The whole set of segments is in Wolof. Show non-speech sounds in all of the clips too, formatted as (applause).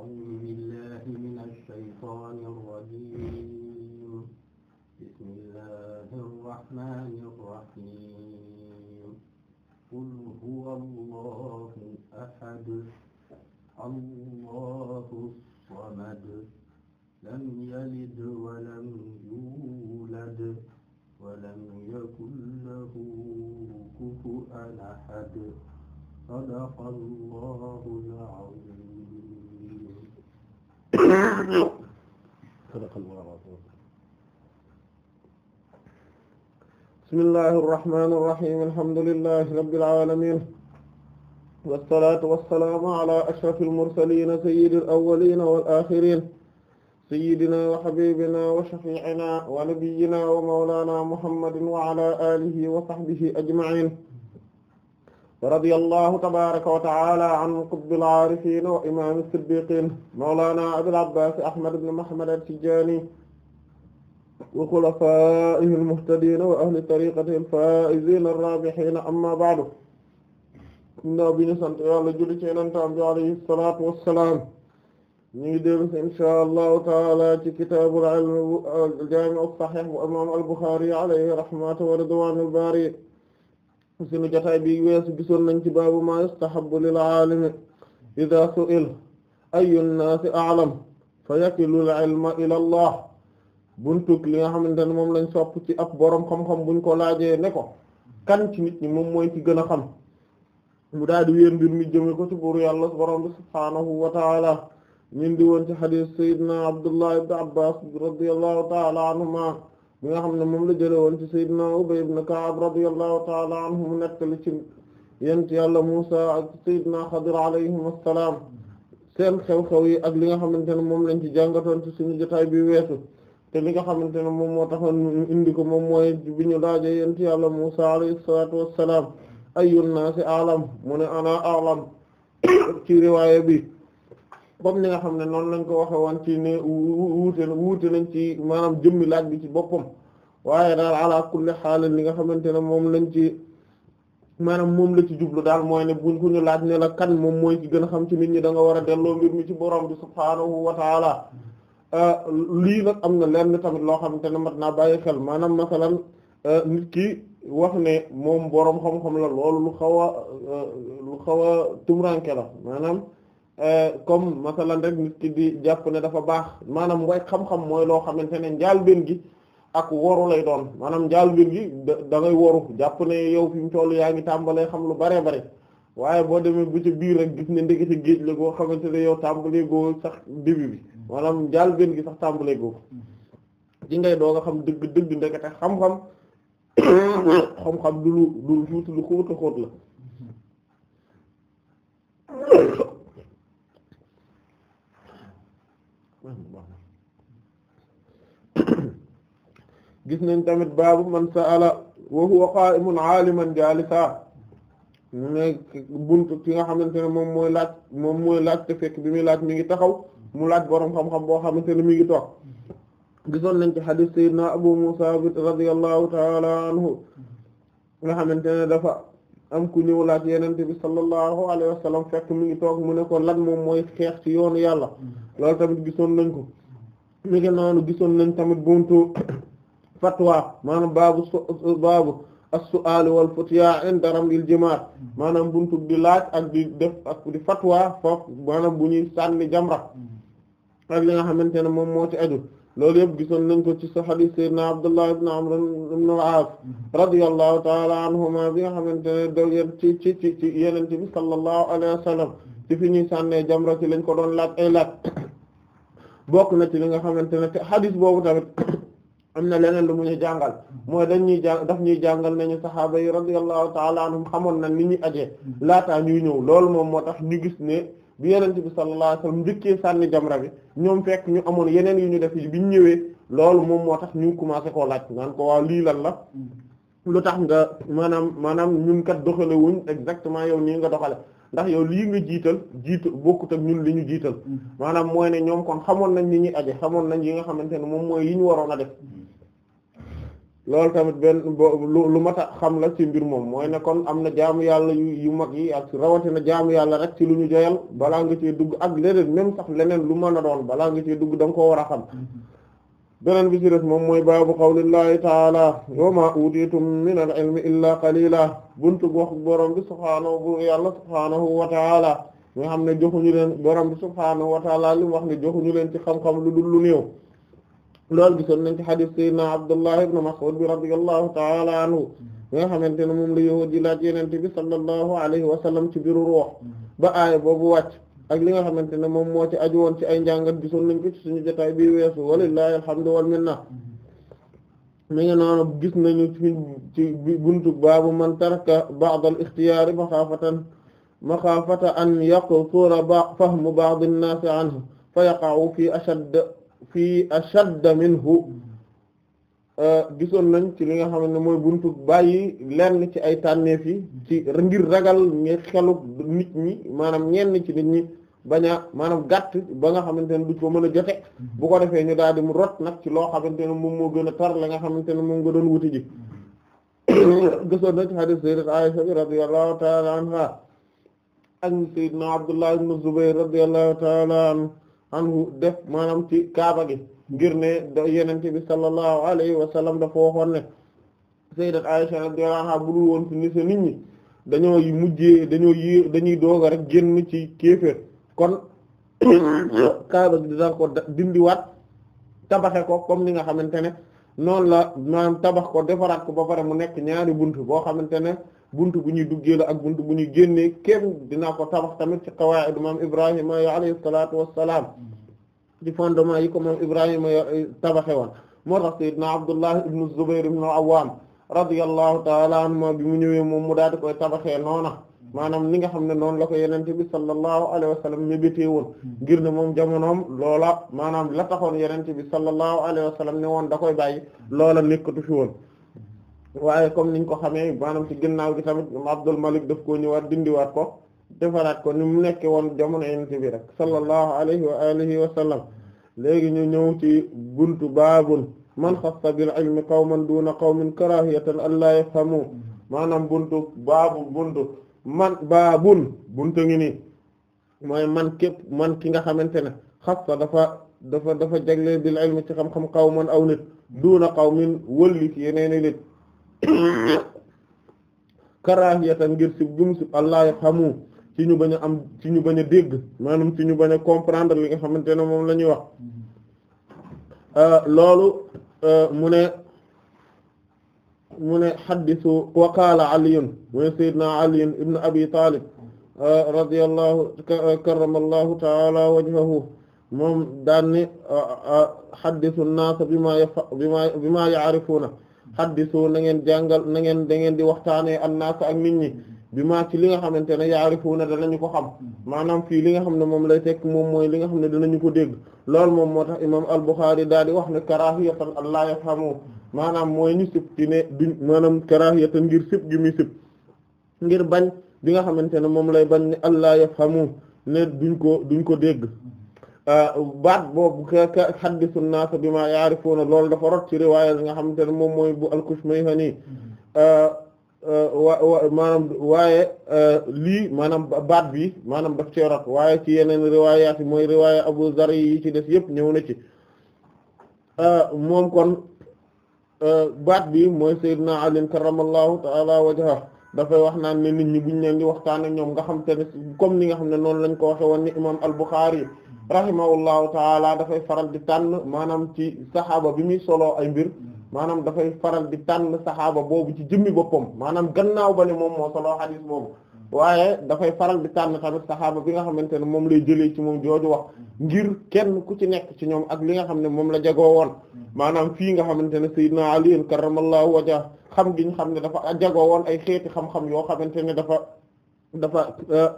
أعوذ بالله من الشيطان الرجيم بسم الله الرحمن الرحيم قل هو الله أحد الله الصمد لم يلد ولم يولد ولم يكن له كفؤا أحد صدق الله العظيم bismillahi irrahmani irrahim alhamdulillahi rabbil alamin wassalatu wassalaamu ala ashrafi almursalina sayyidi alawalina wal axirin sayidina wa xabibina wa shafiicina wa nabiyina wa mawlana muhammadin wa ala alihi wa sahbihi ajma'in radiyallahu tabaraka wa taala an qutbil aarifin wa imam siddiqin mawlana abil abbas ahmad ibn muhammad at-tijani wa xulafaihi almuhtadin wa ahli tariqatihi alfaizin arrabihin amma ba'du na bi ñu sant Yàlla julli ci nantaam bi alayhi salatu wassalaam ñu ngi dellu si insha allahu taala ci kitaabul ilm al-jaami' as-sahih bu imam al-Bukhari alayhi rahmatu wa ridwanu al-baari sunu jotaay bi weesu gisoon nañ ci baabu ma yustahabbu lil aalimi idha su'ila ayu nnaasi a'lam fa yakilu al ilma ila buntuk li nga xamante ne moom lañ sopp ci ab boroom xam-xam buñ ko laajee ne ko kan ci nit ñi moom mooy ci gën a xam mu daal di wéer mbir mi jëme ko ci buur yàlla borom bi subhaanahu wa taala ñun di woon ci xadiis sayyidina abdullah ibn taala anhuma bi nga xam ne moom la jële woon ci sayyidina Ubay ibn Ka'b radiyallahu ta'ala anhu mu nettali ci yent yàlla musa ak sayyidina Xadir alayhim assalaam seen xew-xew yi ak li nga xamante ne moom lañ ci jàngatoon ci suñu jotaay bi weesu te li nga xamante ne moom moo taxoon indi ko moom mooy bi ñu laajee yent yàlla Muusa alayhi salaatu wassalaam ayyun naasi a'lam mu ne ana a'lam (coughs) ci riwaaya bi comme ni nga xam ne noonu lañ ko waxe woon ci ne wuute wuute nañ ci maanaam jëmmi laaj bi ci boppam waaye daal ala kulli xaal li nga xamante ne moom lañ ci maanaam moom la ci jublu daal mooy buñ ko laaj ne la kan moom mooy ci gën a xam ci nit ñi danga war a delloo mbir mi ci borom bi subhaanahu wa taala euh, lii nag am na lenn tamit loo xamante ne mat naa bàyyi xel maanaam masalan euh, nit ki wax ne moom borom xam-xam la loolu lu xaw a euh, lu xaw a tumuranke la maanaam Euh, comme masalan rek nit ki di jàpp ne dafa baax maanaam way xam-xam mooy loo xamante ne njaalbeen gi ak woru lay doon maanaam njaalbeen gi da ngay woru jàpp ne yow fi mu toll yaa ngi tàmbalee xam lu bare bare waaye boo demee bu ci biir rek gis ne ndekete géej la goo xamante ne yow tàmbalee goo sax début bi maanaam njaalbeen gi sax tàmbalee goo ci ngay doo nga xam dëgg dëgg ndekete xam-xam (coughs) xam-xam du lu du lu tuuti lu xóot xóot la (coughs) gis nañ tamit baabu man sa'ala wa huwa qa'imun 'aliman jalisa mu ne buntu ki nga xamante ne moom mooy laaj moom mooy laaj te fekk bi muy laaj mi ngi taxaw mu laaj boroom xam-xam boo xamante ne mi ngi toog gisoon nañ ci hadith sayyidina abu musa radiyallahu ta'ala anhu nga xamante ne dafa am ku ñëw laaj yenente bi sallallahu alayhi wa sallam fekk mi ngi toog mu ne ko lan moom mooy xeex ci yoon yàlla lool tamit gisoon nañ ko mi ngi noonu gisoon nañ tamit buntu fatwa maanaam baabu baabu as-su'aal wal futyaa inda ramyil jamaar maanaam buntu di laaj ak di def ak di fatwa foofu maanaam bu ñuy sànni jamra ak li nga xamante ne moom moo ci aju loolu yëpp gisoon nañ ko ci sa hadith sayyidina Abdullah ibn Amr ibn al-Aas radiyallahu ta'ala anhuma bi nga xamante ne doyen ci ci ci ci Yonent bi sallallahu alayhi ci fi ñuy sànnee jamra ci lañ ko doon laaj ay laaj (coughs) bokk na ci li nga xamante ne te hadith boobu tamit am na leneen lu mu ñu jàngal mooy dañ ñuy jàng daf ñuy jàngal nañu saxaaba yi radiyallahu taalaa anhum xamoon nañ ni ñuy ajee laataa ñuy ñëw loolu moom moo tax ñu gis ne bi yenent bi sallallahu alayhi njëkkee sànni jamra bi ñoom fekk ñu amoon yeneen yu ñu def bi ñu ñëwee loolu moom moo tax ñu commencé koo laaj naan ko waaw lii lan la lu tax nga maanaam maanaam ñun kat doxale wuñ exactement yow nii nga doxale ndax yow lii nga jiital jiitu bokkut ak ñun li ñu jiital mm. maanaam mooy ne ñoom kon xamoon nañ ni ñuy aje xamoon nañ yi nga xamante ne moom mooy yi ñu waroon a def loolu tamit benn lu mat a xam la ci mbir moom mooy ne kon am na jaamu yàlla yu mag yi ak rawatina jaamu yàlla rek ci lu ñu joyal balaa nga cee dugg ak leneen même sax leneen lu mën a doon balaa ngi ci dugg da nga koo war a xam mm-hmm. beneen bi ci des moom mooy baabu qawlillahi taala wa ma utitum min al ilmi illaa qalila buntu wax borom bi subhaanahu bu yàlla subhaanahu wa taala nga xam ne joxuñu leen borom bi subhaanahu wa taala li mu wax ne joxuñu leen ci xam lu dul lu néew loolu gisoon nañ ci xadiis sayyidina Abdullah ibn Mas'ud bi radiyallahu ta'ala anhu mi nga xamante ne moom la yahuud yi laaj yenente bi sallallahu alayhi wa sallam ci biru ruux ba aaya boobu wàcc ak li nga xamante ne moom moo ci aju woon ci ay njàngat gisoon nañ ko ci suñu jotaay bi weesu walillahi alhamdu wal minna mi nga noonu gis nañu ci buntu baabu man taraka ba'd al ixtiyaari maxaafatan maxaafata an yaqsura fahmu ba'd an-naasi anhu fa yaqa'u fi ashadd fii ashadda minhu euh, gisoon nañ ci li nga xam ne mooy buntu bàyyi lenn ci ay tànneef yi ci ngir ragal nga xelu nit ñi maanaam ñenn ci nit ñi bañ a maanaam gàtt ba nga xamante ne du ko mën a jote bu ko defee ñu daal mu rot nag ci loo xamante ne moom moo gën a tar la nga xamante ne moom nga doon wuti ji (coughs) gisoon nañ ci hadith sayyidat Aisha bi radiyallahu ta'ala bu ak sayyidna Abdullah ibn Zubayr radiyallahu ta'ala anhu anhu def maanaam ci kaaba gi ngir ne yenente bi sallallahu alayhi wa sallam dafa waxoon ne sayyidat Aisha radiyallahu anha budul woon fi ni sa nit ñi dañoo mujjee dañoo yéex dañuy doog a rek génn ci kéeféer kon (coughs) kaaba gi dina ko dindiwaat tabaxe ko comme ni nga xamante ne noonu la maanaam tabax ko defaraat ko ba pare mu nekk ñaari bunt boo xamante ne bunt bu ñuy duggee la ak buntu bu ñuy génnee kenn dinaa ko tabax tamit ci qawaa'id maam Ibrahima ya alayhi salaatu wassalaam ci fondement yi ko maam Ibrahima eh, tabaxe woon moo tax sayyidna Abdullah ibn Zubayr ibn Awwam radiyallahu ta'ala anhuma bi mu ñëwee moom mu daal di koy tabaxee noona maanam li nga xam ne noonu la ko yenente bi sallallahu alayhi wa sallam mébétee woon ngir ne moom jamonoom loola maanaam la taxoon yenente bi sallallahu alayhi wa sallam ne woon da koy bàyyi loola nekkatu fi woon waaye comme niñ ko xamee maanaam ci ginnaaw gi tamit Abdul Malik daf koo ñëwaat dindiwaat ko defaraat ko ni mu nekke woon jamono yonent bi rek sallallahu alayhi wa alihi wa sallam léegi ñu ñëw ci buntu baabul man xassa bil ilmi qawman duuna qawmin karahiyatan an laa yafhamu maanaam buntu baabu buntu man baabun buntu ngi nii mooy man képp man ki nga xamante ne xassa dafa dafa dafa jagleel bil ilmi ci xam-xam qawman aw nit duuna qawmin wëlli ci yeneen nit (coughs) karahiyata ngir sib gum sib allah yaxamu ci ñu bañ a am ci ñu bañ a dégg maanaam ci ñu comprendre li nga xamante ne moom lañuy ñuy wax euh, loolu euh, mu ne mu ne xaddisu wa qaala aliyun mu ne sayyidina aliyun ibn abi talib euh, radiyallahu karramallahu ta'ala wajhahu moom daan xaddisu an bima bima bima ya'rifuna xaddisoo na ngeen jàngal nangeen da ngeen di waxtaanee annaasa ak nit ñi bi maa ci li nga xamante ne yaarifuuna ñu ko xam maanaam fii li nga xam ne moom lay tekk moom mooy li nga xam ne danañu ko dégg loolu moom moo tax imam al-Bukhari daal di wax ne karaahiyatan allah yafhamu maanaam mooy ñu sib ci ne duñ maanaam karaahiyatan ngir sib gi muy sib ngir bañ bi nga xamante ne moom lay bañ ne allah yafhamu ne duñ ko duñ ko dégg Euh, baat boobu ka haddisu naas bimaa ya'rifuuna loolu dafa rot ci riwaaya nga xamante ne moom mooy bu al-Kushmayhani mm-hmm. euh, euh, wa wa maanaam waaye lii maanaam baat bi maanaam daf cee waaye ci yeneen riwaayaat yi mooy riwaaya Abu Zarr yi ci des yëpp ñëw na ci moom kon baat bi mooy Seydina Ali karramallahu ta'ala wajhahu dafay wax naan ne nit ñi buñ leen di waxtaan ak ñoom nga xam te ne comme ni nga xam ne noonu lañ ko waxe woon ni imaam al-Bukhari rahimahullahu taala dafay faral di tànn maanaam ci saxaaba bi muy soloo ay mbir mm-hmm. maanaam dafay faral di tànn saxaaba boobu ci jëmmi boppam maanaam gannaaw ba ne moom moo soloo xadiis boobu mm-hmm. waaye dafay faral di tànn tamit saxaaba bi nga xamante ne moom lay jëlee ci moom jooju wax mm-hmm. ngir kenn ku ci nekk ci ñoom ak li nga xam ne moom la jagoo woon maanaam fii nga xamante ne sayyidina Ali karramallahu wajhah xam gi ñu xam ne dafa jagoo woon ay xeeti xam-xam yoo xamante ne dafa dafa euh,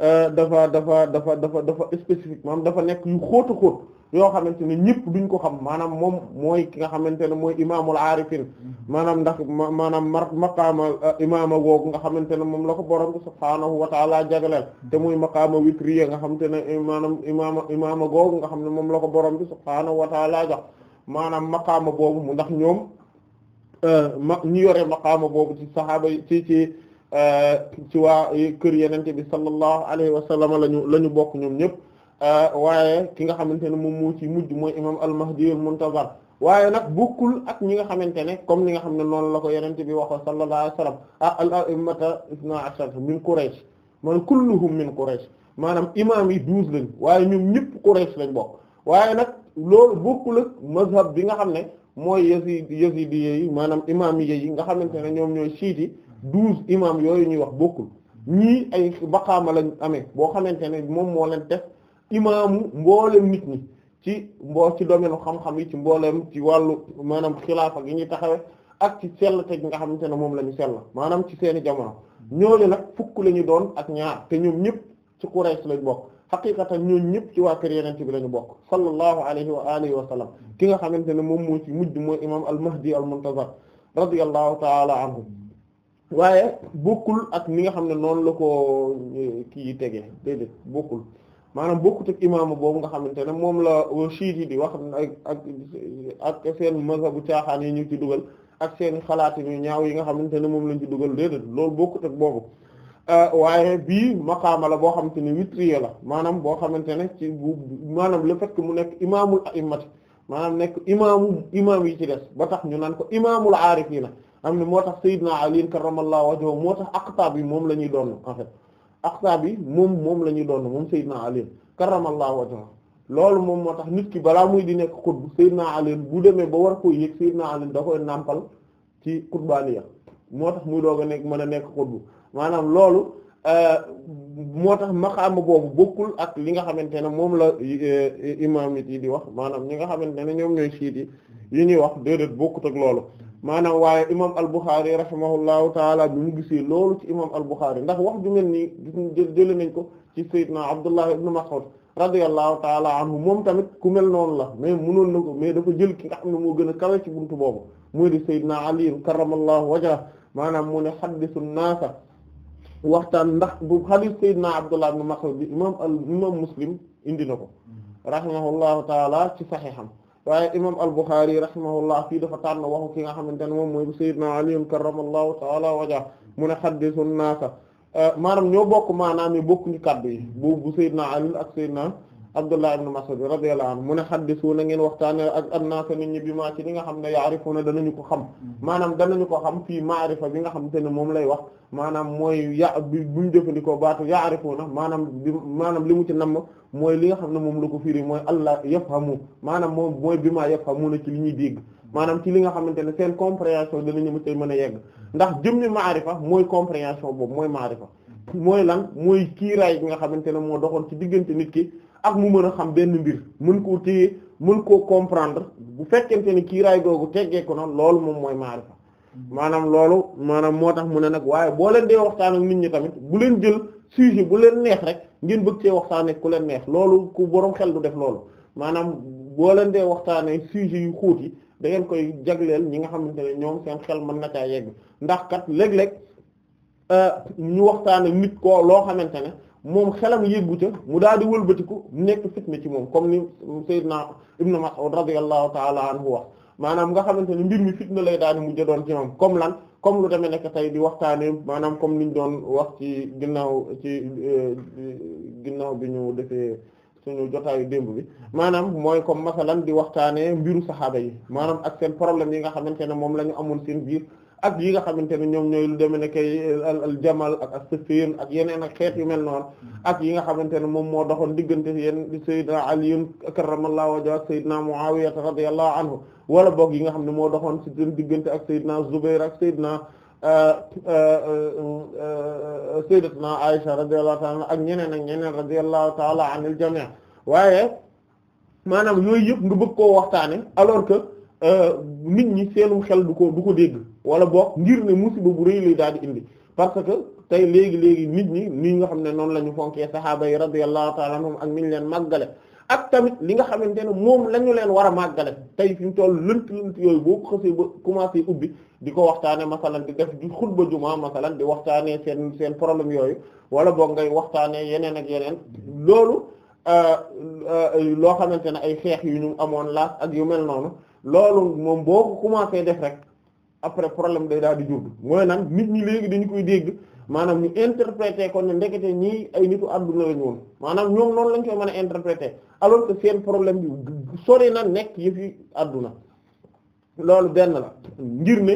Euh, dafa dafa dafa dafa dafa spécifique maanaam dafa nekk yu xóota xóot yoo xamante ne ñëpp duñ ko xam maanaam moom mooy ki nga xamante ne mooy imaamul aarifin maanaam ndax maanaam mar maqaama euh, imaama googu nga xamante ne moom la ko borom bi subhaanahu wa taala jagleel te muy maqaama witriya nga xamante ne maanaam imaama imaama googu nga xam ne moom la ko borom bi subhaanahu wa taala jox maanaam maqaama boobu mu ndax ñoom euh, ma ñu yore maqaama boobu ci saxaaba yi ci ci Euh, ci waa kër yenente bi sallallahu alayhi wa sallam lañu la ñu bokk ñoom ñëpp euh, waaye ki nga xamante ne moom moo ci mujj mooy imam al-Mahdi al-Muntazar waaye nag bokkul ak ñi nga xamante ne comme ni nga xam ne noonu la ko yenente bi waxo sallallahu alayhi wa sallam ah al-a'immata isna ashar min Quraysh man kulluhum min maanaam imam yi douze waaye ñoom ñëpp Quraysh lañ bokk waaye nag bokkul ak mazhab bi nga xam ne mooy yazid yazidi yi maanaam imam yi nga xamante ne ñoom ñooy siiti douze imam yooyu ñuy wax bokkul ñii ay baqaama lañ amee boo xamante ne moom moo leen def imaamu mboolem nit ñi ci mboo ci domaine xam-xam yi ci mbooleem ci wàllu maanaam xilaafa gi ñuy taxawe ak ci sell te nga xamante ne moom la ñu sell maanaam ci seeni jamono ñooñu nag fukk la ñu doon ak ñaar te ñoom ñëpp ci Quraysh lañ bokk xaqiqatan ñooñu ñëpp ci waa kër yenente bi la ñu bokk sallallahu alayhi wa alihi wa sallam ki nga xamante ne moom moo ci mujj mooy imam al mahdi al muntazar radiyallahu ta'ala anhu waaye bokkul ak ni nga xam ne noonu la ko eh, kii tegee déedéet bokkul maanaam bokkut ak imaamu boobu nga xamante ne moom la chiites yi di wax ak ak ak seen mazhabu caaxaan yi ñu ci dugal ak seen xalaat yu ñaaw yi nga xamante ne moom lañ ci dugal déedéet loolu bokkut ak boobu eh, waaye bii maqaama la boo xamante ne witriya la maanaam boo xamante ne ci bu maanaam le fait que mu nekk imaamul a'immati maanaam nekk imaamu imaam yi ci des ba tax ñu naan ko imaamul aarifiina am ne moo tax seyd Seydina Ali karramallahu wajhahu moo tax aqtab yi moom la ñuy doon en fait aqtab yi moom moom la ñuy doon moom Seydina Ali karramallahu wajhahu loolu moom moo tax nit ki balaa muy di nekk xutbu Seydina Ali bu demee ba war koo yëg Seydina Ali da koy nàmpal ci xutbaaniya moo tax muy doog a nekk mën a nekk xutbu maanaam loolu euh, moo tax maqaama boobu bokkul ak li nga xamante ne moom la euh, imaam yi di wax maanaam ñi nga xamante ne ñoom ñooy siit yi ñuy wax déedéet bokkut ak loolu maanaam waaye imam al-Bukhari rahimahullahu taala bi mu gisee loolu ci imam al-Bukhari ndax wax ju mel nii jële nañ ko ci sayyidna Abdullah ibn Mas'ud radiyallahu taala anhu moom tamit ku mel noonu la mais mënoon na ko mais ko jël ki nga xam ne moo gën a kawe ci buntu boobu muy di sayyidna Ali karramallahu wajhahu maanaam mu ne hadithu naasa waxtaan ndax bu hadith sayyidna Abdullah ibn Mas'ud bi imam al imam Muslim indi na ko rahimahullahu taala ci saxiixam waaye imam al-Bukhari rahimahullah fii dafa tànn waxu ki nga xamante ne moom mooy bu sayyidna Ali karramallahu ta'ala wajha mu ne xaddisun naasa maanaam ñëw bokk maanaam yi bokkuñu kaddu yi bu bu sayyidna Ali ak sayyidna Abdullah ibn Mas'ud radiyallahu anhu mu ne xaddisu na ngeen waxtaane ak annaasa ñi bi ci li nga xam ne yaarifuna danañu ko xam mm-hmm. maanaam danañu ko xam fii maarifa bi nga xam te ne moom lay wax maanaam mooy ya bi buñ jëfandikoo baatu yaarifuna maanaam bi maanaam li mu ci namm mooy li nga xam ne moom la ko firi mooy allah yafhamu maanaam moom mooy bi maa yafhamuna ci li ñuy dégg maanaam ci li nga xamante ne seen compréhension danañu mu ci mën a yegg mm-hmm. ndax jëmmi maarifa mooy compréhension boobu mooy maarifa mooy lan mooy kiiraay bi nga xamante ne moo doxoon ci diggante nit ki ak mu mën a xam benn mbir mën koo téye mën koo comprendre bu fekkente ni kiiraay googu teggee ko noonu loolu moom mooy maarifa maanaam loolu maanaam moo tax mu ne nag waaye boo leen dee waxtaan ak nit ñi tamit bu leen jël sujet bu leen neex rek ngeen bëgg cee waxtaanee ku leen neex loolu ku boroom xel du def loolu maanaam boo leen dee waxtaanee sujet yu xóot yi da ngeen koy jagleel ñi nga xamante ñoom seen xel mën na caa léeg-léeg Euh, ñu waxtaane nit ko loo xamante ne moom xelam bu ca mu daal di wëlbatiku nekk fitna ci moom comme ni Seydina Ibn Mas'ud radiyallahu ta'ala anhu wax maanaam nga xamante ne mbir mi fitna lay daal di mujj doon ci moom comme lan comme lu demee nekk tey di waxtaanee maanaam comme niñ doon wax ci ginnaaw ci euh, ginnaaw bi ñu defee suñu jotaayu démb bi maanaam mooy comme masalan di waxtaanee mbiru saxaaba yi maanaam ak seen problème yi nga xamante ne moom la ñu amoon seen biir. ak yi nga xamante ne ñoom ñooy lu demee ne kay al jamal ak as ak yeneen ak xeet yu mel noon mm-hmm. ak yi nga xamante ne moom moo doxoon diggante yéen Seydina Ali karramallahu wajhahu ak Seydina Muawiya radiyallahu anhu wala boog yi nga xam ne moo doxoon ci diggante ak Seydina Zubayr ak Seydina uh, uh, uh, Sayyidatuna Aisha radiyallahu ta'ala ak ñeneen ak ñeneen radiyallahu ta'ala anil jami' waaye maanaam yooyu yëpp nga bëgg koo waxtaane alors que Euh, nit ñi seenu xel du ko du ko dégg wala boog ngir ne musiba bu rëy lay daal di indi parce que tey léegi léegi nit ñi ñi nga xam ne noonu la ñu fonkee saxaaba yi radiyallahu ta'ala anhum ak niñ leen màggale ak tamit li nga xamante ne moom la ñu leen war a màggale tey fi mu toll lënt lënt yooyu boo ko ba commencé ubbi di ko waxtaanee masalan di def di ba juma masalan di waxtaanee seen seen problème yooyu wala boog ngay waxtaanee yeneen ak yeneen loolu euh, euh, loo xamante ne ay xeex yu ñu amoon la ak yu mel noonu. loolu moom boo ko commencé def rek après problème day daal di jur mooy nag nit ñi léegi dañu koy dégg maanaam ñu interprété ko ne ndekete ñii ay nitu àdduna la ñu maanaam ñoom noonu lañ koy mën a interprété alors que seen problème bi sori na nekk yëf yi loolu benn la ngir ne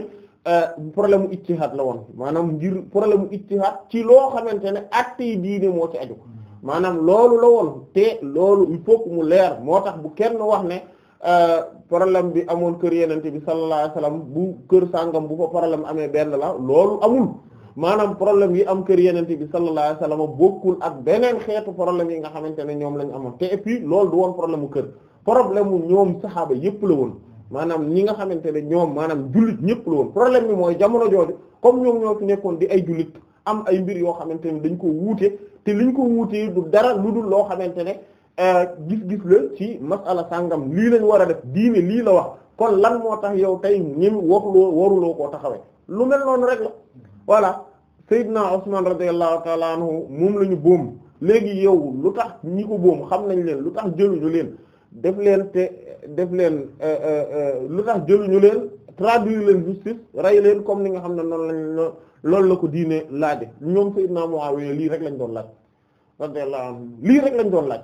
euh, problème mu la woon maanaam ngir problème mu ijtihaad ci loo xamante ne acte yi diine moo ci aju maanaam loolu la woon te loolu il faut que mu leer moo tax bu kenn wax ne Euh, problème bi amoon kër yenente bi sallallahu alayhi wasallam bu kër sàngam bu fa problème amee benn la loolu amul maanaam problème yi am kër yenente bi sallallahu alayhi wasallam bokkul ak beneen xeetu problème yi nga xamante ne ñoom lañ amoon te et puis loolu du woon problème mu kër problème mu ñoom saxaaba yépp la woon maanaam ñi nga xamante ne ñoom maanaam jullit ñépp la woon problème bi mooy jamono jooju comme ñoom ñoo fi nekkoon di ay jullit am ay mbir yoo xamante ne dañ ko wuute te liñ ko wuutee du dara lu dul loo xamante ne Euh, gis-gis la ci masala sàngam lii lañ war a def diine lii la wax kon lan moo tax yow tey ñim waxuloo waruloo koo taxawee lu mel noonu rek la voilà Seydina Usman radiyallahu ta'ala moom la ñu boom léegi yow lu tax ñi ko boom xam nañ leen lu tax jëluñu leen def leen te def leen euh, euh, lu tax jëluñu leen traduire leen justice rey leen comme ni nga xam ne noonu lañ loolu la ko diine laaje ñoom Seydina Muawiya lii rek lañ doon laaj radiyallahu anhu lii rek lañ doon laaj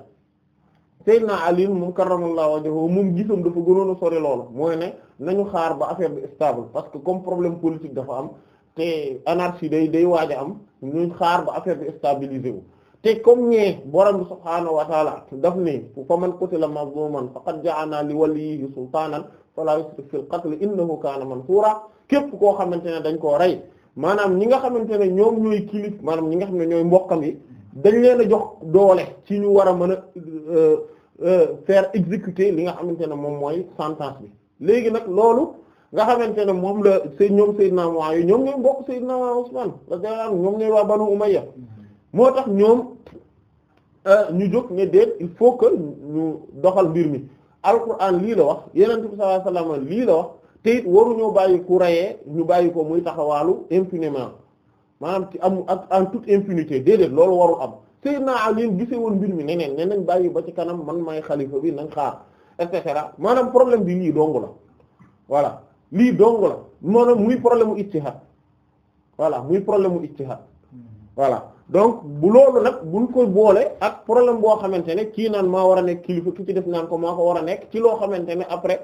Seydina Ali moom karramallahu wajhahu moom gisam dafa gënoon a sori loolu mooy ne nañu xaar ba affaire bi stable parce que comme problème politique dafa am te anarchie day day waaj a am ñu xaar ba affaire bi stabilisé wu te comme ñee borom bi subhaanahu wa taala daf ne fa man qutila mazluman faqad ja'alna li waliyyihi sultaanan fala yusrif fil qatl innahu kaana mansuura képp koo xamante ne dañ koo rey maanaam ñi nga xamante ne ñoom ñooy kilif maanaam ñi nga xam ne ñooy mbokkam yi dañ leen a jox doole ci ñu war a mën a euh, Euh, faire exécuter li nga xamante ne moom mooy sentence bi léegi nag loolu nga xamante ne moom la seen ñoom Seydina Muawiya ñoom ñooy mbokk Seydina Usman radiyallahu anhu ñoom moo waa Banu Umayya moo tax ñoom euh, ñu jóg ne déet il faut que ñu doxal mbir mi alquran lii la wax Yonent bi sallallahu alayhi wasallam lii la wax te it waruñoo bàyyi ku rayee ñu bàyyi ko muy taxawaalu impunément maanaam ci am ak en tout toute impunité déedéet loolu warul am Seydina Ali gise woon mbir mi neneen neneen bàyyi ba ci kanam man may xalifa bi nañ xaar et cetera maanaam problème bi lii dong la voilà lii dong la maanaam muy problème mu ijtihad voilà muy problème mu ijtihad voilà donc bu loolu nag buñ koy boole ak problème boo xamante ne kii naan maa war a nekk kilifa ki ci def naan ko maa ko war a nekk ci loo xamante ne après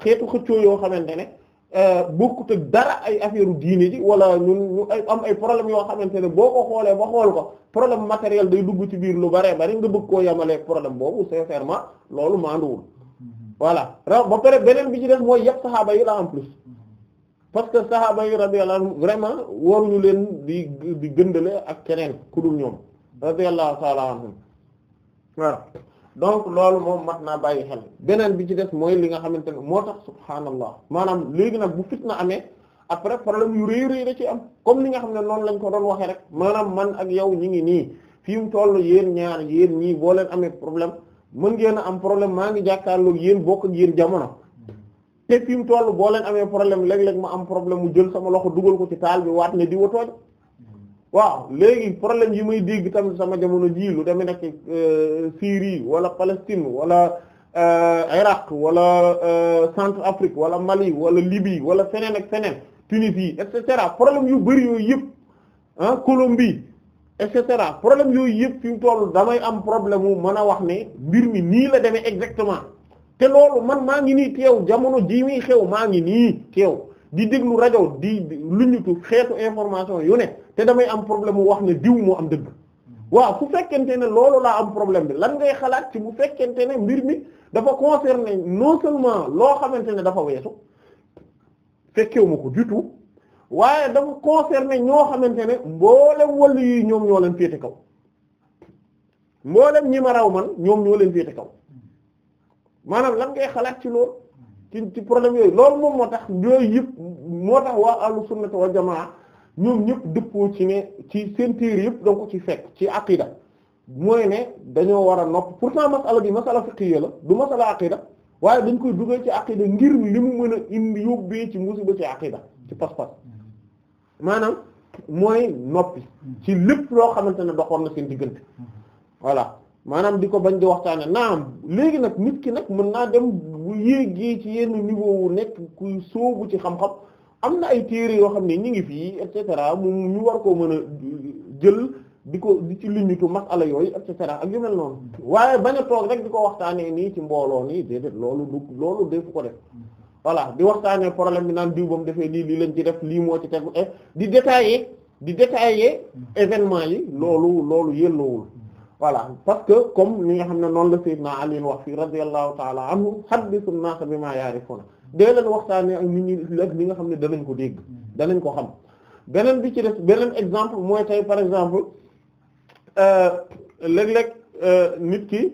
xeetu xëccoo yoo xamante ne Euh, bokkut ak dara ay affaire diine ji wala ñun ñu ay am ay problème yoo xamante ne boo ko xoolee ba xool ko problème matériel day dugg ci biir lu bare bari nga bëgg koo yemaleeg problème boobu sincèrement loolu maanduwul mhm. voilà raw ba beneen bi ci des mooy yëpp saxaaba yi la en plus mhm. parce que saxaaba yi radiyallahu anhum vraiment waruñu leen di di gëndale ak keneen ku dul ñoom radiyallahu ta'ala donc loolu moom mat naa bàyyi xel beneen bi ci des mooy li nga xamante ne moo tax subhaanallah maanaam léegi nag bu na amee après problème yu rëy rëy da ci am comme li nga xam ne noonu lañ ko doon waxee rek maanaam man ak yow ñi ngi nii fi mu toll yéen ñaar yéen ñii boo leen amee problème mën ngeen a am problème maa ngi jàkkaarloo yéen bokk ak yéen jamono te fi mu toll boo leen amee problème léeg-léeg ma am problème mu jël sama loxo dugal ko ci taal bi waat ne di watooñ waaw léegi problème yi may dégg tamit sama jamono ji lu demee nag euh, Syrie wala Palestine wala euh, Irak wala euh, Centre Afrique wala Mali wala libi wala feneen ak feneen Tunisie et cetera problème yu bari yooyu yëpp ah Colombie et cetera problème yooyu yëpp fi mu toll damay am problème mu mën a wax ne mbir mi nii la demee exactement te loolu man maa ngi nii teew jamono ji muy xew maa ngi nii teew di déglu rajo di luñutu xeetu information yu ne te damay am problème mu wax ne diw moo am dëgg waaw fu fekkente ne loolu laa am problème bi lan ngay xalaat ci bu fekkente ne mbir mi dafa concerner non seulement loo xamante ne dafa weesu fekkewu ko du tout waaye dafa concerner ñoo xamante ne mboolem wàllu yi ñoom ñoo leen féete kaw mboolem ñi raw man ñoom ñoo leen féete kaw maanaam lan ngay xalaat ci loolu ci ci problème yooyu loolu moom moo tax yooyu yëpp moo tax waa ahlu sunnah wal jamaa ñoom ñëpp dëppoo ci ne ci seen téere yëpp danga ko ci fekk ci aqida mooy ne dañoo war a nopp pour pourtant masala bi masala fiqhiyya la du masala aqida waaye dañ koy dugal ci aqida ngir li mu mën a indi yóbbee ci musiba ci aqida ci pas-pas maanaam mooy noppi ci lépp loo xamante ne doxoon na seen diggante voilà maanaam di ko bañ di waxtaane naa léegi nag nit ki nag mën naa dem bu yéegee ci yenn niveau wu nekk kuy sóobu ci xam-xam am na ay téere yoo xam ne ñu ngi fii et mu mu ñu war koo mën a jël di ko di ci liñitu masala yooyu et cetera ak yu mel noonu waaye bañ a toog rek di ko waxtaanee nii ci mbooloo nii déedéet loolu dugg loolu defu ko def voilà di waxtaanee problème bi naan diw ba mu defee lii lii lañ ci def lii moo ci tegu di détailler di détailler événement yi loolu loolu yelloowul voilà parce que comme ni nga xam ne noonu la Seydina Ali wax fii radiyallahu ta'ala anhu hadithu an-nas bima dee leen waxtaanee ak nit ñu ak li nga xam ne danañ ko dégg danañ ko xam beneen bi ci def beneen exemple mooy tey par exemple euh, léeg-léeg euh, nit ki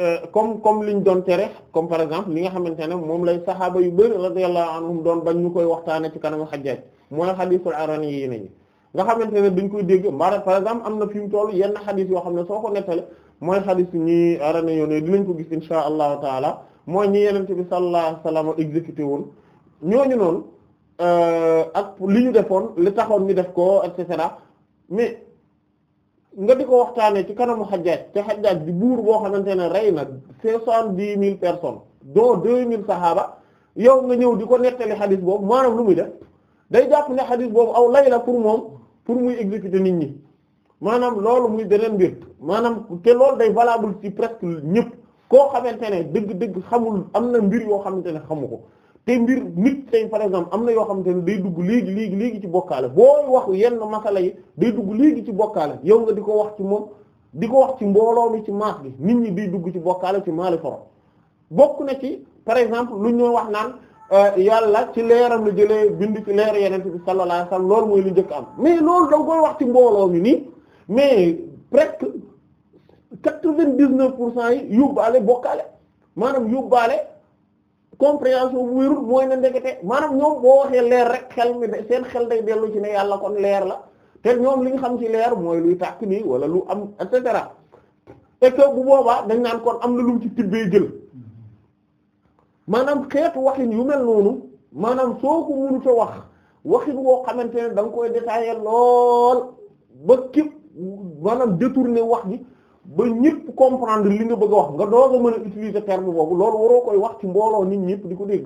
euh, comme comme liñ doon tere comme par exemple li nga xamante ne moom lay saxaaba yu bari radiyallahu anhum doon bañ koy waxtaanee ci kanamu xajjaaj mooy xadiisul arani yi nañu nga xamante ne dañ koy dégg mara par exemple am na fi mu toll yenn xadis yoo xam ne soo ko nettale mooy xadis ñi arana yoo ne dinañ ko gis insha allahu taala mooy ñi yenent bi sallallahu alayhi wasallam exécuté woon ñooñu noonu euh, ak li ñu defoon li taxoon ñu def ko et cetera mais nga di ko waxtaanee ci kanamu xajjaaj te xajaaj bi buur boo xamante ne rey na soixante-dix mille personnes dont deux mille saxaaba yow nga ñëw di ko nettali xadis boobu maanaam lu muy def day jàpp ne xadis boobu aw lay la pour moom pour muy exécuter nit ñi maanaam loolu muy beneen mbir maanaam te lool day valable ci presque ñëpp koo xamante ne dëgg-dëgg xamul am na mbir yoo xamante ne xamu ko te mbir nit tey par exemple am na yoo xamante ne day dugg léegi léegi léegi ci bokkaale booy wax yenn masala yi day dugg léegi ci bokkaale yow nga di ko wax ci moom di ko wax ci mbooloo mi ci maas bi nit ñi day dugg ci bokkaale ci maali foro bokk na ci par exemple lu ñu wax naan euh, yàlla ci leeram la jëlee bind ci leer yeneen bi sallallahu alayhi wasallam loolu mooy lu njëkk am mais loolu da nga koy wax mi nii quatre-vingt-dix-neuf pour cent yi yóbbaale bokkaale maanaam yóbbaale compréhension bu wérul mooy na ndekete maanaam ñoom boo waxee leer rek xel mi seen xel day dellu ci ne yàlla kon leer la te ñoom li ñu xam ci leer mooy luy tàkk nii wala lu am et cetera et que bu boobaa dañ naan kon am na lu ci tibbee jël maanaam xeetu waxin yu mel noonu maanaam soo ko mënut a wax waxin woo xamante ne da koy détailler lool ba képp maanaam détourner wax gi ba ñëpp comprendre li nga bëgg a wax nga doog a mën a utiliser terme boobu loolu waroo koy wax ci mbooloo nit ñëpp di ko dégg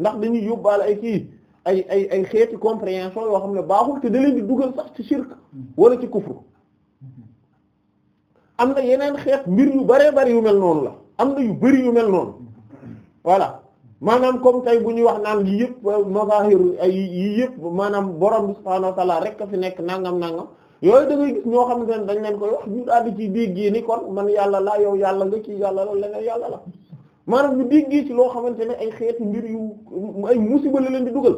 ndax dañuy yóbbaale ay kii ay ay ay xeeti compréhension yoo xam ne baaxul te da leen di dugal sax ci shirk wala ci kufru am na yeneen xeet mbir yu baree bari yu mel noonu la am na yu bëri yu mel noonu voilà maanaam comme tey bu ñuy wax naan yii yëpp euh, mazahir ay yii yëpp maanaam borom bi subhaanahu wa rek a fi nekk nangam nangam yooyu da gis ñoo xamante ne dañ leen koy wax ñu daal di ci déggee ni kon man yàlla laa yow yàlla nga kii yàlla la leneen yàlla la maanaam ñu déggee ci loo xamante ne ay xeeti mbir yu ay musiba leen di dugal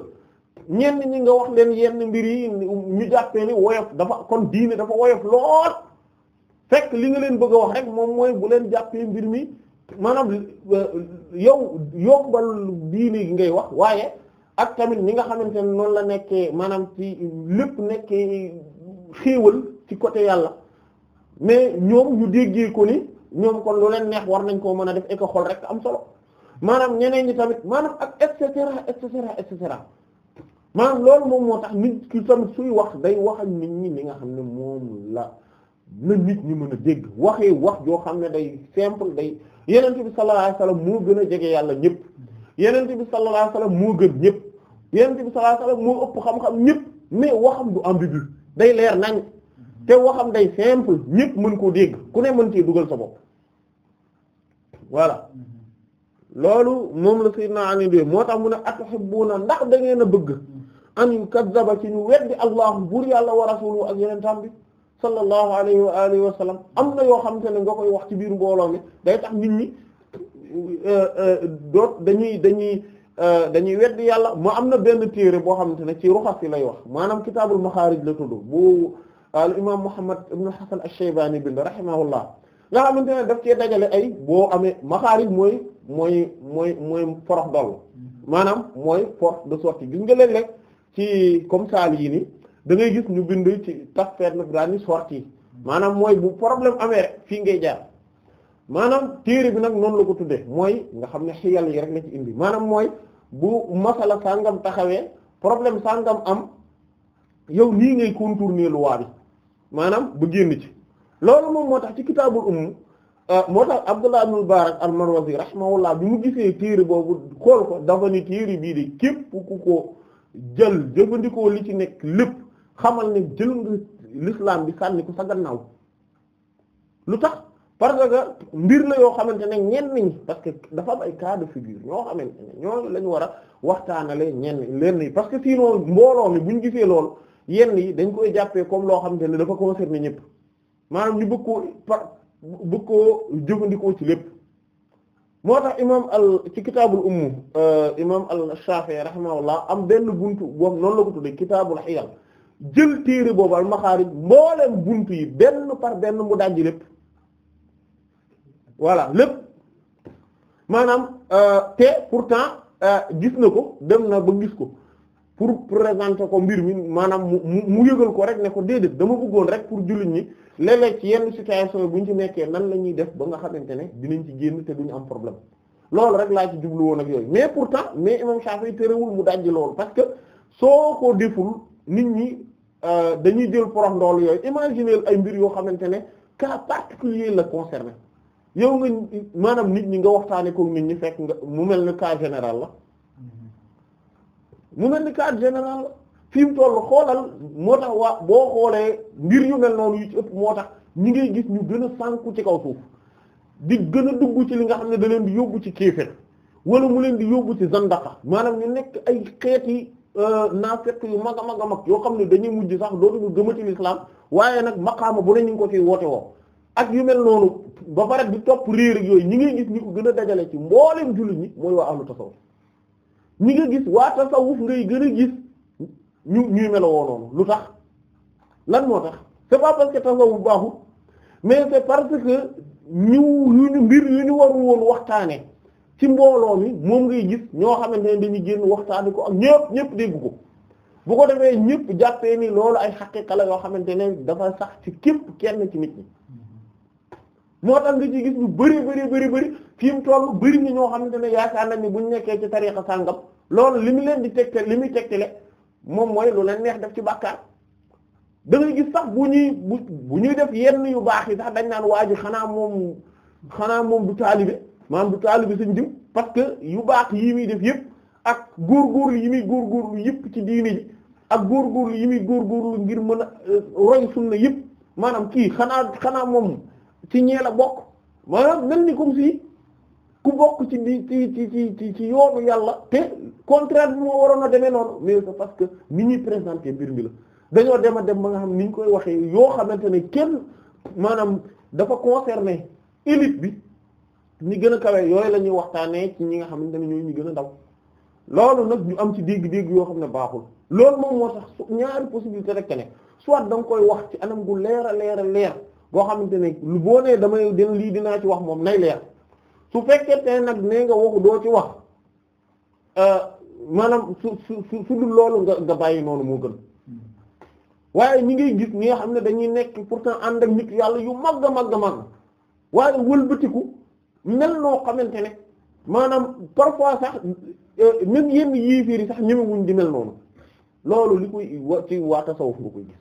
ñenn ñi nga wax leen yenn mbir yi ñu jàppee ni woyof dafa kon diine dafa woyof lool fekk li nga leen bëgg a wax rek moom mooy bu leen jàppee mbir mi maanaam euh, yow yombal diine gi ngay wax waaye ak tamit ñi nga xamante ne noonu la nekkee maanaam ci lépp nekkee xéewal ci côté yàlla mais ñoom ñu déggee ko ni ñoom kon lu leen neex war nañ koo mën a def éco xol rek am solo maanaam ñeneen ñi tamit maanaam ak et cetera et cetera cetera maanaam loolu moom moo tax nit ki tamit suy wax day waxal nit ñi li nga xam ne moom la na nit ñi mën a dégg waxee wax joo xam ne day semple day yenent bi sallallahu alayhi wasallam moo gën a jege yàlla ñëpp yenent bi sallallahu alayhi wasallam moo gën ñëpp yenent bi sallallahu alayhi wasallam moo ëpp xam-xam ñëpp mais waxam du ambigu day leer nan te waxam day simple ñépp mën koo dégg ku ne mën ci dugal sa bopp voilà loolu moom la sayyidina Ali de moo tax mu ne na ndax da ngeen a bëgg an yukazzaba ci ñu weddi allahu buur yàlla wa rasuluhu ak yeneen tam bi sallallahu alayhi wa alihi am na yoo xamante ne nga koy wax ci biir mbooloo mi day tax nit ñi euh, euh, doot dañuy dañuy Euh, dañuy weddi yàlla mu am na benn téere boo xamante ne ci ruxas yi lay wax maanaam kitaabul maxaarij la tudd bu euh, al imaam Muhammad ibn Hasan ash-Shaybani bind rahimahullah nga xamante ne daf cee dajale ay boo amee maxaarij mooy mooy mooy mooy porox doll mm-hmm. maanaam mooy porte de sortie gis nga léeg-léeg ci comme saal yii ni dangay gis ñu bind ci taf feet na daani sortie mm-hmm. maanaam mooy bu problème amee rek fii ngay jaar maanaam téere bi nag noonu la ko tuddee mooy nga xam ne xiyal yi rek la ci indi maanaam mooy bu masala sàngam taxawee problème sàngam am yow lii ngay contourner loi bi maanaam bu génn ci loolu moom moo tax ci kitaabul umm moo tax Abdullah ibn Mubarak al-Marwazi rahimahullah bi mu gisee téere boobu xool ko dafa ni téere bii de képp ku ko jël jëfandikoo li ci nekk lépp xamal ne jël nga lislaam bi sànni ko sa gannaaw lu tax parce que mbir la yoo xamante ne ñenn ñi parce que dafa am ay cas de figure ñoo xamante ne ñoo lañu ñu war a waxtaanale ñenn lenn yi parce que sinon mbooloo mi bu ñu gisee lool yenn yi dañ koy jàppee comme loo xam xamante ne dafa concerner ñëpp maanaam ñu bëgg koo par bëgg koo jëfandikoo ci lépp moo tax imaam al ci kitaabul umm euh, imaam al Shaafi'i rahimahullah am benn buntu boobu noonu la ko tuddee kitaabul xiyal jël téere boobu al maxaarij mbooleem buntu yi benn par benn mu dajji lépp. voilà lépp maanaam euh, te pourtant euh, gis na ko dem na ba gis ko pour présenter ko mbir mi maanaam mu mu yëgal ko rek ne ko déedéet dama bëggoon rek pour jullit ñi léeg-léeg ci yenn situation bu ñu ci nekkee nan la ñuy def ba nga xamante ne dinañ ci génn te duñu am problème loolu rek laa ci jublu woon ak yooyu mais pourtant mais imam Shafi'i terewul mu dajji loolu parce que soo ko deful nit ñi euh, dañuy jël porox ndool yooyu imaginer ay mbir yoo xamante ne cas particulier la concerné yow nga maanaam nit ñi nga waxtaanee kook nit ñi fekk nga mu mel ni cas général la mu mel ni cas général la fi mu toll xoolal moo tax waa boo xoolee mbir yu mel noonu yu ci ëpp moo tax ñi ngay gis ñu gën a sànku ci kaw suuf di gën a dugg ci li nga xam ne da leen di yóbbu ci kéefër wala mu leen di yóbbu ci zandaka maanaam ñu nekk ay xeeti euh, naafeq yu mag a mag a mag yoo xam ne dañuy mujj sax dootuñu gëmati l'islam waaye nag maqaama bu ne ñu ko ciy woote woo ak yu mel noonu ba pare di topp réer ak yooyu ñi ngay gis ñi ko gën a dajale ci mboolem jullit ñi mooy waa ahlu tasawuf ñi nga gis waa tasawuf ngay gën a gis ñu ñu melowoo noonu lu tax lan moo tax c'est pas parce que tasawuf mais c'est parce que ñiw mbir yu ñu warul woon waxtaane ci mbooloo mi moom ngay gis ñoo xamante ne dañuy génn waxtaane ko ak ñëpp ñëpp dégg ko bu ko defee ñëpp jàppee ni loolu ay xaqiqa la yoo xamante ne dafa sax ci képp kenn ci nit ñi moo tax nga ci gis ñu bëri bëri bëri bëri fi mu toll bëri na ñoo xamante ne yaakaar nañ ni buñ nekkee ci tariixa sàngam loolu li mu leen di tegte li muy tegtale moom mooy lu leen neex def ci bàkkaar da ngay gis sax bu ñuy bu bu ñuy def yenn yu baax yi sax dañ naan waa ji xanaa moom xanaa moom du taalibe maanaam du taalibe sañ diw parce que yu baax yi muy def yëpp ak góorgóorlu yi muy góorgóorlu yëpp ci diini ak ak góorgóorlu yi muy góorgóorlu ngir mën a eh, roy sunna yëpp maanaam kii xanaa xanaa moom ci ñee la bokk maanaam mel ni comme si ku bokk ci di ci ci ci ci yoonu yàlla te contraire bi moo waroon a demee noonu mais c'est parce que ni ñuy présenter mbir mi la dañoo dem a dem ba nga xam ni ñu koy waxee yoo xamante ne kenn maanaam dafa concerner élite bi ñi gën a kawe yooyu la ñuy waxtaanee ci ñi nga xam ne ñooy ñu gën a ndaw loolu nag ñu am ci dégg-dégg yoo xam ne baaxul loolu moom moo tax ñaari possibilité rek ne soit da nga koy wax ci anam gu leer a leer a leer. boo xamante ne lu boo nee damay dina lii dinaa ci wax moom nay leer su fekkente nag nee nga waxu doo ci wax euh, maanaam su su su dul loolu nga nga bàyyi noonu moo gën waaye ñi ngay gis ñi nga xam ne dañuy nekk pourtant ànd ak nit yàlla yu mag a mag a mag waaye wëlbatiku mel noo xamante ne maanaam parfois sax euh, même yenn yii yi sax ñemewuñ di mel noonu loolu li koy wa ci waa tasawuf nga koy gis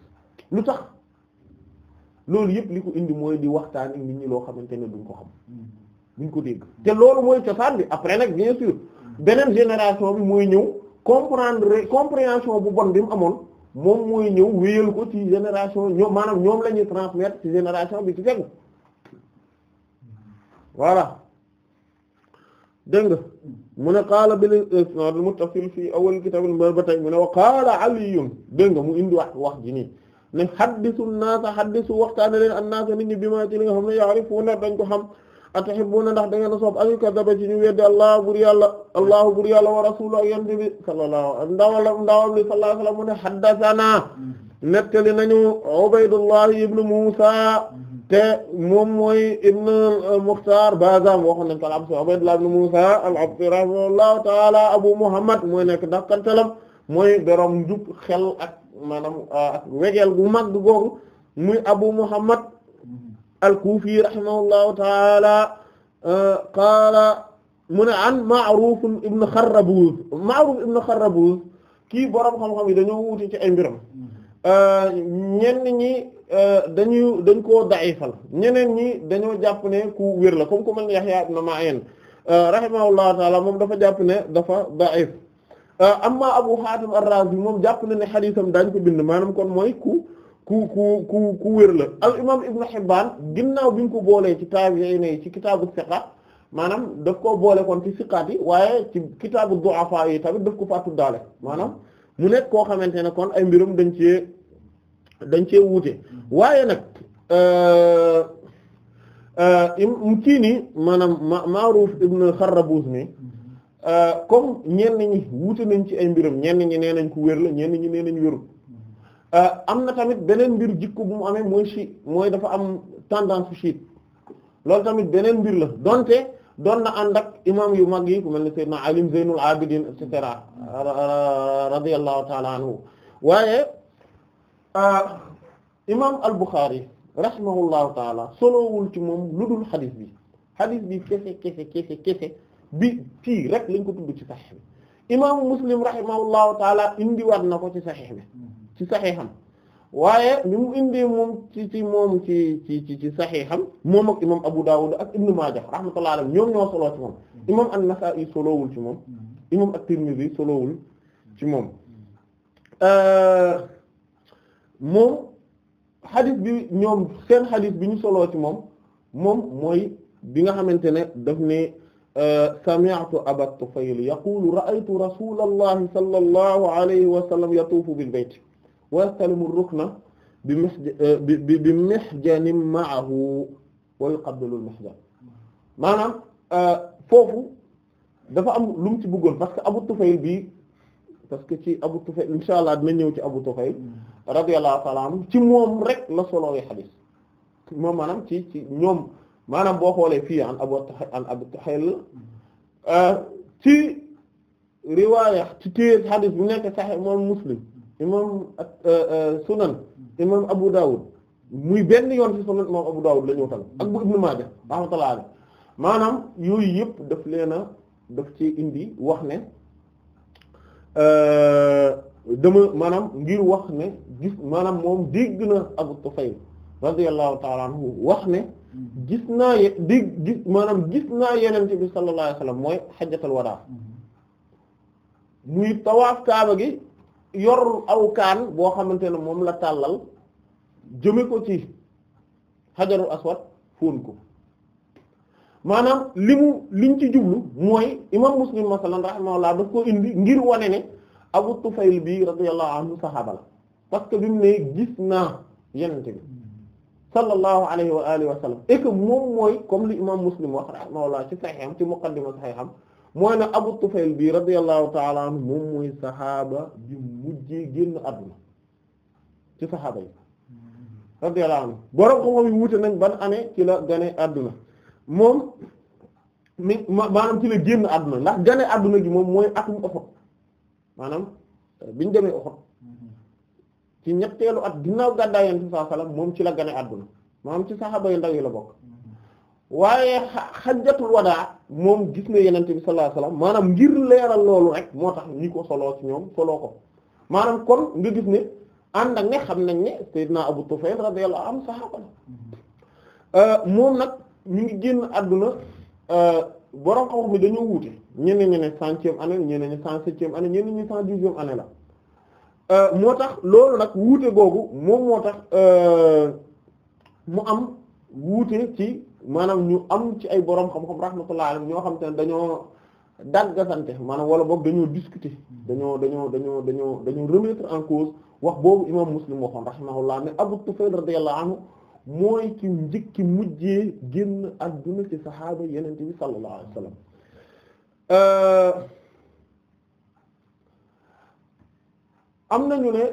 lu tax loolu yëpp li ko indi mooy di waxtaan ak nit ñi loo xamante ne duñ ko xam hmm. duñ ko dégg te loolu mooy cosaan bi après nag bien sûr hmm. beneen génération bi mooy ñëw comprendre compréhension bu bon bi amoon moom mooy ñëw wéyal ko ci génération ñoom maanaam ñoom la ñuy transmettre ci génération bi ci fegu hmm. voilà dégg nga mu ne qaala bil isnaad muttasil fii awal kitaab ba tey mu ne wa qaala dégg nga mu indi wax wax ji nii ne xaddisu naasa xaddisu waxtaane leen an naasa nit ñi bi ma ci li nga xam ne yaarifuuna dañ ko xam atahibbuna ndax da ngeen a sopp an kadaba ci ñu weddi allah bur yàlla allah bur yàlla wa rasuluhu ak yonent bi sallallahu ndawal ndawam li sallallahu alayhi wasallam mu ne haddasanaa nettali nañu Ubaydullah ibn Musa te moom mooy ibn Mukhtar Bazam waxoon nañ ko al Absi Ubaydullah ibn Musa al Absi rahimahullahu ta'ala Abu Muhammad mooy nekk ndax kantalam mooy borom jub xel ak maanaam ah, wegeel gu mag googu muy Abu Muhammad al-Kufi rahimahullahu taala ah, qaala mu ne an Ma'ruf ibn Kharrabuz Ma'ruf ibn Kharrabuz kii borom xam-xam yi dañoo wuute ci ay mbiram ah, ñenn ñi dañ koo da'ifal ñeneen ñi dañoo jàpp ne ku wér la comme ku mel ne Yahya ibn rahimahullahu taala moom dafa jàpp ne dafa da'if Euh, amma Abu Hatim ar-Razi moom jàpp na ne xadiisam daañ ko bind maanaam kon mooy ku ku ku ku ku wér la al imam Ibn Hibbaan ginnaaw bi ñu ko boolee ci taabi'iin yi ci kitaabu siqa maanaam daf koo boole kon ci siqaat yi waaye ci kitaabu du'afaa yi tamit daf ko fàttu daale maanaam mu nekk koo xamante ne kon ay mbirum dañ cee dañ cee wuute waaye nag euh, euh, kii nii maanaam Ma'ruf ibn Kharrabouz mi Euh, comme ñenn ñi wuute nañ ci ay mbiram ñenn ñi nee nañ ko wér la ñenn ñi nee euh, am na tamit beneen mbir jikko bu mu amee mooy mooy dafa am tendance chiite loolu tamit beneen mbir la donte doon na ànd ak yu mag yi ku mel ne Seydina Ali Zeynul Abidin et cetera ta'ala anhu waaye euh, imam al-Bukhari rahimahullahu ta'ala solowul ci moom lu dul xadis bi xadis bi kese kese kese bi fii rek lañ ko tudd ci saxiix bi imaamu muslim rahimahullahu taala indiwaat na ko ci saxiix bi ci saxiixam waaye ni mu indee moom ci ci moom ci ci ci ci saxiixam moom ak imam Abu Dawud ak Ibn Maaja rahmatullahi alayhi ñoom ñoo soloo ci moom imam an-Nasaa'i solowul ci moom imam at-Tirmidhi solowul ci moom euh, moom xadis bi ñoom seen xadis bi ñu soloo ci moom moom mooy bi nga xamante ne daf ne sami'tu Aba Tufayl yaqulu ra'aytu rasulallahi sallallahu alayhi wa sallam yatuufu bil bayt wa yastalimu rukna bi bi bi mihjanin ma'ahu wa yuqabbilu al-mihjan maanaam foofu dafa am lu mu ci bëggoon parce que Abu Tufayl bi parce que ci Abu Tufayl insha Allah dina ñëw ci Abu Tufayl radiyallahu ta'ala anhu ci moom rek la solowee xadiis moom maanaam ci ci ñoom. maanaam boo xoolee fii an abu an abu tahil mm-hmm. euh, ci riwaaya ci téer xadis bu nekk sax imam muslim imam euh, euh, sunan imam abu dawud muy benn yoon fi sunan imam abu dawud la ak bu ibnu maaja rahmatullah maanaam yooyu yëpp daf leen a daf ci indi wax ne dama maanaam ngir wax ne gis maanaam moom dégg na abu tufayl radiyallahu ta'ala anhu wax ne gis naa ye di maanaam gis naa yenente bi sallallahu alayhi mooy xajjatul wadaa muy tawaaf kaaba gi yor aw kaan boo xamante ne moom la tàllal jëme ko ci xajarul aswad fóon ko maanaam li mu liñ ci jublu mooy imam muslim masalan rahimahullah daf ko indi ngir wane ne abu tufayl bi radiyallahu anhu saxaaba la parce que bi mu ne gis naa yenente bi sallallahu alayhi wa alihi wa sallam et que moom mooy comme li imam muslim wax rahimahullah ci sahiham ci muqaddima sahiham mooy ne abu tufayl bi radiyallahu ta'ala anhu moom mooy saxaaba bi mujjee génn àdduna ci saxaaba yi radiyallahu anhu borom xam-xam yi wuute nañ ban année ci la gane àdduna moom mi maanaam ci la génn àdduna ndax gane àdduna gi moom mooy atum Uhud maanaam euh, biñ demee Uhud ci ñetteelu at ginnaaw gàddaay yonent bi sallallahu alayhi wasallam moom ci la gane àdduna maanaam ci saxaaba yu ndaw yi la bokk waaye xajjatul wadaa moom gis na yonent bi sallallahu alayhi wasallam maanaam ngir leeral loolu rek moo tax ñi ko soloo ci ñoom soloo ko maanaam kon nga gis ne ànd ak ne xam nañ ne Seydina Abu Tufayl radiyallahu anhu saxaaba la euh, moom nag ñu ngi génn àdduna euh, borom xam-xam dañoo wuute ñeneen ñi ne centième année ñeneen ñi cent septième année ñeneen ñi cent dixième année la Euh, moo tax loolu nag wuute googu moom moo tax euh, mu am wuute ci maanaam ñu am ci ay borom xam-xam rahmatullah alayhi ñoo xam te ne dañoo daggasante maanaam wala boog dañoo discuter dañoo dañoo dañoo dañoo dañoo remettre en cause wax boobu imam muslim waxoon rahimahullah ne Abu Tufayl radiyallahu anhu mooy ki njëkk ki mujjee génn adduna ci saxaaba yenente bi sallallahu alayhi am nañu ne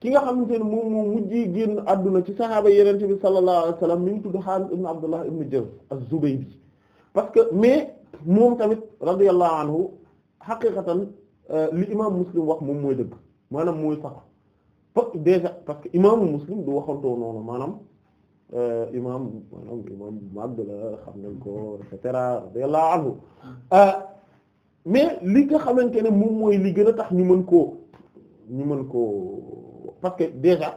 ki nga xamante ne moom moo mujjee génn adduna ci saxaaba yenente bi sallallahu alayhi wasallam mi ngi tudd Xaalid ibn Abdullah ibn Jazz az-Zubaydi parce que mais moom tamit radiyallahu anhu xaqiqatan euh, li imam Muslim wax moom mooy dëgg maanaam mooy sax parce que déjà parce que imaamu Muslim du waxantoo noonu maanaam euh, imaam maanaam imaam màgg la xam nañ ko et cetera radiyallahu anhu euh, mais li nga xamante ne moom mooy li gën a tax ñu mën koo ñu mën ko parce que déjà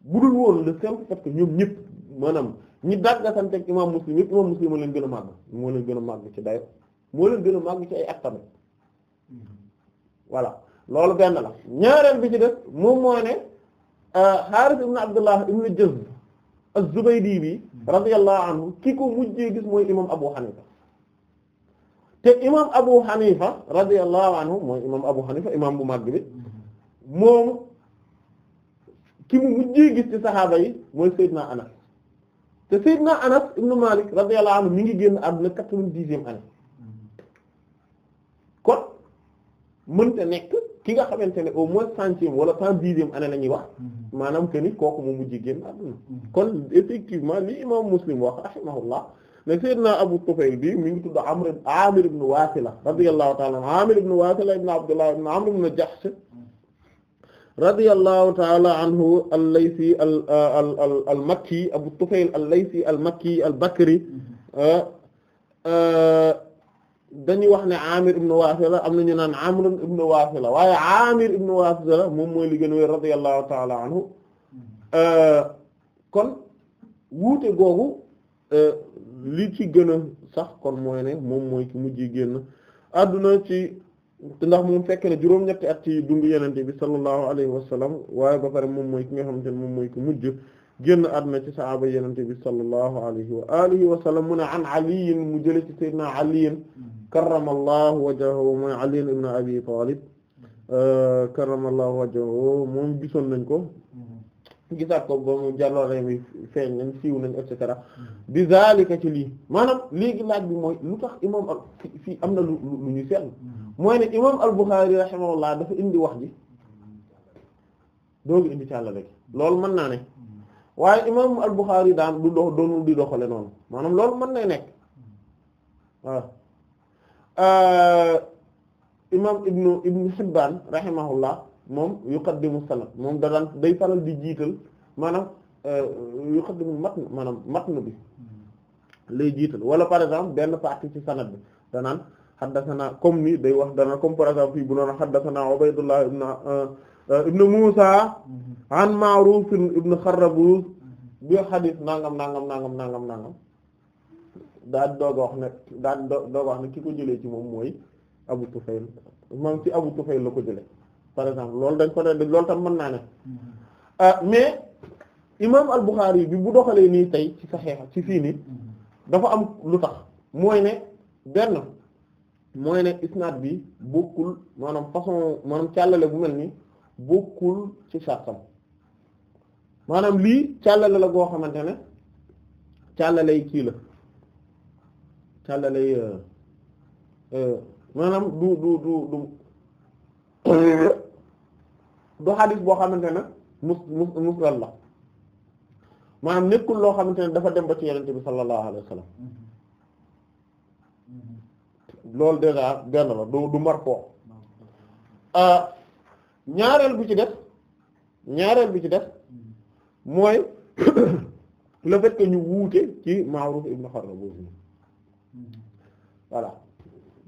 bu dul woon le simple parce ñoom ñëpp maanaam ñi dàggasante ak imam muslim yëpp imam muslim moo leen gën a màgg moo leen gën a màgg ci dayo moo leen gën a màgg ci ay at tamit loolu benn la ñaareel bi ci def moom moo ne Haaris euh, ibn Abdullah ibn Jazm az bi radiyallahu anhu ki ko mujjee gis mooy imam Abu Hanifa te imam Abu Hanifa radiyallahu anhu mooy imam Abu Hanifa imam bu màgg bi moomu ki mu mujjee gis ci saxaaba yi mooy Seydina Anas te Seydina Anas ibnu Malik radiyallahu anhu mi ngi génn àdduna quatre-vingt-dixième année kon te nekk ki nga xamante ne au moins centième wala cent dixième année la ñuy wax maanaam que ni kooku mu mujj génn àdduna kon effectivement li imam Muslim wax rahimahullah ne Seydina Abu Tufayl bi mu ngi tudd Amr Amir ibn Wasila radiyallahu ta'ala Amir ibn Wasila ibn Abdullah ibn Amr ibn Jahsh radiyallahu taala anhu al-Laythi al uh, al al makki Abu Tufayl al-Laythi al-makki al-Bakri mm-hmm. uh, uh, dañuy wax ne Amir ibn Wasila am nañu naan Amr ibn Wasila waaye Amir ibn Wasila moom mooy li gën a wér radiyallahu taala anhu mm-hmm. kon wuute googu li ci gën a sax kon mooy ne moom mooy ki mujj génn adduna ci. te ndax moom fekk na juróom-ñetti at ci dund yenente bi sallallahu alayhi wa sallam waaye ba pare moom mooy ki nga xamante ne moom mooy ku mujj génn àdduna ci sahaaba yenente bi sallallahu alayhi wa alihi wa a mu ne an aliyin mu jële ci sayyidina aliyin karramallahu wajhahu mooy aliyin ibn abi talib karramallahu wajhahu moom gisoon nañ ko gisaat ko ba mu jàllale mi feeñ nañ siiw nañ et cetera bi zalika ci lii maanaam léegi laaj bi mooy lu tax imaam al fii am na lu lu ñu seetlu mooy ne imaam al Bukhari rahimahullah dafa indi wax ji doogu indi càlla rek loolu mën naa ne waaye imaam al Bukhari daan du dox doonul di doxale noonu maanaam loolu mën na nekk waaw euh, imaam ibnu ibnu Hibbaan rahimahullah moom yuqaddimu sanad moom da day faral di jiital maanaam euh, yuqaddimu matn maanaam matn bi lay jiital wala par exemple benn partie ci sanad bi danaan xaddasana comme ni day wax dana comme par exemple bu noon xaddasana Ubaydullah ibn euh, euh, ibn Musa an Ma'ruf ibn Kharrabuz bi xadis nangam nangam nangam nangam nangam daal di wax ne daal di doog wax ne ki ko jëlee ci moom mooy Abu Tufayl moom ci Abu Tufayl la ko jëlee par exemple loolu dañ ko def loolu tam mën naa ne mm-hmm. euh, mais imam al-Bukhari bi bu doxalee nii tey ci saxeexa ci fii nii mm-hmm. dafa am lu tax mooy ne benn mooy ne isnaad bi bokkul maanaam façon maanaam càllale bu mel ni kul ci sartam maanaam lii càllale la goo xamante ne càllalay kii la càllalay euh, euh, maanaam du du du du xadis boo xamante ne mus mus musal la maanaam nekkul loo xamante ne dafa dem ba ci yonent bi sallallahu alayhi wa sallam loolu déjà benn la du marko marfo euh, ñaareel bu ci def ñaareel bi ci def mooy (coughs) le fait ñu wuute ci Ma'ruf ibn Kharrabouch voilà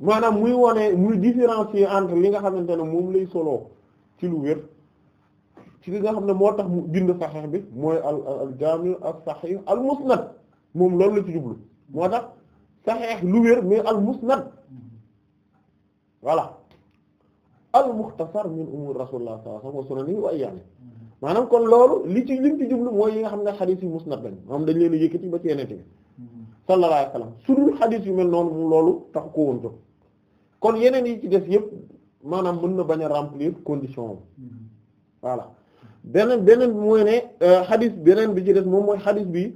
maanaam muy wone muy différencier entre li nga xamante ne moom lay solo ci lu wér ci li nga xam ne moo tax mu bind saxiix bi mooy al al jaami al saxiix al musnad moom loolu la ci jublu moo tax saxiix lu wér mais al musnad voilà al muxtasar min umur rasulullah sallallahu alayhi wa sallam wa sunani wa ayyaami maanaam kon loolu li ci lim ci jublu mooy yi nga xam ne xadiis yi musnad lañ moom dañ leen a yëkkati ba ci yeneen bi sallallahu alayhi wa sallam su dul xadiis yu mel noonu moom loolu tax ko woon jóg kon yeneen yi ci des yëpp maanaam mën na bañ a remplir condition am mm-hmm. beneen beneen mooy ne euh, xadis beneen bi ci des moom mooy xadis bi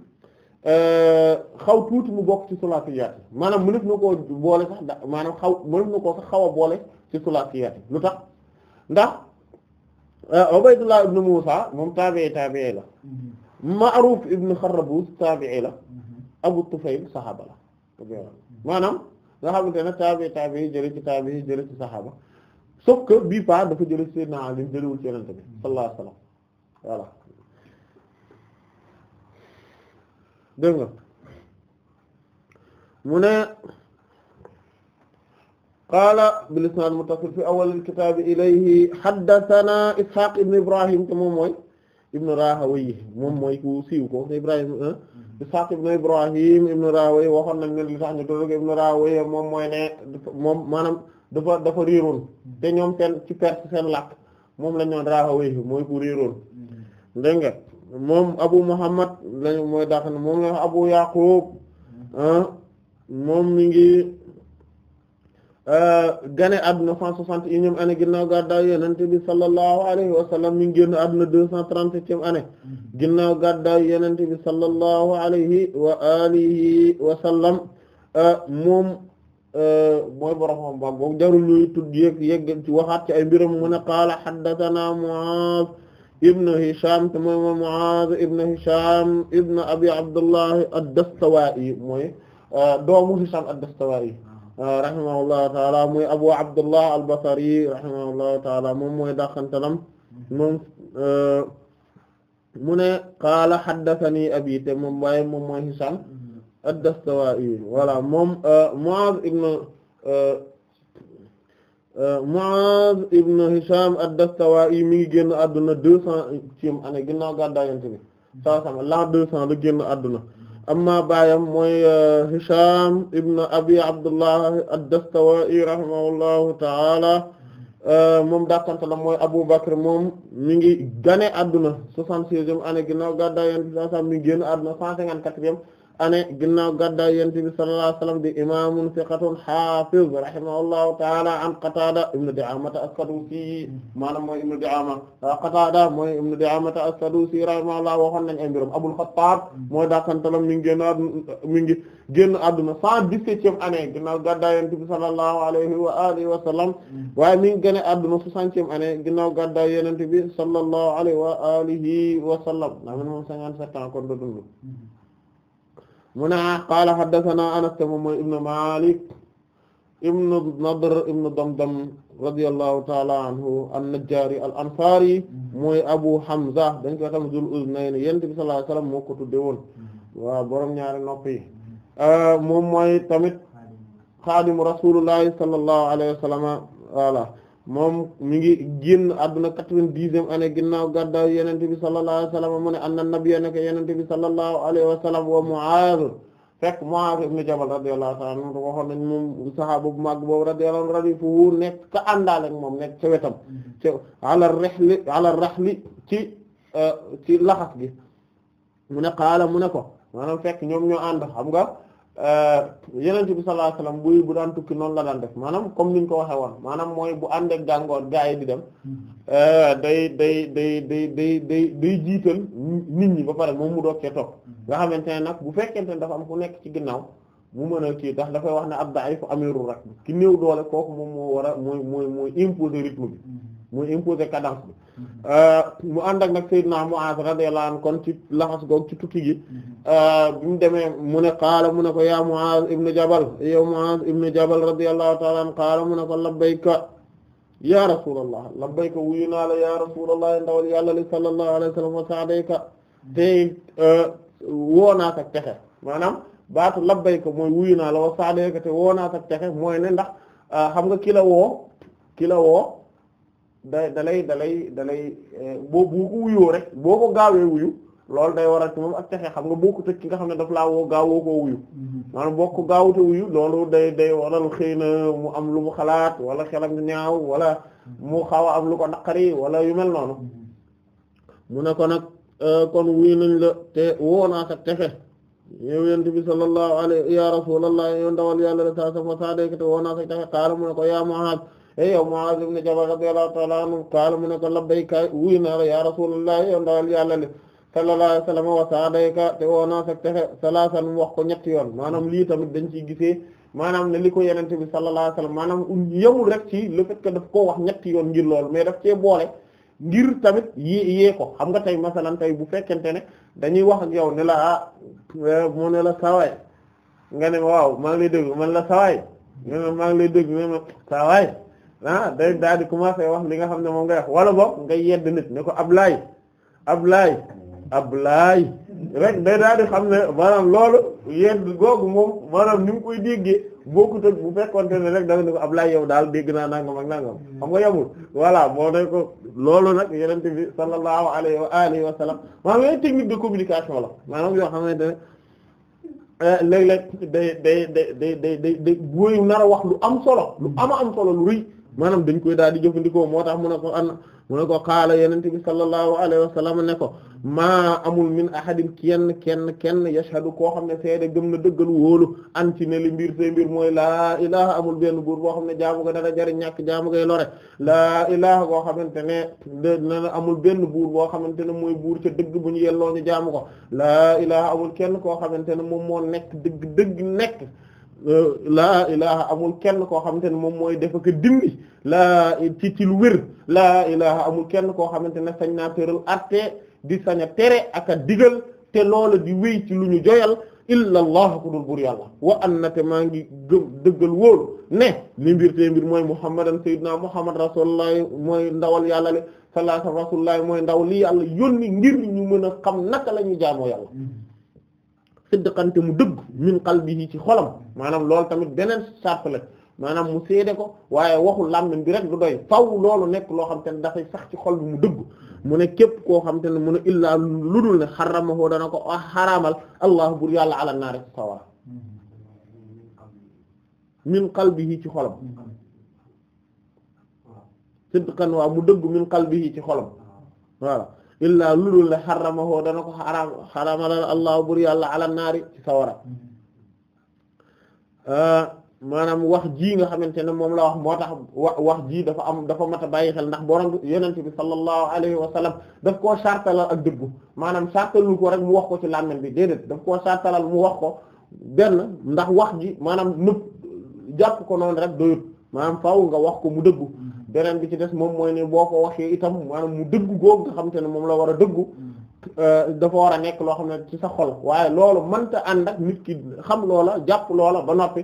euh, xaw tuuti mu bokk ci sulaasiyaat yi maanaam mënef na koo boole sax maanaam xaw mënef na koo sax xaw a boole ci sulaasiyaat yi lu tax ndax euh, Ubaydullah ibn Musa moom taabi'i taabi'i la mm-hmm. Ma'ruf ibn la mm-hmm. Abu Tufayl maanaam nga xamante ne taabi'i taabi'i jële ci taabi'i jële ci saxaaba sauf que bii pa dafa jële ci Sayyidina Ali jëlewul ci Yonent bi voilà dégg mu ne qaala bil isnaad muttasil fi awwal al kitaab ilayhi haddasanaa Ishaaq Ibrahim te moom mooy ibn Rahawayh moom mooy ku siiw ko Ibrahim ah, Ishaaq ibn Ibrahim ibn Rahawayh waxoon nañ li tax ñu tuddu ibn Rahawayh moom mooy ne moom maanaam dafa dafa réeroon te ñoom seen ci Perse seen làkk moom lañ doon raahawayhi mooy ku réeroon mm-hmm. dégg moom Abu Muhammad lañ mooy daax na moom Abu Yaqub ah, moom mi ngi ah, gane àdduna cent soixante et unième année ginnaaw gàddaay yonent bi sallallahu alayhi wa sallam mi ngi génn àdduna deux cent trente-septième année mm-hmm. ginnaaw gàddaay yonent bi sallallahu alayhi wa alihi wa sallam ah, Euh, mooy borom xam-xam boobu jarul luy tudd yegg ci waxaat ci ay mbiram mu ne qaala haddathana Mu'aaz ibn Hisham te Abdullah ad-Dastawaa'i mooy euh, doomu Hisham ad-Dastawaa'i euh, rahimahullahu taala mooy Abu Abdullah al-Basri rahimahullahu taala moom mooy mu ne qaala haddathani abi te moom waaye moom ad-Dastuwaa'i moom euh, Mu'aaz ibn euh, euh, Mu'aaz ibn Hishaam ad-Dastuwaa'i mi ngi génn àdduna deux centième année ginnaaw gàddaay Yonent bi sallallahu alayhi wa sallam deux cents la génn àdduna amma baayam mooy Hishaam ibn Abi Abdullah ad-Dastuwaa'i rahimahullahu ta'ala moom dàqante la mooy Abu Bakr moom mi ngi gane àdduna soixante-seizième année ginnaaw gàddaay Yonent bi sallallahu alayhi wa sallam mi génn àdduna cent cinquante ane ginnaaw gaddaay yonent bi sallallahu wasallam di imaamun thiqatun hafiz rahimahullahu ta'ala an Qatada ibn Di'amata as-Sadusi maanaam mooy ibn Di'ama Qatada mooy ibn Di'amata as-Sadusi rahimahullah waxoon nañ ay mbirum Abul Khattab mooy daakantalam mi ngi génn àdduna mi ngi génn àdduna cent dix-septième année ginnaaw gaddaay alayhi wa alihi wa sallam waaye mi ngi génn àdduna soixantième année ginnaaw gaddaay yonent bi sallallahu alayhi wa alihi wa sallam naa men moom cinquante-sept mu ne qaala haddathana Anas te moom mooy ibnu Malik ibnu Nadr ibnu Damdam radiyallahu ta'ala anhu an-Najjari al-Ansari mooy Abu Hamza dañ koy xam Zul Uznayn Yonent bi sallallahu alayhi wasallam moo ko tudde woon waaw borom ñaari nopp yi moom mooy tamit xaadimu Rasuulullahi sallallahu alayhi wasallam voilà moom mi ngi génn adduna quatre-vingt-dixième année ginnaaw gàddaaw yonent bi sallallahu alayhi wa sallam mu ne anna nabiyya naka yonent bi sallallahu alayhi wa sallam wa Mu'aaz fekk Mu'aaz ibn Jabal radiyallahu ta'ala anhu waxoon moom sahaaba bu màgg boobu radiyallahu anhu fu nekk ka àndaale moom nekk ca wetam ci ala rihli ala rahli ci euh, gi mu ne qaala mu ne ko maanaam fekk ñoom ñoo ànd xam nga Euh, yeneen bi sallallahu alayhi wasallam buy bu daan tukki noonu la daan def maanaam comme ni ñu ko waxee woon maanaam mooy bu ànd ak gàngoor gaa yi di dem euh, day day day day day day day jiital nit ñi ba pare moom mu doog cee topp nga xamante ne nag bu fekkente ne dafa am ku nekk ci ginnaaw mu mën a kii ndax dafay wax ne ad-da'ifu amiru rakb ki néew doole kooku moom moo war a mooy mooy mooy imposer bi mm-hmm. mooy imposer cadence bi mu ànd ak nag Seydina Mu'aaz radiyallahu anhu kon ci laxas goog ci tukki gi mhm. bi mu demee mu ne mu ne ko yaa Mu'aaz ibn Jabal yow Mu'aaz ibn Jabal radiyallahu ta'ala mu ne ko labbayka yaa rasulallah labbayka wuyu naa la yaa rasulallah ndawal yàlla li sallallahu alayhi wa sallam wa sa'dayka mhm. te euh, woo naa sa texe maanaam baatu labbayka mooy wuyu naa la wa sa'dayka te woo texe mooy ne ndax euh, xam nga ki la da dalay dalay dalay eh, boo bu ko wuyoo rek boo ko gaawee wuyu loolu day waral ci moom ak texe xam nga boo ko tëj ki nga xam ne daf laa woo gaawoo koo wuyu mm-hmm. maanaam boo ko gaawute wuyu loolu day day waral xëy na mu am lu mu xalaat wala xelam ñaaw wala mm-hmm. mu xaw am lu ko naqari wala yu mel noonu mm-hmm. mu ne ko nag eh, kon wuyu nañ la te woo naa sa texe yow yent bi sallallahu alayhi ya rasulallah yow ndawal yàlla la saa sama saa day ko te woo naa texe xaaral mu ne ko yaa e yow Mu'aaz ibn Jabal radiyallahu ta'ala anhu mu ne ko labbayka wuy la ya rasulullah yàlla li sallallahu alayhi wa sallam wa sa'dayka te woo naa wax ko ñetti yoon maanaam lii tamit dañ ciy gisee maanaam ne li ko yenente bi sallallahu alayhi maanaam um, yemul rek ci le fait que koo wax ñetti yoon ngir loolu mais daf cee boole ngir tamit yée ko xam nga tey masalan tey bu fekkente ne dañuy wax ak yow ne la ah eh, sawaay nga ne waaw maa ngi lay dégg man la sawaay ne maa ngi lay dégg nga ne sawaay ah day daal di commencer wax li nga xam ne moom ngay wax wala boog ngay yedd nit ne ko ablaay ablaay ablaay rek day daal di xam ne maanaam loolu yedd googu moom maanaam ni mu koy déggee bokkut ak bu fekkonte ne rek da nga ne ko ablaay yow daal dégg naa nangam ak nangam xam nga yamul voilà moo day ko loolu nag yenente bi sallallahu alayhi wa alihi wa sallam maanaam yooyu technique de communication la maanaam yoo xamante ne léeg-léeg day day day day day day day booy nar a wax lu am solo lu ama am solo lu rëy maanaam dañ koy daal di jëfandikoo moo tax mu ne ko an mu ne ko xaala yenente bi sallallahu alayhi wa sallam ne ko maa amul min ahadin kenn kenn kenn yashhadu koo xam ne seede gëm na dëggal wóolu an ci ne li mbir say mbir mooy la ilaha amul benn buur boo xam ne jaamu nga da jariñ ñàkk jaamu ngay lore laa ilaha koo xamante ne dana amul benn buur boo xamante ne mooy buur ca dëgg bu ñu yelloo ñu jaamu ko la ilaha amul kenn koo xamante ne moom moo nekk dëgg dëgg nekk Euh, laa ilaha amul kenn koo xamante ne moom mooy def ak dindi laa ci ci lu wér laa ilaha amul kenn koo xamante ne sañ naa tëral atte di saña a tere ak digal te loola di wéy ci lu ñu joyal illa allah ku dul bur yàlla wa an te maa ngi gëm dëggal wóolu ne li mbir te mbir mooy muhammadan sayyidina muhammad rasulullahi mooy ndawal yàlla le sallallahu mooy ndaw li yàlla yónni ngir ñu mën a xam naka la ñu jaamoo yàlla sidqante mu dëgg min qalbihi ci xolam maanaam loolu tamit beneen sart la maanaam mu seede ko waaye waxul làmmiñ bi rek du doy faw loolu nekk loo xam te ne dafay sax ci xol bi mu dëgg mu ne képp koo xam te ne mu ne illaa lu dul ne xaramahu dana ko ah xaraamal allahu bur yàlla ala naari sawara min qalbihi ci xolam sidqan mu dëgg min qalbihi ci xolam voilà illaa ludul ne xaramahu dana ko xaraam xaramalal allah bur yàlla ala naari ci sawara mm-hmm. ah, maanaam wax ji nga xamante ne moom la wax moo tax wax wax ji dafa am dafa mat bàyyi xel ndax borom yonent bi sallallahu alayhi wa daf ko sartalal ak dëggu maanaam sartalu ko rek mu wax ko ci làmmiñ bi déedéet daf koo sartalal mu wax ko benn ndax wax ji maanaam nëpp jàpp ko noonu rek doyut maanaam faaw nga wax ko mu dëggu mm-hmm. beneen bi ci des moom mooy ne boo ko waxee itam maanaam mu dëggu googu nga xam te ne moom la war a dëggu mm-hmm. dafa war a nekk loo xam ne ci sa xol waaye loolu mënta ànd ak nit ki xam loola jàpp loola ba noppi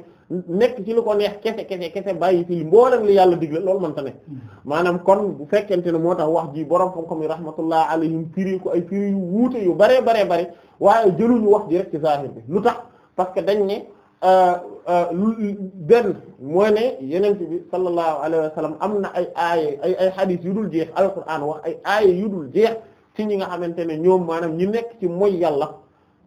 nekk ci lu ko neex kese kese kese bàyyi fi mboolem li yàlla digle loolu mënta ne mm-hmm. maanaam kon bu fekkente ne moo tax wax ji borom xam-xam yi rahmatullah alayhim firi ko ay firi yu wuute yu baree baree bare waaye jëluñu wax ji rek ci zahir bi lu tax parce dañ ne euh, Euh, benn mooy ne yenent bi sallallahu alayhi wa sallam am na ay aaye ay ay xadis yu dul jeex alquran wax ay aaye yu dul jeex ci ñi nga xamante ne ñoom maanaam ñi nekk ci moy yàlla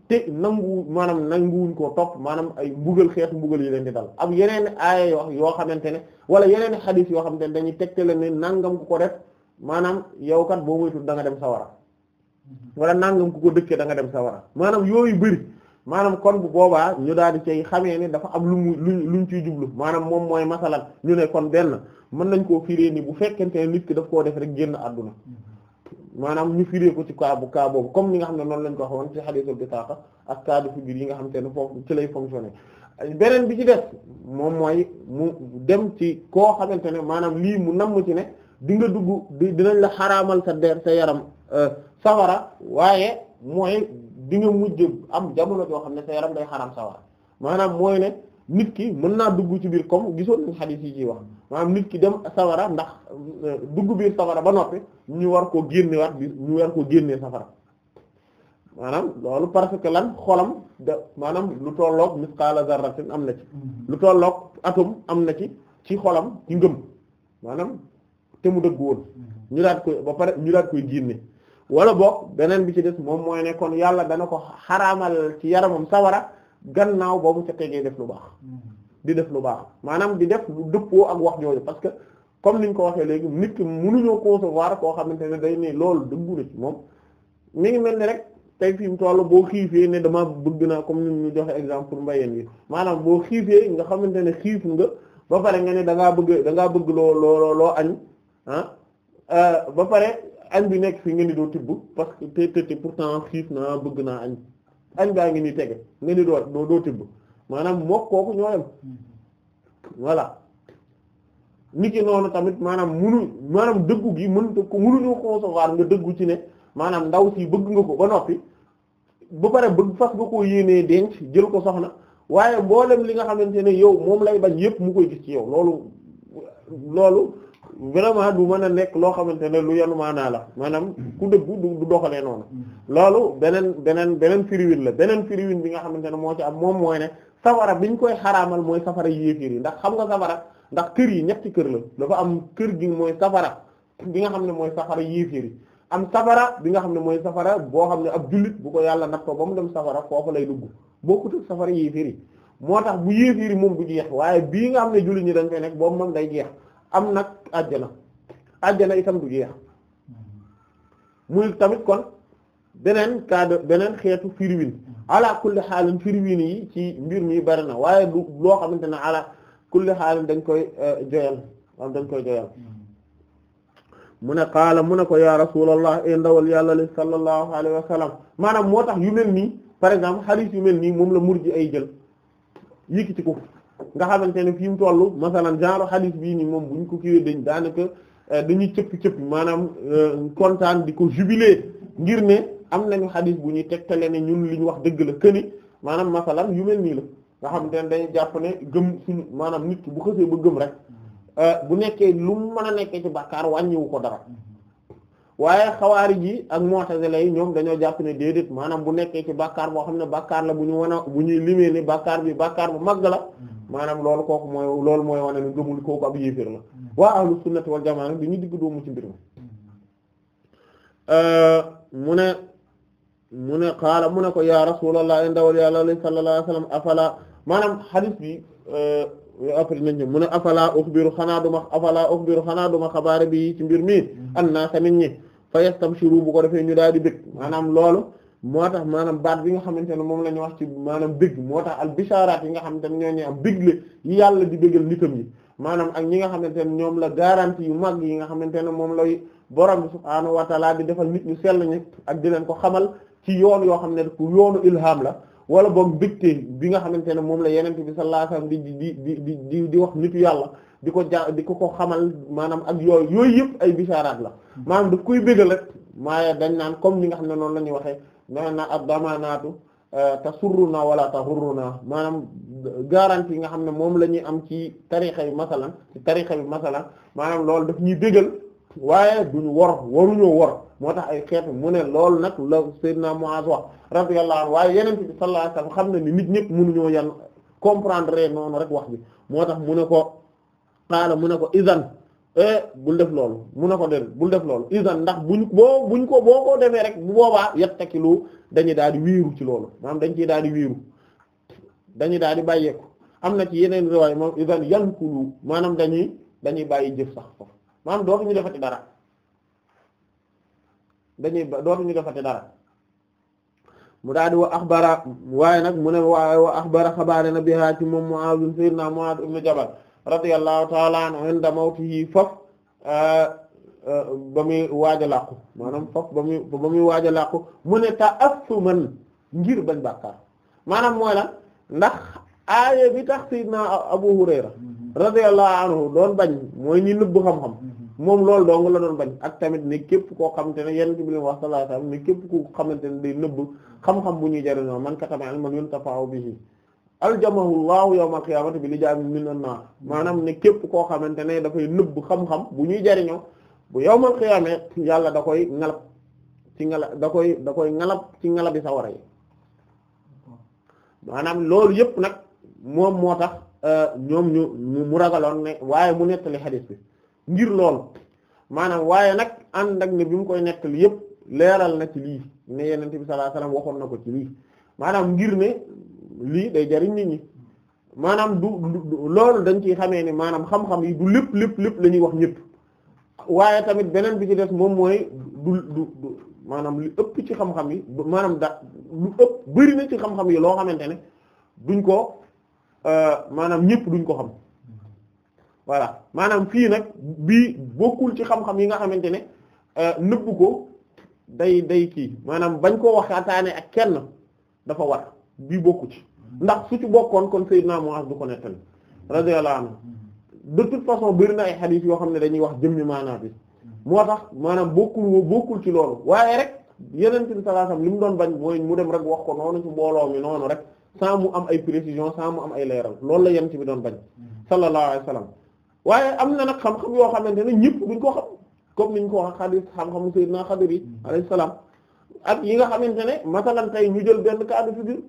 te nangu maanaam nanguwuñ koo topp maanaam ay mbugal xeetu mbugal yi di dal am yeneen aaye yoo yoo ne wala yeneen xadis yoo xamante ne dañuy tegtale ne nangam ku ko def maanaam yow kat boo moytul danga dem sawara mm-hmm. wala nangam ku ko dëkkee da nga dem sawara maanaam yooyu bëri maanaam kon bu boobaa ñu daal di cay xamee ni dafa am lu mu lu ñu ciy jublu maanaam moom mooy masalan ñu ne kon benn mën nañ koo firee nii bu fekkente ne nit ki daf koo def rek génn àdduna maanaam ñu firee ko ci cas bu cas boobu comme ni nga xam ne noonu lañ ko waxoon ci hadithul bisaqa ak cas de figure yi nga xam ne foofu ci lay fonctionner beneen bi ci def moom mooy mu dem ci koo xamante ne maanaam lii mu namm ci ne di nga dugg dinañ la xaraamal sa der sa yaram euh, safara waaye mooy di nga mujj am jamono joo xam ne sa day xaram sawar maanaam mooy ne nit ki mën naa dugg ci biir comme gisoon nañ xadiis yi ci wax maanaam nit ki dem sawara ndax euh, dugg biir sawara ba noppi ñu war koo génne waat biir ñu war koo génnee safara maanaam loolu parce que lan xolam da maanaam lu tolloog misqala zarratin am na ci mm-hmm. lu tolloog atum am na ci ci xolam ci ngëm maanaam te mu dëgg woon mm-hmm. ñu daat koy ba pare ñu daat koy génne wala boog beneen bi ci des moom mooy ne kon yàlla dana ko xaraamal ci yaramam sawara gannaaw boobu ca tegee def lu baax mm-hmm. di def lu baax maanaam di def lu dëppoo ak wax jooju parce que comme niñ ko waxee léegi nit ki mënuñoo concevoir koo xamante ne day ne loolu dëggu na moom mi ngi mel ni rek tey fi mu toll boo xiifee ne dama bëgg naa comme ni ñu joxe exemple pour mbayeen yi maanaam boo xiifee nga xamante ne xiif nga ba pare nga ne da bëgg da ngaa loo loo loo añ ah euh, añ bi nekk fi nga ni doo tibb parce que te te pourtant xiif naa bëgg naa añ añ gaa ngi ni tege nga ni doo doo tibb maanaam mook kooku ñoo dem voilà niki noonu tamit maanaam munu maanaam dëggu gi mënta ko munuñu concevoir nga dëggu ci ne maanaam ndaw si bëgg nga ko ba noppi ba pare bëgg fas nga koo yéenee denc jël ko soxna waaye mboolem li nga xamante ne yow moom lay bañ yépp mu koy gis ci yow loolu loolu vraiment du man a nekk loo xamante ne lu yanu maanaa la maanaam ku dëggu du doxalee noonu loolu beneen beneen beneen firiwin la beneen firiwin bi nga xamante ne moo ci am moom mooy ne safara biñ koy xaraamal mooy safara yéeféer yi ndax xam nga safara ndax kër yi ñetti kër la dafa am kër gi mooy safara bi nga xam ne mooy safara yéeféer yi am safara bi nga xam ne mooy safara boo xam ne ab jullit bu ko yàlla ndax nattoo ba mu dem safara foofu lay dugg bokkut ak safara yéeféer yi moo tax bu yéeféer yi moom du jeex waaye bii nga xam ne jullit ñi dañ koy nekk boobu moom day jeex am nag àjjana àjjana itam du jeex muy tamit kon beneen cadre beneen xeetu firiwin ala kulli xaalin firiwin yi ci mbir mi bari na waaye du loo xamante ne ala kulli xaalin dañ koy eh, joyal am dañ koy joyal mu ne qaala mu ne ko ya rasulallah e eh, ndawal yàlla li sallallahu alayhi wa sallam maanaam moo tax yu mel nii par exemple hadith yu mel nii moom la murji ay jël yëkkati ko nga xamante ne fi mu toll masalan genre hadith bii nii moom bu ñu ko kiiwee dañ daanaka euh, dañuy cëpp cëpp maanaam euh, kontaan di ko jubilé ngir ne am nañu hadith bu ñuy tegtale ne ñun li ñu wax dëgg la këni maanaam masalan yu mel nii la nga xamante ne dañuy jàpp ne gëm suñu maanaam nit ki bu xësee ba gëm rek euh, bu nekkee lu mu mën a nekkee ci bàkkaar wàññiwu ko dara waaye xawaari ji ak mu'tazila yi ñoom dañoo jàpp ne déedéet maanaam bu nekkee ci bàkkaar boo xam ne bàkkaar la bu ñu wan a bu ñuy limee ne bàkkaar bi bàkkaar bu mag la. maanaam loolu kooku mooy loolu mooy wane ne gëmul kooku ab yéeféer la waa ahlu sunnati wal jamaa nag dañuy digg doomu ci mbir mi euh, mu ne mu ne xaala mu ne ko ya rasulullah ndawal yàlla la sallallahu alayhi wasallam afala maanaam hadith bi euh, après nañ mu ne afala ukhbiru xanaa duma afala ukhbiru xanaa duma xabaare bi ci mbir mi mm-hmm. an naa sa nit ñi fa yastabshiru bu ko defee ñu daal di bëgg maanaam loolu moo tax maanaam baat bi nga xamante ne moom la ñu wax ci maanaam bég moo tax al bishaaraat yi nga xamante ne ñoo ñu am bégle yi yàlla di bégal nitam yi maanaam ak ñi nga xamante ne ñoom la garantie yu mag yi nga xamante ne moom lay borom subhaanahu wa taala di defal nit ñu sell ñi ak di leen ko xamal ci yoon yoo xam ne ku yoonu ilham la wala boog bégte bi nga xamante ne moom la yenente bi sa alayhi wasallam di di di di di di wax nitu yàlla di ko ja di ko ko xamal maanaam ak yooyu yooyu yëpp ay bishaaraat la hmm. maanaam di koy bégal rek maaye dañ naan comme li nga xam ne noonu la ñuy waxee naan na ad damaanaatu euh, tasurruna wala naa maanaam garantie yi nga xam ne moom la ñuy am ci tarixa bi masalan ci tarixa bi masalan maanaam loolu daf ñuy déggal waaye duñu wor waruñoo wor moo tax ay xeet mu ne loolu nag la Seydina Muaz wax radiyallahu anhu waaye yeneen bi sallallahu xam ne ni nit ñëpp mënuñoo yan comprendre noonu rek wax bi moo tax mu ne ko xaala mu ne ko izan Eh, bul def loolu mu ne ko de bul def loolu isan ndax bu ñu boo buñ ko boo ko defee rek bu boobaa yattakilu dañuy daal di wiiru ci loolu maanaam dañ ciy daal di wiiru dañuy daal di bàyyeeku am na ci yeneen riwaay moom isan yankulu maanaam dañuy dañuy bàyyi jëf sax foofu maanaam dootuñu defati dara dañuy dootuñu defati dara mu daal di wa axbara waaye nag mu ne waaye wa axbara xabaare na bihaa ci moom Muaaz sayyidina Muaaz ibn Jabal radiyallahu taala anhu inda mawtihi faf euh, euh, ba muy waaj a làqu ba muy ba muy waaj a làqu mu ne ta assuman ngir bañ bàkkaar maanaam mooy la ndax aaya bi tax sayyidina Abu Hurayra radiyallahu anhu doon bañ mooy ñi nëbb xam-xam moom loolu dong la doon bañ ak tamit ne képp koo xamante ne yenn ci bi wax sallallahu alayhi wasallam ne képp ku xamante ne nëbb xam-xam bu ñuy jariñoo man katama ilman yuntafa'u bihi aljamahullahu yawmal qiyamati bi lijamin minan naa maanaam ne képp koo xamante ne dafay nëbb xam-xam bu ñuy jariñoo bu yawmal qiyamee yàlla da koy ngalab ci ngalab da koy da koy ngalab ci ngalabi sawara yi maanaam loolu yëpp nag moom moo tax euh, ñoom ñu mu ragaloon ne waaye mu nettali xadiis bi ngir loolu maanaam waaye nag ànd ak ne bi mu koy nettali yëpp leeral na ci lii ne yenente bi sallallahu alayhi wasallam waxoon na ko ci lii maanaam ngir ne lii day jariñ nit ñi maanaam du loolu dañ ci xamee ne maanaam xam-xam yi du lépp lépp lépp la ñuy wax ñëpp waaye tamit beneen bi ci des moom mooy du du du maanaam ëpp ci xam-xam yi maanaam da ëpp bari na ci xam yi loo xamante ne duñ ko euh, maanaam ñëpp duñ ko xam voilà maanaam fii nag bii bokkul ci xam-xam yi nga xamante ne euh, nëbbu ko day day kii maanaam bañ koo waxtaanee ak kenn dafa war bii bokku ci ndax su ci bokkoon kon Seydina Muaz du ko nettali radiyallahu anhu de toute façon bëri na ay xadiis yoo xam ne dañuy wax jëmmi maanaa bi moo tax maanaam bokkul bokkul ci loolu waaye rek yeneen bi sallallahu alayhi wasallam li mu doon bañ mooy mu dem rek wax ko noonu ci mbooloo mi noonu rek saa mu am ay précision sans mu am ay leeral loolu la yem ci bi doon bañ sallallahu alayhi wasallam waaye am na nag xam-xam yoo xamante ne ñëpp duñ ko xam comme niñ ko wax xadiis xam-xamu Seydina Xadir yi alayhi salaam yi nga xamante ne masalan tey ñu jël benn kaddu fi biir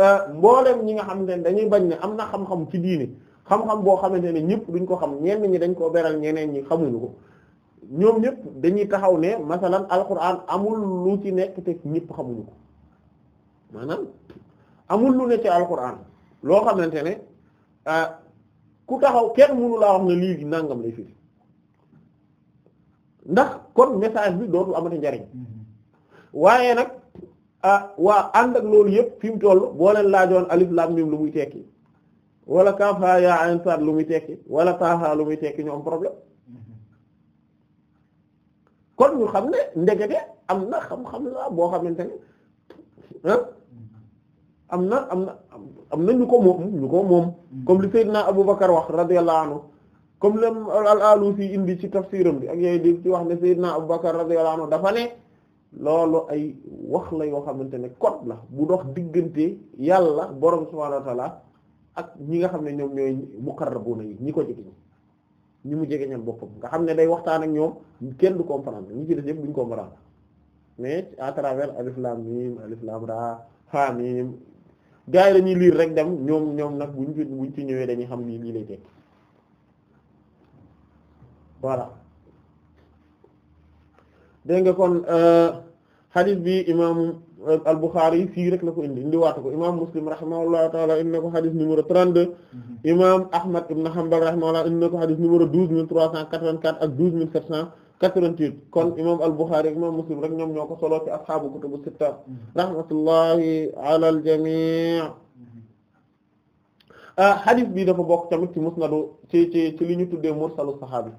Euh, mboolem ñi nga xam ne dañuy bañ ne am na xam-xam ci diini xam-xam boo xamante ne ñëpp duñ ko xam ñenn ñi dañ koo beral ñeneen ñi xamuñu ko ñoom ñëpp dañuy taxaw ne masalan alquran amul lu ci nekk te ñépp xamuñu ko maanaam amul lu ne ci alquran loo xamante ne euh, ku taxaw kenn mënu laa wax ne lii nangam lay firi ndax kon message bi dootul amati njariñ mm-hmm. waaye nag Ah, waa ànd ak loolu yëpp fi mu toll boo leen laajoon alif laam mim lu muy tekki wala kaaf haa yaa ayn saad lu muy tekki wala taaha lu muy tekki ñu am problème kon ñu xam ne ndekete am na xam-xam la boo xamante ne ah, am na am na am na ñu ko moom ñu ko moom comme li Seydina Aboubacar wax radiyallahu anhu comme le al-Alusi indi ci tafsiram bi ak yooyu di ci wax ne Seydina Aboubacar radiyallahu anhu dafa ne loolu ay wax la yoo xamante ne code la bu dox diggante yàlla borom subhaanahu wa ta'ala ak ñi nga xam ne ñoom ñooy muqarrabuna yi ñi ko jege ñi mu jege ñan boppam nga xam ne day waxtaan ak ñoom kenn du comprendre ñi ci def yëpp duñ comprendre mais à travers alif lam mim alif lam ra ha mim gars yi dañuy lire rek dem ñoom ñoom nag buñ ci buñ ci ñëwee dañuy xam nii lii lay tekki voilà. dégg nga kon euh, hadith bi imaamu euh, al-Bukhari fii rek la ko indi indiwaat ko imaamu Muslim rahimahullahu taala indi na ko hadith numéro 32. Mm-hmm. imaamu Ahmad ibn Hanbal rahimahullah indi na ko hadith numéro 12384 ak 12788 kon mm-hmm. imaamu al-Bukhari imaamu Muslim rek ñoom ñoo ko solo ci ashaabu kutubu sitta. Mm-hmm. rahmatullahi ala al-jamii. Euh, hadith bi dafa bokk tamit ci musnadu ci ci ci li ñu tuddee mursalu saxaabi.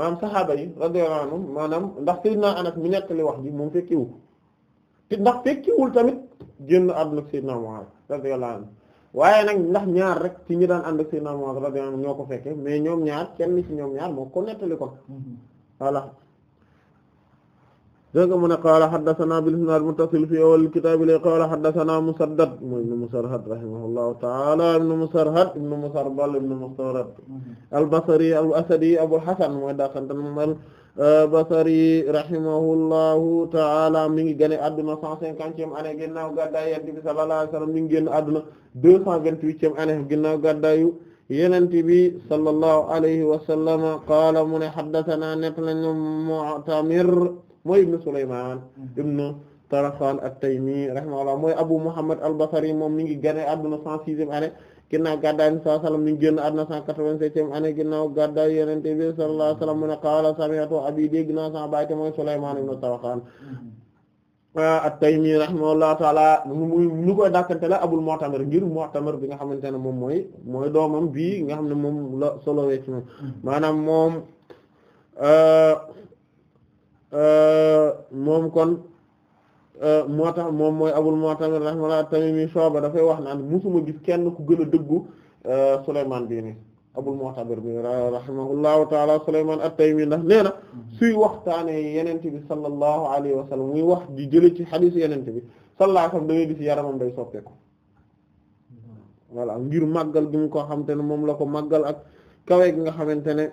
maanaam saxaaba yi radiyallahu maanaam ndax naa Anas mi nettali wax ji moom fekkiwul te ndax fekkiwul tamit génn àdduna ak Seydina Mu'aaz radiyallahu anhu waaye nag ndax ñaar rek ci ñu daan ànd ak Seydina Mu'aaz radiyallahu anhu ñoo ko fekke mais ñoom ñaar kenn ci ñoom ñaar moo ko nettali kon mm-hmm. voilà dégg nga mu ne qaala haddathana bil isnaad muttasil fi awwal kitaab li qaala haddathana Musaddad mooy ibn Musarhad rahimahullahu ta'ala ibn Musarhad ibn Musarbal ibn Mustawrad mm-hmm. al-Basri al-Asadi Abul Hasan mooy daakantanmal Basri rahimahullahu ta'ala mi ngi génn àdduna cent cinquantième année ginnaaw gàddaay Yonent bi sallallahu alayhi wa sallam mi ngi génn àdduna deux cent vingt-huitième année ginnaaw gàddaayu Yonent bi sallallahu alayhi wa sallam qaala mu ne haddathana net lañu Mu'tamir mooy ibnu Sulaymaan mhm. ibnu Tarxaan at-Taymi rahimahullah mooy Abu Muhammad al-Basri moom mi ngi génne àdduna cent sixième année ginnaaw gàddaay bi sallallahu alayhi wasallam mi ngi génn àdduna cent quatre-vingt-septième année ginnaaw gàddaay Yonent bi sallallahu alayhi wasallam mu ne qaala sami'tu abii dégg naa sama baay te mooy Sulaymaan ibnu Tarxaan mhm. ah, at-Taymi ngir Mu'tamir bi nga xamante ne moom mooy mooy doomam bii nga xam ne moom la solowee ci moom mhm. maanaam moom ah, Euh, moom kon euh, moo tax moom mooy Abul Mu'tamir rahimahullah Tamimi Shu'ba dafay wax naan musuma gis kenn ku gën a dëggu euh, Souleymane bii nii Abul Mu'tamir bi rahimahullahu ta'ala Souleymane at-Taymi ndax nee na mm-hmm. suy waxtaanee Yonent bi sallallahu alayhi wa sallam muy wax di jële ci xadiis Yonent bi sallallahu alayhi wa sallam da ngay yaramam day soppeeku mm-hmm. voilà ngir màggal gi mu ko xamante ne moom la ko màggal ak kawe gi nga xamante ne.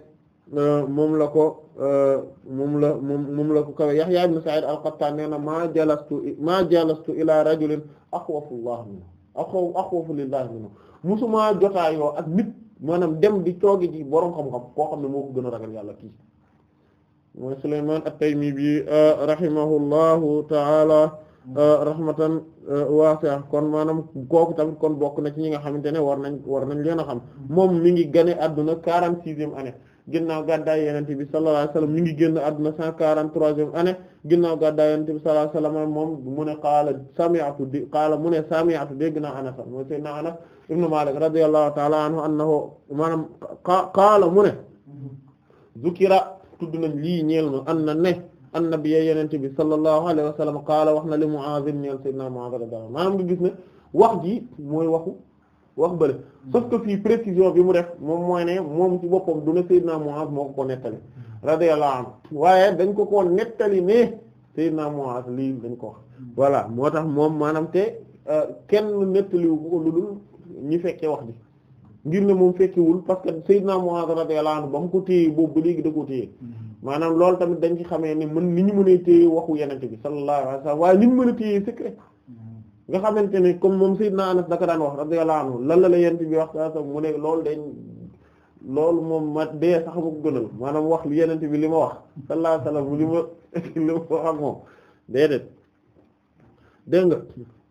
Euh, moom la ko euh, moom la moom moom la ko kawe Yahya ibn Sa'id al-Qattan nee na maa jalastu maa jalastu ila rajulin axwafu llah minhu axwafu axwafu lillahi minhu musuma ak nit maanaam dem di toogi ji boroom xam-xam koo xam ne moo ko gën a ragal yàlla kii mooy Sulaymaan at-Taymi bi euh, rahimahullahu ta'ala rahmatan waasi'a kon maanaam kooku tamit kon bokk na ci ñi nga xamante ne war nañ war nañ leen a xam moom mi ngi gane adduna quarante-sixième année ginnaaw gàddaay yonent bi sallallahu alayhi wasallam mi ngi génn àdduna 143e année ginnaaw gàddaay yonent bi moom mu ne qaala sami'tu di qaala mu ne sami'tu dégg naa Anas mooy sayyidina Anas ibn Malik radiyallahu ta'ala qaala mu zukira tudd nañ lii ñeel ma an na ne annabiyya yonent bi sallallahu alayhi wasallam qaala wax na li Mu'aaz ñeel sayyidina Mu'aaz radiyallahu maanaam nga gis wax ji moy waxu wax bële hmm. sauf que fii précision bi mu def moom mooy ne moom ci boppam du ne Seydina Muaz moo ko ko nettali hmm. radiyallahu anhu waaye dañ ko ko nettali ne Seydina Muaz lii dañ ko wax hmm. voilà moo tax moom maanaam te euh, kenn nettaliwu ko lu dul ñi fekkee wax bi ngir ne moom fekkewul parce que Seydina Muaz radiyallahu anhu ba mu ko téye boobu ba léegi da ko téye maanaam loolu tamit dañ ci xamee ni mën ni ñu mën a téye waxu yenente bi sallallahu alayhi waaye ni nga xamante ne comme moom naa Anas daka daan wax radiyallahu anhu lan la la yent bi wax saa mu ne loolu dañ loolu moom ma dee sax ma ko gënal maanaam wax li yenent bi li ma wax sallallahu alayhi wasallam li ma (laughs) li ma wax ak moom déedéet dégg nga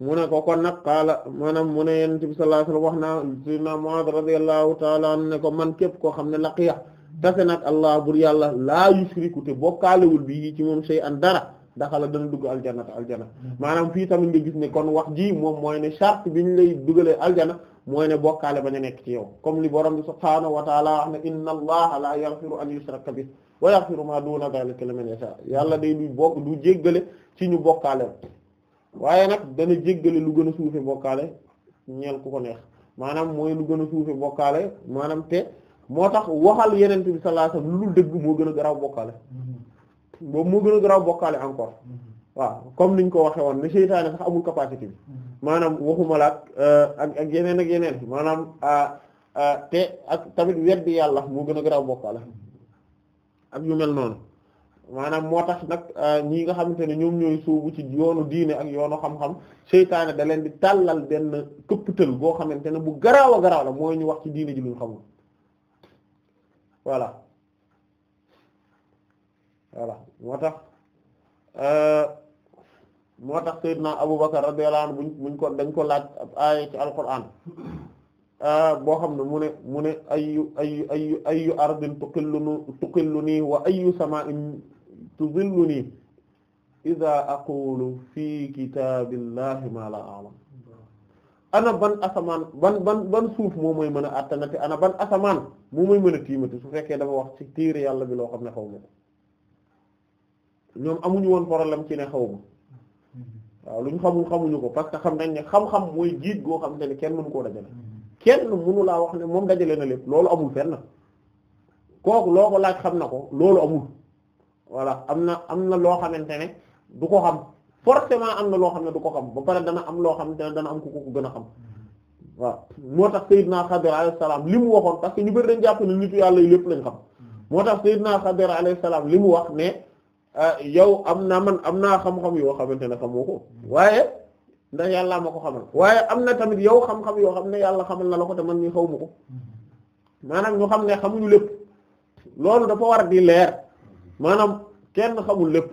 mu ne ko kon nag xaala maanaam mu ne yenent bi sallallahu alayhi wasallam wax naa Seydina Mu'adh radiyallahu ta'ala anhu ne ko man képp koo xam ne laqiya tase nag allah bur yàlla laa yushriku te bokkaalewul bi ci moom sey an dara daxala dana dugg aljana te aljana mm-hmm. maanaam fii tamit nga gis ni kon wax ji moom mooy ne charte bi ñu lay dugalee aljana mooy ne bokkaale bañ a nekk ci yow comme li borom bi subhaanahu wa taala wax ne inna allaha la yaghfiru an yushraka bihi wa yaghfiru ma duna dhalika liman yàlla day du bokk du jéggale ci ñu bokkaale waaye nag dana jéggale lu gën a suufe bokkaale ñeel ku ko neex maanaam mooy lu gën a suufe bokkaale maanaam te moo tax waxal yenente bi sallallahu alayhi wasallam lu dul dëgg moo gën a garaaw bokkaale mm-hmm. boobu mu gën a garaaw bokkaale encore mm-hmm. waaw comme niñ ko waxe woon ne seytaane sax amul capacité bi mm-hmm. maanaam waxumala euh, ak ak yeneen ak yeneen maanaam euh, euh, te ak tamit bi yàlla moo gën a garaaw bokkaale ak yu mel noonu maanaam moo tax nag ñi nga xamante ne ñoom ñooy sóobu ci yoonu diine ak yoonu xam-xam seytaane da leen di tàllal benn këpptël boo xamante ne bu garaaw a garaaw la mooy ñu wax ci diine ji luñ xamul voilà voilà moo tax euh, moo tax sayyidna Abu Bakar radiyallahu anhu buñ buñ ko dañ ko laaj ab aaya ci alquran euh, boo xam ne mu ne mu ne ayu ayu ayu ayu ardin tuqilluni tuqilluni wa ayu sama'in tuzilluni idha aqulu fi kitabillahi ma la a'lam ana ban asamaan ban ban ban suuf moo mooy mën a attanati ana ban asamaan moo mooy mën a tiimati su fekkee dafa wax ci téere yàlla bi loo xam ne xaw ma ko ñoom amuñu woon problème ci ne xaw ma waaw lu ñu xamul xamuñu ko parce que xam nañ ne xam-xam mooy jiit goo xam te ne kenn mënu koo dajale kenn mënu laa wax ne moom dajale na lépp loolu amul fenn kooku loo ko laaj xam na ko loolu amul voilà am na am na loo xamante ne du ko xam forcément am na loo xam ne du ko xam ba pare dana am loo xam ne dana am ku ko gën a xam waa moo tax Seydina Xadir alayhi salaam li mu waxoon parce que ñu bëri dañ jàpp ne nitu yàlla yi lépp lañ xam tax Seydina Xadir salaam li mu wax ne Ah, yow am na man am naa xam-xam yoo xamante ne xamoo ko waaye ndax yàllaa ma ko xamal waaye am na tamit yow xam-xam yoo xam ne yàlla xamal na la ko te man ñu xaw ma ko maanaam ñu xam ne xamuñu lépp loolu dafa war di leer maanaam kenn xamul lépp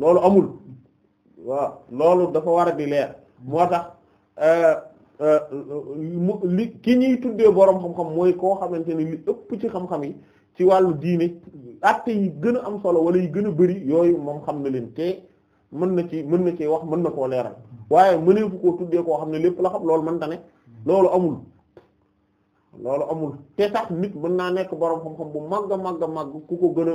loolu amul waaw dafa war di leer moo tax eh, eh, li ki ñuy tuddee boroom xam-xam mooy koo xamante ni li ëpp ci xam-xam yi ci wàllu diine actes yi gën a am solo wala yi gën a bari yooyu moom xam na leen te mën na ci mën na ci wax mën na koo leeral waaye mëneefu koo tuddee koo xam ne lépp la xam loolu mën na loolu amul loolu amul te sax nit mën naa nekk boroom xam-xam bu màgg màgg màgg ku ko gën a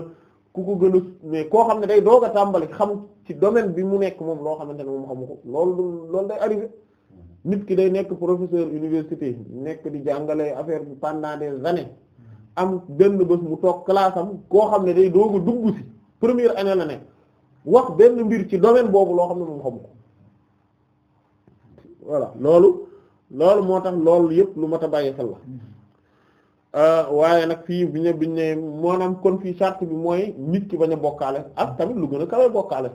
ku ko gën mais koo xam ne day doog tàmbali xam ci domaine bi mu nekk moom loo xamante ne moom xamu ko loolu loolu day arrivé mm-hmm. nit ki day nekk professeur université nekk di jàngale affaire bi pendant de années am benn bés mu toog classe koo xam ne day doog a dugg ci première année la ne wax benn mbir ci domaine boobu loo xam ne moom xamu ko voilà loolu loolu moo tax loolu yëpp lu mat a bàyyi xel la euh, waaye nag fii bi ñu biñ ne maanaam kon fii charte bi mooy nit ki bañ a bokkaale ak tamit lu gën a kawe bokkaale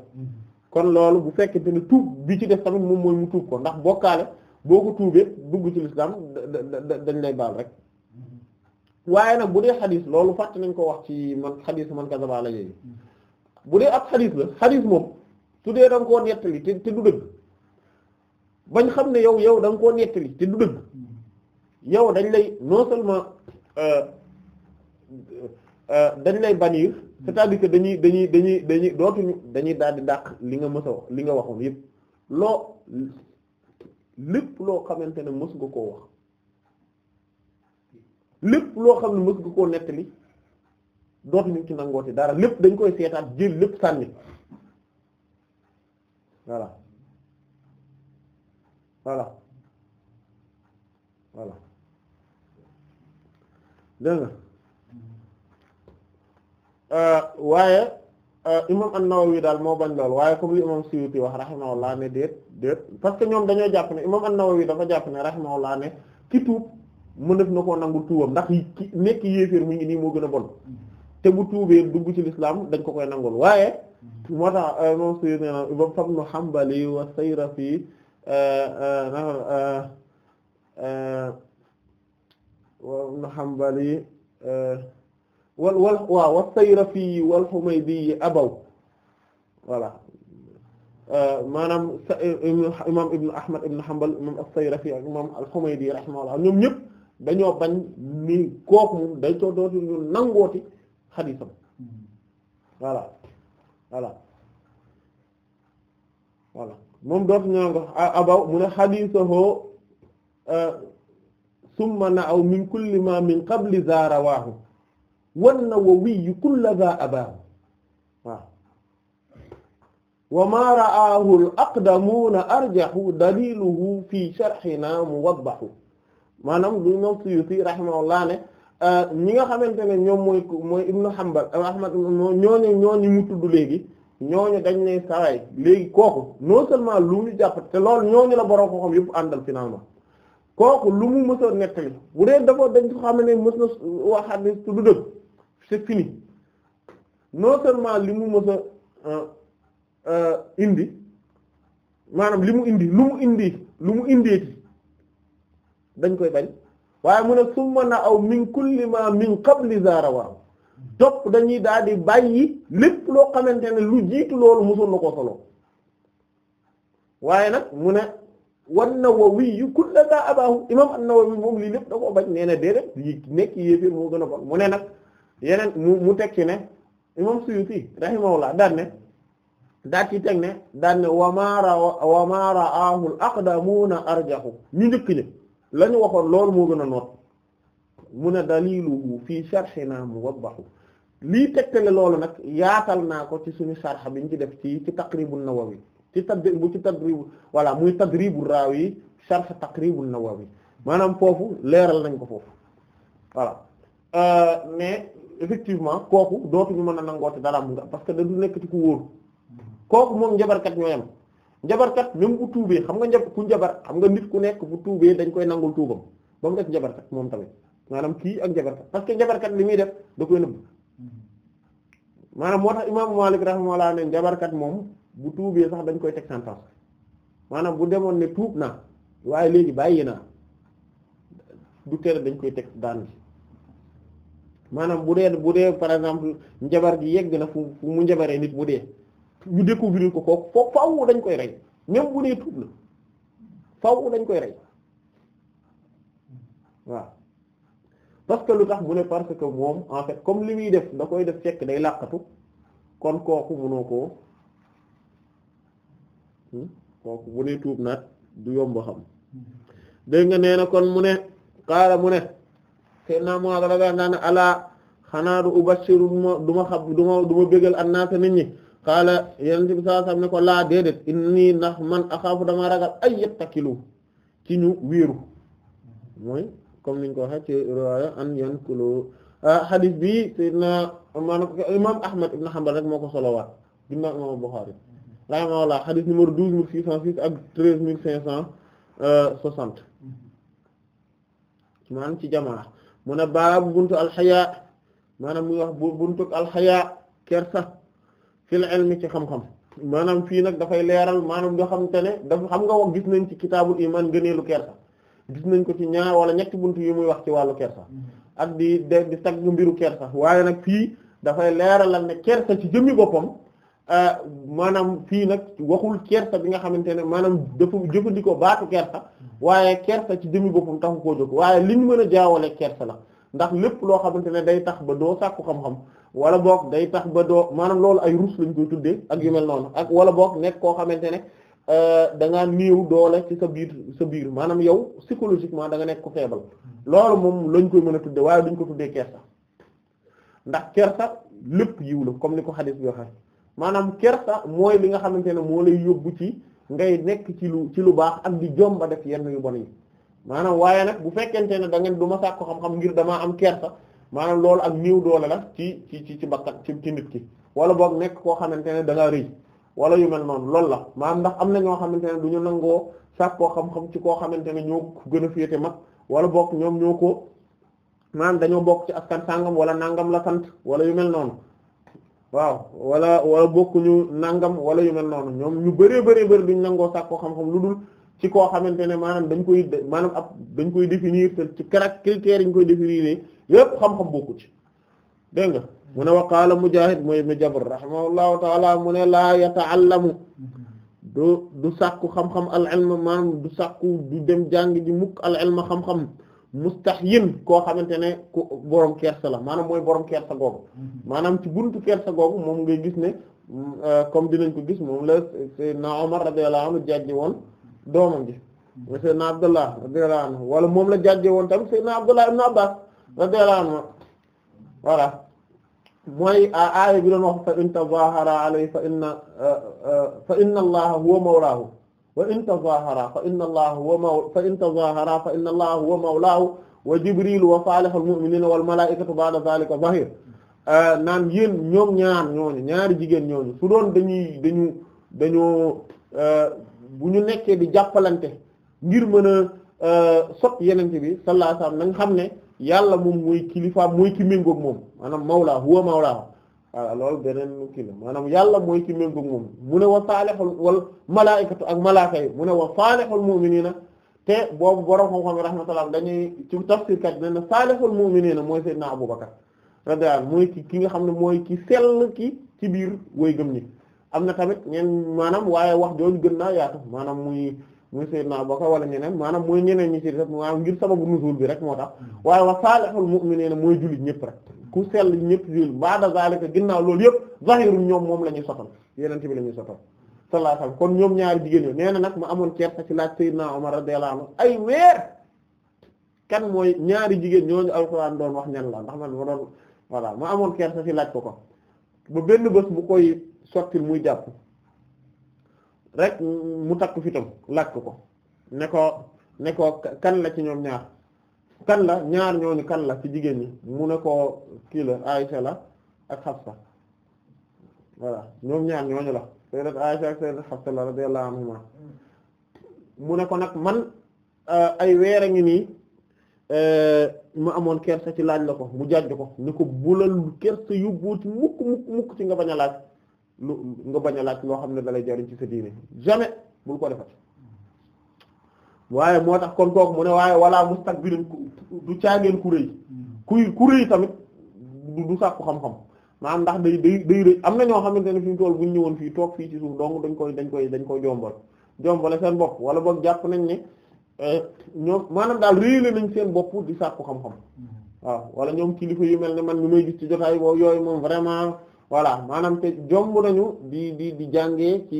kon loolu bu fekkente ne tuub bi ci def tamit moom mooy mu tuub ko ndax bokkaale boo ko tuubee dugg ci lislaam dañ lay baal rek waaye nag bu dee xadis loolu fàtt nañ koo wax ci man xadis man kasaba la bu dee ab xadis la xadis moom su dee da koo nettali te te du dëgg bañ xam ne yow yow danga nga koo nettali te du dëgg yow dañ lay non seulement euh, euh, euh, dañ lay bannir cest dañuy dañuy dañuy dañuy dootuñu dañuy daal di dàq li nga mës li nga waxoon yépp loo lépp loo xamante ne mës nga koo wax lépp loo xam ne mës nga koo nettali dootuñu ci nangooti dara lépp dañ koy seetaat jël lépp sànni voilà voilà voilà dégg euh, waaye euh, imam an-Nawawi daal moo bañ lool waaye comme li imam Suyuti wax rahimahullah ne déet déet parce que ñoom dañoo jàpp ne imam an-Nawawi dafa jàpp ne rahimahullah ne ki tuub mu def na ko nangu tuubam ndax ki nekk yéeféer mu ngi nii moo gën a bon te bu tuubee dugg ci lislaam dañ ko koy nangul waaye moo tax euh, moom si nena ba fam nu xambali wa sayra euh, euh, wal wal wa sayra fii wal xumaydi abaw voilà maanaam imam ibnu ahmad ibnu hanbal imam as-sayrafi ak imam al-humaydi ñoom ñëpp dañoo bañ ni kooku moom dañ ko dootu ñu nangooti xadisam voilà voilà voilà moom dootu ñu nango abaw mu ne xadisahu euh, summa na aw min kulli ma min qabli za rawahu wan na wa wiyu kulla za abahu waaw wa ma ra'ahu al aqdamuuna arjahu daliluhu fi sharhina muwaddahu maanaam lu moom Suyuti rahimahullah ne euh, ñi nga xamante ne ñoom mooy mooy Ibnu Hanbal euh, Ahmad ñooñu ñooñu mu tudd léegi ñooñu dañ ne saway léegi kooku noo seulement lu mu jàpp te loolu ñooñu la borom ko xam yëpp àndal finalement kooku lu mu mës a nettali bu dee dafa dañ ko xam ne mës na waxaat ne su du dëgg c'est fini non seulement li mu mës a euh, indi maanaam li mu indi lu mu indi lu mu indeeti dañ koy bañ waaye mu ne summa na aw min kulli ma min qabli zara waaw topp dañuy daal di yi lépp loo xamante ne lu jiitu loolu mosoon na koo solo waaye nag mu ne wan Nawawi yu kulla daa abaahu imam an-Nawawi moom lii lépp da koo bañ nee na déedéet yi nekk yéeféer moo gën a bon mu ne nag yeneen mu mu teg ci ne imam Suyuti rahimahullah daan ne daat ci ne daan ne wamaara wamaara ahul aqdamuuna arjahu ñu njëkk lañu waxoon loolu moo gën a noot mu ne daliluhu fii naa sharhina muwaddahu lii tekkale loolu nag yaatal naa ko ci suñu sharh biñ ci def ci ci taqribu nawawi ci tadrib bu ci tadrib walla muy raaw yi tadribu rawi sharh taqribu yi maanaam foofu leeral nañ ko foofu voilà euh, mais effectivement kooku dootuñu mën a nangooti dara mu nga parce que da du nekk ci ku wóor kooku moom njabarkat ñooyam njabarkat même bu tuubee xam nga njab ku njabar xam nga nit ku nekk bu tuubee dañ koy nangul tuubam ba mu def njabarkat moom tamit maanaam kii ak njabarkat parce que njabarkat li muy def da koy nëbb maanaam moo tax imaamu Maalik rahimahullah ne njabarkat moom bu tuubee sax dañ koy teg sentence maanaam bu demoon ne tuub naa waaye léegi bàyyi naa du tere dañ koy teg daan gi maanaam bu dee bu dee par exemple njabar gi yegg na fu mu njabaree nit bu dee ñu découvrir ko kooku foofu faaw dañ koy rey même bu nee tuub na faaw dañ koy rey waaw parce lu tax mu ne parce que moom en fait comme li muy def da koy def fekk day làqatu kon kooku mënoo koo hmm, kooku bu nee tuub naat du yomb xam dégg nga nee na kon mu ne xaala mu ne te naa mu naa ko daga naa ne alaa xanaa du ubashiru duma duma xam duma duma bégal annaasa nit ñi xaala yenente bi sallallahu alayhi wasallam ne ko laa déedéet inni ndax man axaafu dama ragal ay yattakilu ci ñu wéeru mooy comme niñ ko waxee ci riwaaya an yan kulo hadith ah, bi sayyidina maanaam imam ahmad ibn hanbal rek moo ko solowaat ginnaaw imam bukhari rahimahullah hadith numéro douze mille six cent six ak treize mille cinq cent euh, soixante maanaam ci jamaa mu ne baabu buntu alxayaa maanaam muy wax buntu alxayaa kersa fil ilmi ci xam-xam maanaam fii nag dafay leeral maanaam nga xamante ne dafa xam nga wax gis nañ ci kitaabul iman gëneelu kersa gis nañ ko ci ñaar wala ñetti bunt yu muy wax ci wàllu kersa mm-hmm. ak di de di tagg mbiru kersa waaye nag fii dafay leeralal ne kersa ci jëmmi boppam euh, maanaam fii nag waxul kersa bi nga xamante ne maanaam dafa jëfandikoo baatu kersa mm-hmm. waaye kersa ci jëmmi boppam taxu koo jóg waaye liñ mën a jaawale kersa la ndax lépp loo xamante ne day tax ba doo sàkku xam-xam wala boog day tax ba doo maanaam loolu ay rus lañ koy tuddee ak yu mel noonu ak wala boog nekk koo xamante ne euh, da ngaa néew doole ci sa biir sa biir maanaam yow psychologiquement da nga nekk ko feebal loolu moom lañ koy mën a tuddee waaye duñ ko tuddee kersa ndax kersa lépp yiw la comme ni ko xadis bi waxee maanaam kersa mooy li nga xamante ne moo lay yóbbu ci ngay nekk ci lu ci lu baax ak di jomba def yenn yu bon yi maanaam waaye nag bu fekkente ne da ngeen du ma sàkku xam ngir damaa am kersa maanaam loolu ak néew doole la ci ci ci ci bakkat ci ci nit ki wala boog nekk koo xamante ne da rëy wala yu mel noonu loolu la maanaam ndax am na ñoo xamante ne du ñu nangoo sàkkoo xam-xam ci koo xamante ne ñoo ko gën mag wala boog ñoom ñoo ko maanaam dañoo bokk ci askan sàngam wala nangam la wala yu mel noonu waaw wala wala bokkuñu nangam wala yu noonu ñoom ñu bëree bëree bëri duñ nangoo sàkkoo xam-xam lu dul ci koo xamante ne maanaam dañ koy maanaam ab dañ koy définir ci critères yi ñu koy définir yépp xam-xam bokku ci dégg nga mu ne wa qaala Mujaahid mooy ibn Jabr rahimahullahu taala mu ne laa yata'allamu du du sàkku xam-xam al ilma maanaam du sàkku du dem jàng ji mukk al ilma xam-xam mustahyin koo xamante ne ku borom kersa la maanaam mooy boroom kersa googu maanaam ci buntu kersa googu moom ngay gis ne euh, comme dinañ ko gis moom la na Omar radiyallahu jàjji woon doomam ji Seydina Abdullah radiyallahu anhu wala moom la jàjji woon tamit Seydina Abdullah ibn Abbas radiyallahu anhu voilà mooy aaya bi doon wax fa in tazahara fa inna fa huwa mawlaahu fa inna allaha fa inna allaha huwa mawlaahu wa jibril wa salihul mu'minina wal malaikatu ba'da zalika zahir naan yéen ñoom ñaar ñooñu ñaari jigéen ñooñu su doon dañuy dañu bu ñu nekkee di jàppalante ngir mën a sot yenente bi sallallahu alayhi xam ne yàlla moom mooy kilifaam mooy ki méngoog moom maanaam mawlaa huwa mawlaa waaw loolu beneen kii la maanaam yàlla mooy ki méngoog moom mu ne wa saalihul wal malaa'ikatu ak malaaka yi mu ne wa nii mu'miniina te boobu borom xam-xam rahmatullah dañuy ci tafsir kat ne na saalihul na mooy Seydina Abubakar radiyallahu anhu mooy ki nga xam ne mooy ki sell ki ci biir way gëm ñi am na tamit ñeen maanaam waaye wax jooju gën naa yaatu maanaam muy muy Seydina Abubakar wala ñeneen maanaam mooy ñeneen ñi ci def maanaam ngir sababu nuzul bi rek moo tax waaye wa salihul mu'minina mooy jullit ñëpp rek ku sell ñëpp jullit ba'da zalika ginnaaw loolu yëpp zahirun ñoom moom la ñuy sotal yeneen bi la ñuy sotal sallallahu alayhi kon ñoom ñaari jigéen yo nee na nag ma amoon kersa ci laaj Seydina Umar radiyallahu anhu ay weer mooy ñaari jigéen ñooñu alxuraan doon wax ñan la ndax man ma doon voilà ma amoon kersa ci laaj ko ko ba benn bés bu koy sottil muy jàpp rek mu takk fitam laaj ko ne ko ne ko kan la ci ñoom ñaar kan la ñaar ñooñu kan la ci jigéen ñi mu ne ko kii la Aisha la ak Hafsa voilà ñoom ñaar ñooñu la sayyidat Aisha ak sayyidat Hafsa la radiyallahu anhuma mu ne ko nag man euh, ay weer a ngi nii euh, mu amoon kersa ci laaj la ko mu jàjj ko ni ko bulal kersa yóbbooti mukk mukk mukk ci nga bañ a laaj lu nga bañ a laaj loo xam ne dalay jariñ ci sa diine jamais bul ko defat waaye moo tax kon kooku mu ne waaye wala mustakbirin du caageen ku rëy kuy ku rëy tamit du sàkku xam-xam maanaam ndax day day day am na ñoo xamante ne fi tool bu ñëwoon fii toog fii ci suuf donc dañ koy dañ koy dañ koy jombal jombale seen bopp wala boog jàpp nañ ne eh, ñoom maanaam daal réyle nañ seen bopp di sàkku xam-xam mm-hmm. waaw wala ñoom kilifa yu mel ne man ñu may gis ci jotaay yooyu moom vraiment voilà maanaam te jomb nañu di di di jàngee ci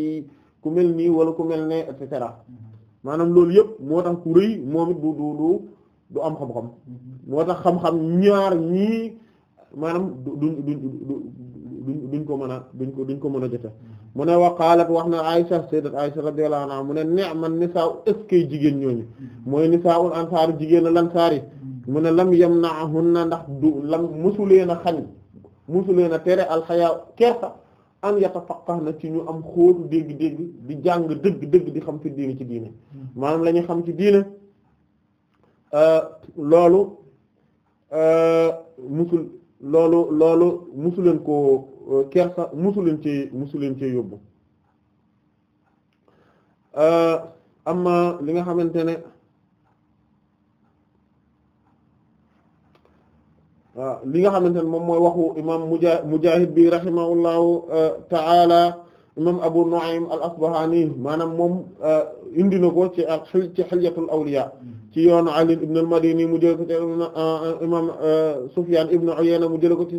ku mel nii wala ku mel ne et cetera mm-hmm. maanaam loolu yëpp moo tax ku rëy moom it du du du du am xam-xam mm-hmm. moo tax xam-xam ñaar ñii maanaam du duñ duñ duñ ko mën a duñ ko duñ ko mën a jote mm-hmm. mu ne wax qalat wax na Aisha sayyidat Aisha radiyallahu anha mu ne ni saaw eskay jigéen ñooñu mooy ni nisaa'ul ansaar jigéen a lan saari mu ne lam yamna'hunna ndax du lam musuleen a xañ musu mosuleen a tere alxayaa kersa an yatafaqqah na ci ñu am xóotu dégg-dégg di jàng dégg dëgg di xam ci diine ci diine hmm. maanaam la xam ci diine euh, loolu euh, musul loolu loolu mosuleen ko euh, kersa mosuleen ci leen ci yóbbu amma li nga xamante ne li nga xamante ne moom mooy waxu imam muja Mujaahid bi rahimahullahu euh, ta'ala imam Abu Nu'aym al-Asbahani maanaam moom euh, indi na ko ci ak ci Hilyatul Awliya ci yoon Ali ibn al-Madini mu jël ko ci euh, imam Sufyan ibn Uyayna mu jël ko ci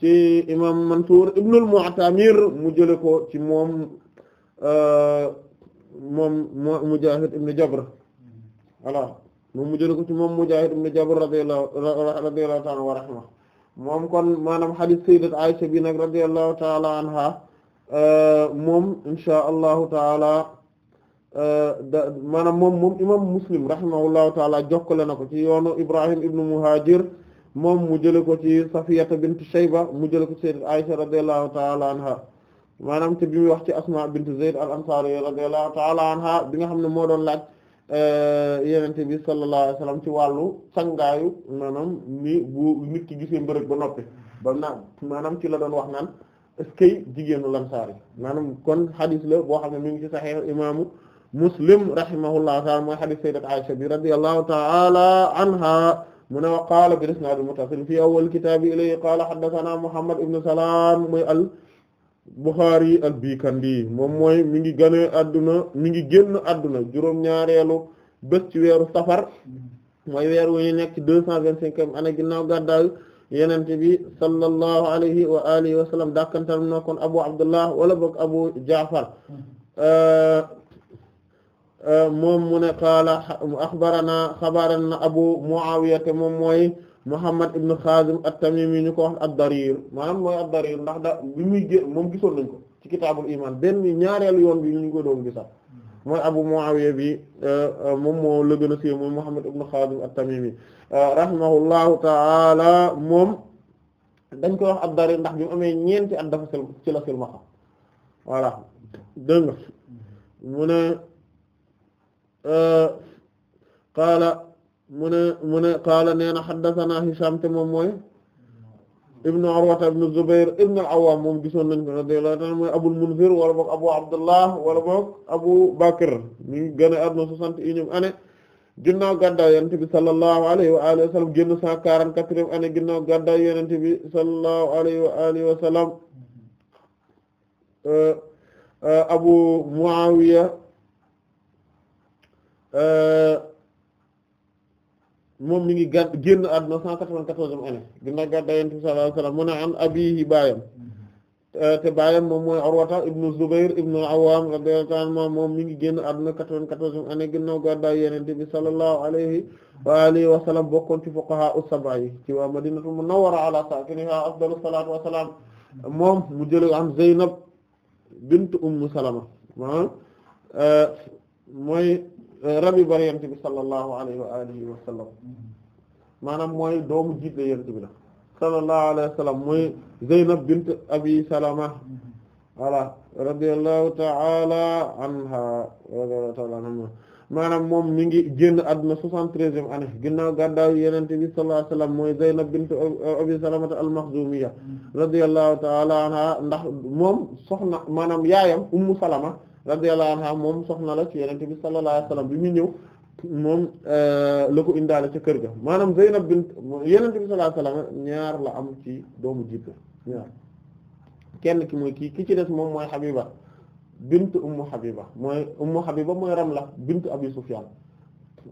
ci imam Mansur ibn al-Mu'tamir mu jël ko ci moom moom Mujaahid ibn Jabr moom mu jëlee ko ci moom mu Mujaahid ibn Jabr radiyallahu ta'ala wa rahma moom kon maanaam hadith sayyidat Aisha bi nag radiyallahu ta'ala anha euh, moom insha allahu taala euh, da maanaam moom moom imam muslim rahimahullahu taala jokkale na ko ci yoonu ibrahim ibnu muhajir moom mu jële ko ci safiyata bint shayba mu jële ko ci sayyidat aisha radiyallahu taala anha maanaam te muy wax ci asma bint zayd al ansari radiyallahu taala anha bi xam ne moo doon laaj Euh, yenente bi sallallahu alayhi wasallam ci wàllu sangaayu maanaam ni bu nit ki gisee mbërëg ba noppi ba naan maanaam ci la doon wax naan est-ce que jigéenu lansaar yi maanaam kon xadis le boo xam ne mi ngi ci saxiix imaamu muslim rahimahullahu taala mooy xadis sayyidat Aisha bi radiyallahu taala anha mu ne wa qaala bil isnaad al muttasil fi awwal kitaabi ilayhi qaala haddathana Muhammad ibn Salaam mooy al Bukhari al moom mooy mi ngi gane adduna mi ngi génn adduna juróom-ñaareelu bés ci weeru safar mooy weer wu nekk ci deux cent vingt-cinquième année ginnaaw gàddaay yonent bi sallallahu alayhi wa alihi wa sallam dàkkantal na kon Abu Abdullah wala boog Abu Jaafar moom mu ne qaala axbarana na Abu Muawiya moom mooy Muhammad ibn Khazim at-Tamimi ñu ko wax ad-Darir maanaam mooy ad ndax da bi muy gé moom gisoon nañ ko ci kitaabul iman benn ñaareelu yoon bi ñu ko doon sax mooy Abu Muawiya bi euh, euh, moom moo la gën a siiw mooy Muhammad ibn Khazim at-Tamimi euh, rahimahullahu ta'ala moom dañ ko wax ad ndax bi mu amee ñeenti mu ne qaala mu ne mu ne qaala nee na Hisham te moom mooy ibnu Urwata ibnu Zubair ibnu al-Awwam moom gisoon nañ ko radiyallahu ta'ala mooy Abul Munzir wala boog Abu Abdullah wala boog Abu Bakr ñu ngi gën a adduna soixante et unième année ginnaaw sallallahu alayhi wa alihi wa sallam génn cent sallallahu alayhi wa alihi euh, euh, Abu Muawiya euh, moom mi ngi gà génn àdduna 194e année ginnaaw gàddaay Yonent bi sallallahu alayhi wasallam mu ne an abiihi baayam euh, te baayam moom mooy Urwata ibnu Zubayr ibnu Awwaam radiyallahu anhu moom mi ngi génn àdduna 94e année ginnaaw gàddaay Yonent bi sallallahu alayhi wa alihi wa sallam bokkoon ci fuqahaa as-sab'a yi ci waa Madinatul Munawwara ala saakinihaa afdalu salaatu wa salaam moom mu jël am Zaynab bint Umm Salama ah, euh, mooy. rab yi bari yent bi sallallahu alayhi wa wa sallam mooy doomu jiit la yent bi la sallallahu alayhi wa sallam mooy Zeynab bint Abi Salama voilà radiyallahu ta'ala anha radiyallahu moom mi ngi génn àdduna soixante-treizième année ginnaaw gàddaaw Yonent bi sallallahu mooy Zaynab bint Abi Salamata al-Makhzumiyya radiyallahu ndax moom soxna maanaam yaayam Ummu Salama radiyallahu anha moom soxna la ci yenente bi sallallahu alayhi bi muy ñëw moom euh, la ko indaale ca kër ga maanaam Zaynab bint yenente bi sallallahu alayhi ñaar la am ci doomu jiite ñaar kenn ki mooy kii ki ci des moom mooy Habiba bint Ummu Habiba mooy Ummu Habiba mooy Ramla bint Abi Sufyan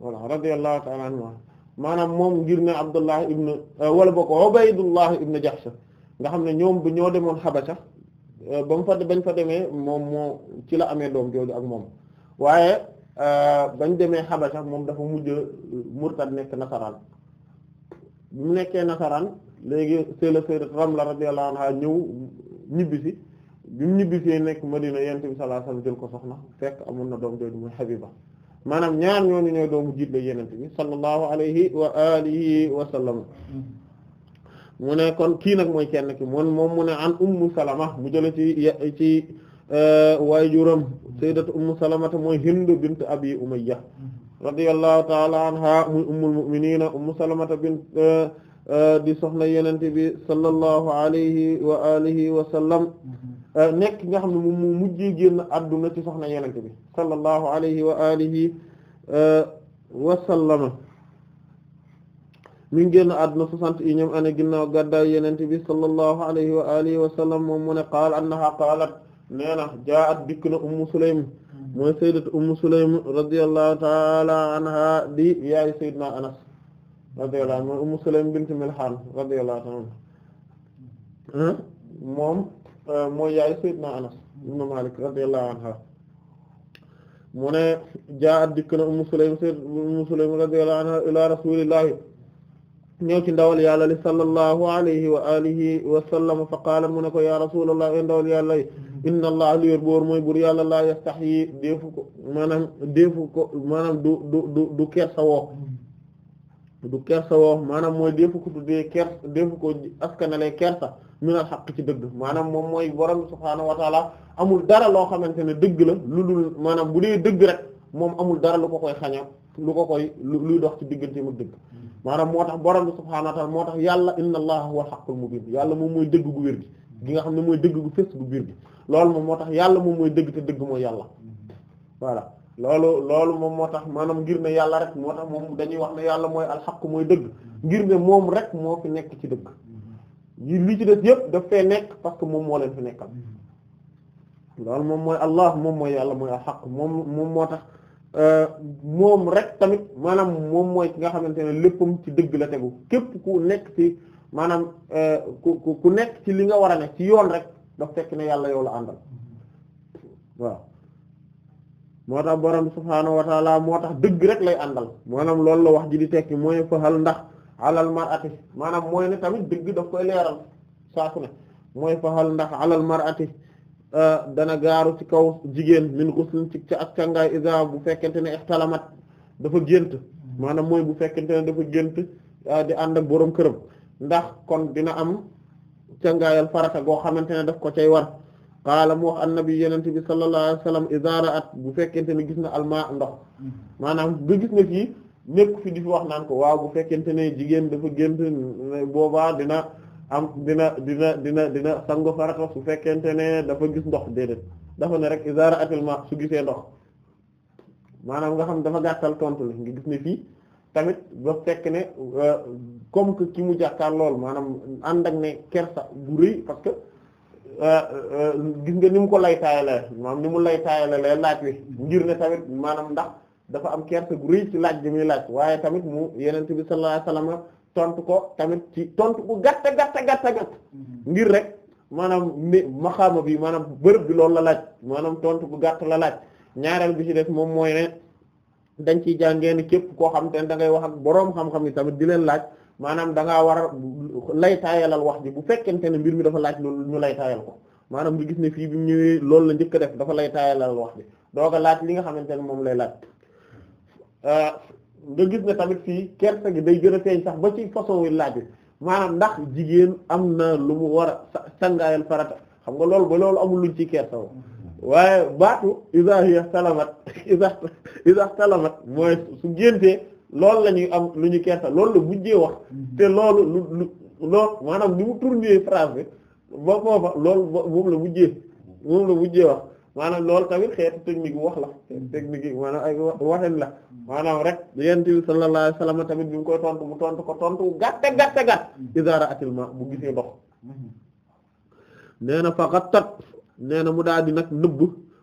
radiyallahu ta'ala anha maanaam moom ngir ne Abdullah ibn euh, wala boo ko Ubaydullah ibn Jahsh nga xam ne ñoom bu ñoo demoon Habasha Euh, ba mu fa bañ fa demee moom moo ci la amee doom jooju ak moom waaye euh, bañ demee xabasa moom dafa mujj euh, murtad nekk nasaraan bu mu nekkee nasaraan léegi c'est le sayyidat Ramla radiyallahu anha ñëw ñibbisi bi mu ñibbisee nekk Madina yonent bi sallallahu alayhi jël ko soxna fekk amoon na doom jooju muy Habiba maanaam ñaar ñooñu ñooy doomu jiit la yonent bi sallallahu alayhi wa alihi wa mu ne kon kii nag mooy kenn ki moom moom mu ne an ummu salama mu jële ci ci eh, waajuram sayyidatu ummu salama te mooy hind bint abi umayya radiyallahu ta'ala anha muy ummul mu'minina ummu salama bint eh, eh, di soxna yenente bi sallallahu alayhi wa alihi wa sallam nekk nga xam ne moom mu génn adduna ci soxna yenente bi sallallahu alayhi wa alihi wa sallama mi ngi génn àdduna soixante et unième bi sallallahu alayhi wa alihi wa sallam moom mu ne qaala qaalat nee na jaa'at dikk na ummu sulaym mooy sayyidat ummu sulaym radiyallahu ta'ala di yaay sayyidina anas radiyallahu anhu mooy ummu sulaym bint milhan radiyallahu ta'ala ah, moom euh, mooy yaay sayyidina anas ibn malik radiyallahu anha mu ne ñëw ci ndawal yàlla li sallallahu alayhi wa alihi wa sallam fa qaala mu ne ko ya rasulullah e ndawal yàlla yi inna allah liwér boor mooy bur yàlla laa yastaxyi déefu ko maanaam déefu ko maanaam du du du du kersa woo du kersa woo maanaam mooy déefu ko tuddee kersa déefu ko askanale kersa minal xaq ci dëgg maanaam moom mooy borom subhaanahu wa amul dara loo xamante ne dëgg la lu dul maanaam bu dee dëgg rek moom amul dara lu ko koy xaña lu ko koy luy dox ci digganteem ak dëgg maanaam moo tax borom bi subhaanahu wa moo tax yàlla inna allaha huwal haqqul mubin yàlla moom mooy dëgg gu wér gi nga xam ne mooy dëgg gu fës gu wér gi moo tax yàlla moom mooy dëgg te dëgg mooy yàlla voilà loolu loolu moom moo tax maanaam ngir ne yàlla rek moo tax moom dañuy wax ne yàlla mooy alxaq mooy dëgg ngir ne moom rek moo fi nekk ci dëgg yi li ci des yëpp daf fee nekk parce que moom moo leen fi nekkal loolu moom mooy allah moom mooy yàlla mooy alxaq moom moom moo tax Euh, moom rek tamit maanaam moom mooy ki nga xamante ne léppam ci dëgg la tegu képp ku nekk ci maanaam euh, ku ku ku nekk ci li nga war a nekk ci yoon rek daf fekk na yàlla yow la àndal waaw moo tax borom subhaanahu wa taala moo tax dëgg rek lay àndal maanaam loolu la wax ji di tekki mooy fahal ndax alal mar'ati maanaam mooy ne tamit dëgg daf koy leeral saaku ne mooy fahal ndax alal mar'ati Euh, dana gaaru ci kaw jigéen min guslin ci ca ak càngaay isa bu fekkente ne ixtalamat dafa gént maanaam mooy bu fekkente ne dafa gént euh, di ànd ak boroom këram ndax kon dina am càngaayal farata goo xamante ne daf ko cay war qaala mu wax annabi yenente bi sallallahu alayhi wasallam izara at bu fekkente ne gis na almaa ndox maanaam ba gis na fii nekk fi di fi wax naan ko waaw bu fekkente ne jigéen dafa gént boobaa dina am dina dina dina dina sango farata su fekkente ne dafa gis ndox déedéet dafa ne rek izara atil ma su gisee ndox maanaam nga xam dafa gàttal tontu la nga gis ne fii tamit ba fekk ne euh, comme que ki mu jàkkaar lool maanaam ànd ak ne kersa bu rëy parce que euh, euh, gis nga ni mu ko lay taayale maanaam ni mu lay taayale lay laaj wi ngir ne tamit maanaam ndax dafa am kersa gu rëy ci laaj bi muy laaj waaye tamit mu yeneen bi sallallahu alayhi tontu ko tamit ci tontu bu gàtta gàtta gàtta gàtt mm-hmm. ngir rek maanaam ni maxaama bi maanaam bërëb bi loolu la laaj maanaam tontu bu gàtt la laaj ñaareel bi ci def moom mooy ne dañ ciy jàngee ni képp koo xam te ne da ngay wax ak boroom xam yi tamit di leen laaj maanaam da ngaa war a laytaayalal wax ji bu fekkente ne mbir mi dafa laaj loolu ñu lay taayal ko maanaam nga gis ne fii bi mu ñëwee loolu la njëkk a def dafa laytaayalal wax ji dooga laaj li nga xamante ne moom lay laaj euh, nga gis na tamit fii kersa gi day gën a feeñ sax ba ci façon wi laaj wi maanaam ndax jigéen am na lu mu war a sangaayal farata xam nga loolu ba loolu amul luñ ci kersa waaye baatu isa salamat (laughs) isa isa salamat mooy su géntee loolu la ñuy am lu ñu kersa loolu la mujjee wax te loolu lu lu maanaam ni mu tourner phrase bi ba foofa loolu moom la mujjee moom la mujjee wax maanaam loolu tamit xeetu technique wax la technique yi maanaam ay waxen la maanaam rek yonent bi sallallahu alayhi wasallam tamit bi mu koy tontu mu tontu ko tontu gàtte gàtte gàtt isaara atil ma bu gisee ndox nee na faqattat nee na mu daal di nag nëbb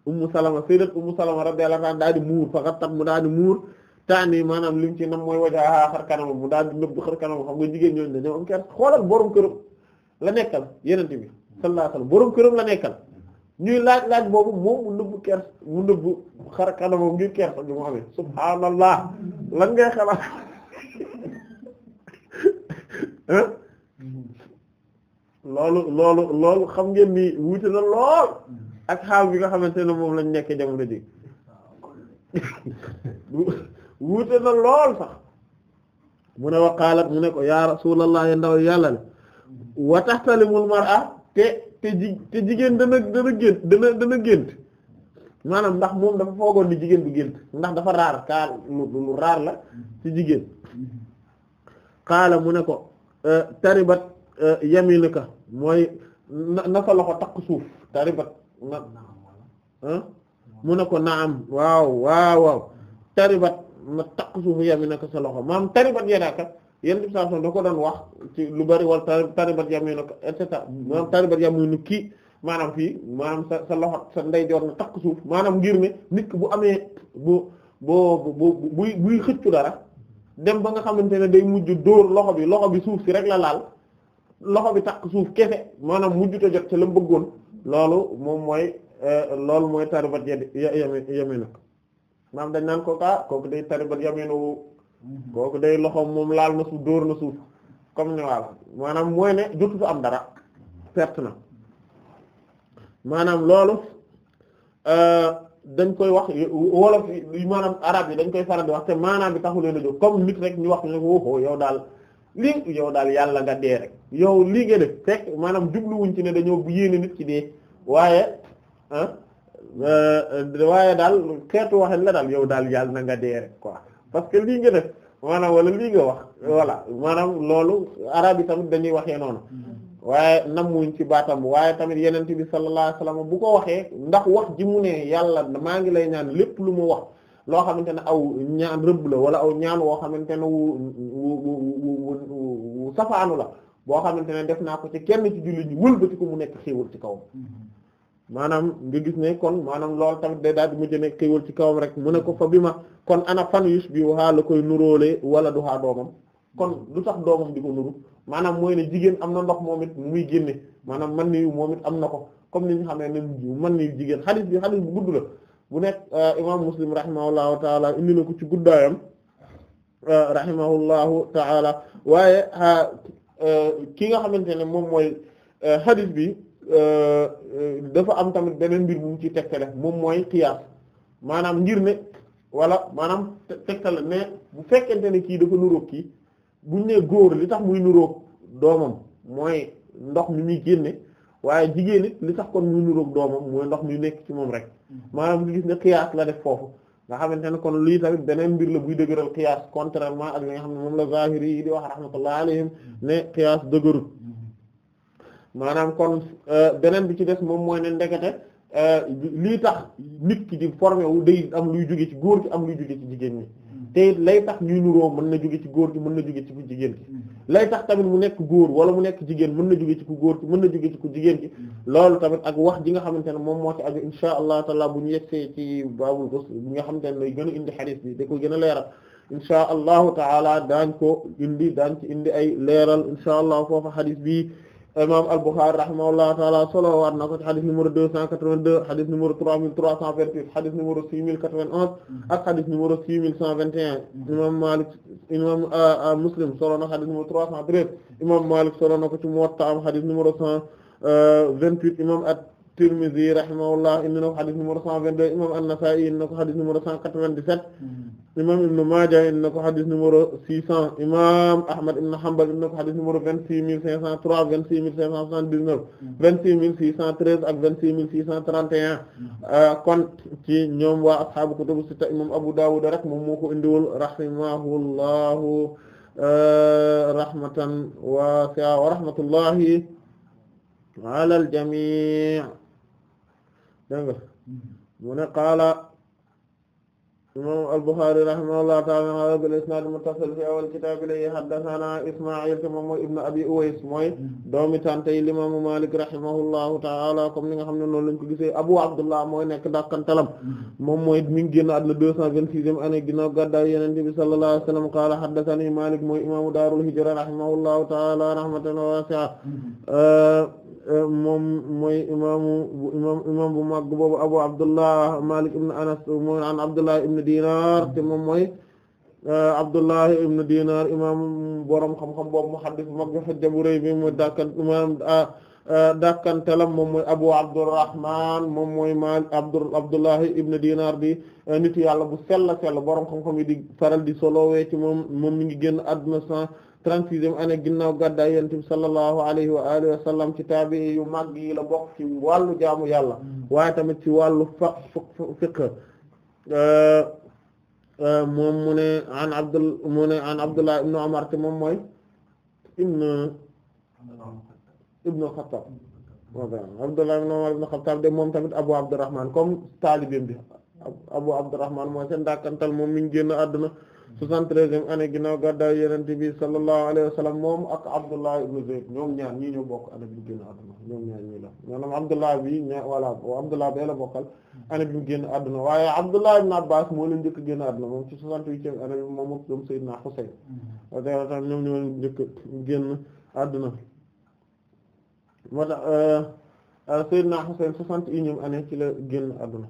ummu salama sayyidat ummu salama radiyallahu anha daal di muur faqattat mu daal di muur taani maanaam lim ci nam mooy wajaa xar kanam mu daal di nëbb xar kanam xam nga jigéen ñooñu dañoo am kër xoolal borom këram la nekkal yonent bi sallallahu alayhi wasallam borom këram la nekkal ñuy laaj laaj boobu moom mu nëbb kers mu nëbb xar kanamam ngir kersa bi mu xamee subhaanallah lan ngay xalaat (laughs) loolu loolu loolu xam ngeen ni wuute na lool ak xaal bi nga xamante ne moom lañ nekk jamono ji (laughs) wuute na lool sax mu ne wa mu ne ko ya rasulallah ya ndaw yàlla ne wa tahtalimul mar'a te te ji te jigéen dana dana gént dana dana gént maanaam ndax moom dafa foogoon ni jigéen bu génn ndax dafa raar kaal lu la ci jigéen xaala mu ne ko euh, taribat euh, yaminuka mooy na na sa loxo takk suuf taribat na mu ne ko naam waaw waaw waaw taribat na takk suuf yaminaka sa loxo maanaam taribat yenaka yenn bi saa da ko doon wax ci lu bari wala taribat yaminuka et cetera maanaam taribat yaminuki maanaam fii maanaam sa sa loxo sa ndeyjoor na takk suuf maanaam ngir ne nit bu amee bu bu bu buy xëccu dara dem ba nga xamante ne day mujj dóor loxo bi loxo bi suuf si rek la laal loxo bi takk suuf kese maanaam mujj ta jot ca la bëggoon loolu moom mooy loolu mooy taribat yaminuka maanaam dañ naan ko kaa kooku day taribat yaminu Mhm. kooku day loxoom moom laal na suuf dóor na su comme ne waaw maanaam mooy ne jotutu am dara perte na maanaam loolu euh, dañ koy wax wolof yi maanaam arab yi dañ koy faral di wax te maanaam bi taxu leen a jóg comme nit rek ñu wax ne wooxoo yow daal lii yow daal yàlla nga dee rek yow lii nga maanaam jubluwuñ ci ne dañoo yéene nit ci dee waaye ah euh, waaye daal xeetu waxen la daal yow daal yàlla na nga dee rek quoi parce que lii nga def maanaam wala lii nga wax mm-hmm. voilà maanaam loolu arab yi tamit dañuy waxee noonu mm-hmm. waaye namuñ ci baatam waaye tamit yeneen bi sallallahu alayhi wasallam bu ko waxee ndax wax ji mu ne yàlla maa ngi lay ñaan lépp lu mu wax loo xamante ne aw ñaan rëbb la wala aw ñaan woo xamante ne wu wu safaanu la boo xamante ne def naa ko ci kenn ci jullit ñi wëlbati ko mu nekk xéewal ci kaw mm-hmm. maanaam nga gis ne kon maanaam loolu tamit day daal di mujj nekk xéwal ci kawam rek mu ne ko fa bi ma kon ana fan yus bi waxaa la koy nuróole wala du xaa doomam kon lu tax doomam di ko nuru maanaam mooy ne jigéen am na ndox moom it muy génne maanaam man niyu moom it am na ko comme ni ñu xamee ne man niyu jigéen xadis bi xadis bu gudd la bu nekk euh, imam muslim rahimahullahu taala indi na ko ci guddaayam euh, rahimahullahu taala waaye euh, ki nga xamante ne moom mooy xadis bi Euh, euh, dafa am tamit beneen mbir bu mu ci tegtale moom mooy xiyaas maanaam ngir ne wala maanaam tegtale ne bu fekkente ne kii dafa nuróog kii buñ ne góor li tax muy nuróog doomam mooy ndox mi muy génne waaye jigéen it li tax kon muy nuróog doomam mooy ndox mi nekk ci moom rek mm-hmm. maanaam nga gis ne xiyaas la def foofu nga xamante ne kon lii tamit beneen mbir la buy dëgëral xiyaas contrairement ak li nga xam ne moom la zahiri yi di wax rahmatullah alayhim mm-hmm. ne xiyaas dëgërut maanaam kon euh, beneen bi ci des moom mooy ne ndekete euh, lii tax nit ki di formé wu day am luy jóge ci góor gi am luy jóge ci jigéen ñi mm-hmm. te lay tax ñuy nuroo mën na jóge ci góor gi mën na jóge ci ku jigéen ki mm-hmm. lay tax tamit mu nekk góor wala mu nekk jigéen mën na jóge ci ku góor ki mën na jóge ci ku jigéen ki mm-hmm. loolu tamit ak wax ji nga xamante ne moom moo ci aju insha allah taala bu ñu yegsee ci baabul ghusl bi nga xamante ne lay gën a indi xadiis bi da ko gën a leeral insha allahu taala daañ ko indi daañ ci indi ay leeral insha allah foofa xadiis bi imam al-Bukhari rahimahullahu taala solo waat na ko ci xadis numéro 282 xadis numéro 3328 xadis numéro 6091 mm-hmm. ak xadis numéro 6121 mm-hmm. imam Malik imam euh, euh, Muslim solo na xadis numéro 313 imam Malik solo na ko ci Muwatta am xadis numéro 128 euh, imam Tirmidhi rahimahullah indi na ko xadis numéro 122 imam An-Nasa'i indi na ko xadis numéro 197 hmm. imam Ibn Maaja indi na ko xadis numéro 600 imam Ahmad ibn Hanbal indi na ko xadis numéro 26503 26579 26613 ak 26631 hmm. euh, kon ci ñoom waa ashaabu kutubu sitta imam Abu Dawud rek moom moo ko indiwul rahimahullahu euh, rahmatan wasi'a wa rahmatullahi ala al-jami' dégg nga mu ne qaala imam al-Bukhari rahimahullahu ta'ala bil isnad muttasil fi awal kitab ilayhi haddathana Isma'il te moom mooy ibnu abi Uways mooy doomi tantey limamu Malik rahimahullahu ta'ala comme ni nga xam ne noonu lañ ko gisee Abu Abdullah mooy nekk dakkantalam moom mooy mi ngi génn àdduna deux cent vingt-sixième année ginnaaw gàddaay Yonent bi sallallahu alayhi wa sallam qaala haddathani Malik mooy imamu daarul hijra rahimahullahu ta'ala rahmatan Euh, moom mooy imaamu imaam bu mag boobu Abu Abdullah Malik ibn Anas mooy an Abdullah ibn Dinar te moom mooy euh, Abdullah ibn Dinar imaam borom xam-xam boobu muhaddis bu mag xajja bu rëy bi mooy dàkkan imaam euh, dàkkantalam moom mooy Abu Abdurrahman moom mooy Malik Abdu Abdullah ibn Dinar di nitu yàlla bu sell sell borom xam-xam yi di faral di solowee ci moom moom mi ngi génn àdduna 36e année ginnaaw gàddaay yonent bi sallallahu alayhi wa alihi wa ci taabii yu màgg la bokk ci wàllu jaamu yàlla mm. waaye tamit ci wàllu fa fiqh euh, euh, moom mu an Abdullah ibn Umar te moom mooy ibn ibn Abdullah ibn Umar ibn moom tamit Abu Abdurrahman comme taalibeem bi Abu Abdurrahman moom mi ngi génn àdduna 73e année ginnaaw gàddaay Yonent bi sallallahu alayhi wa moom ak Abdullah ibn Zayd ñoom ñaar ñii ñoo bokk année bi mu génn àdduna ñoom ñaar ñii la maanaam Abdullah bi ña voilà Abdullah bee la bokkal année bi mu génn àdduna waaye Abdullah ibn Abbas moo leen njëkk génn àdduna moom ci 68e année bi moom ak ñoom Seydina Husayn ñoo leen njëkk génn àdduna moo tax euh, euh, Seydina Husayn 61e année ci la génn àdduna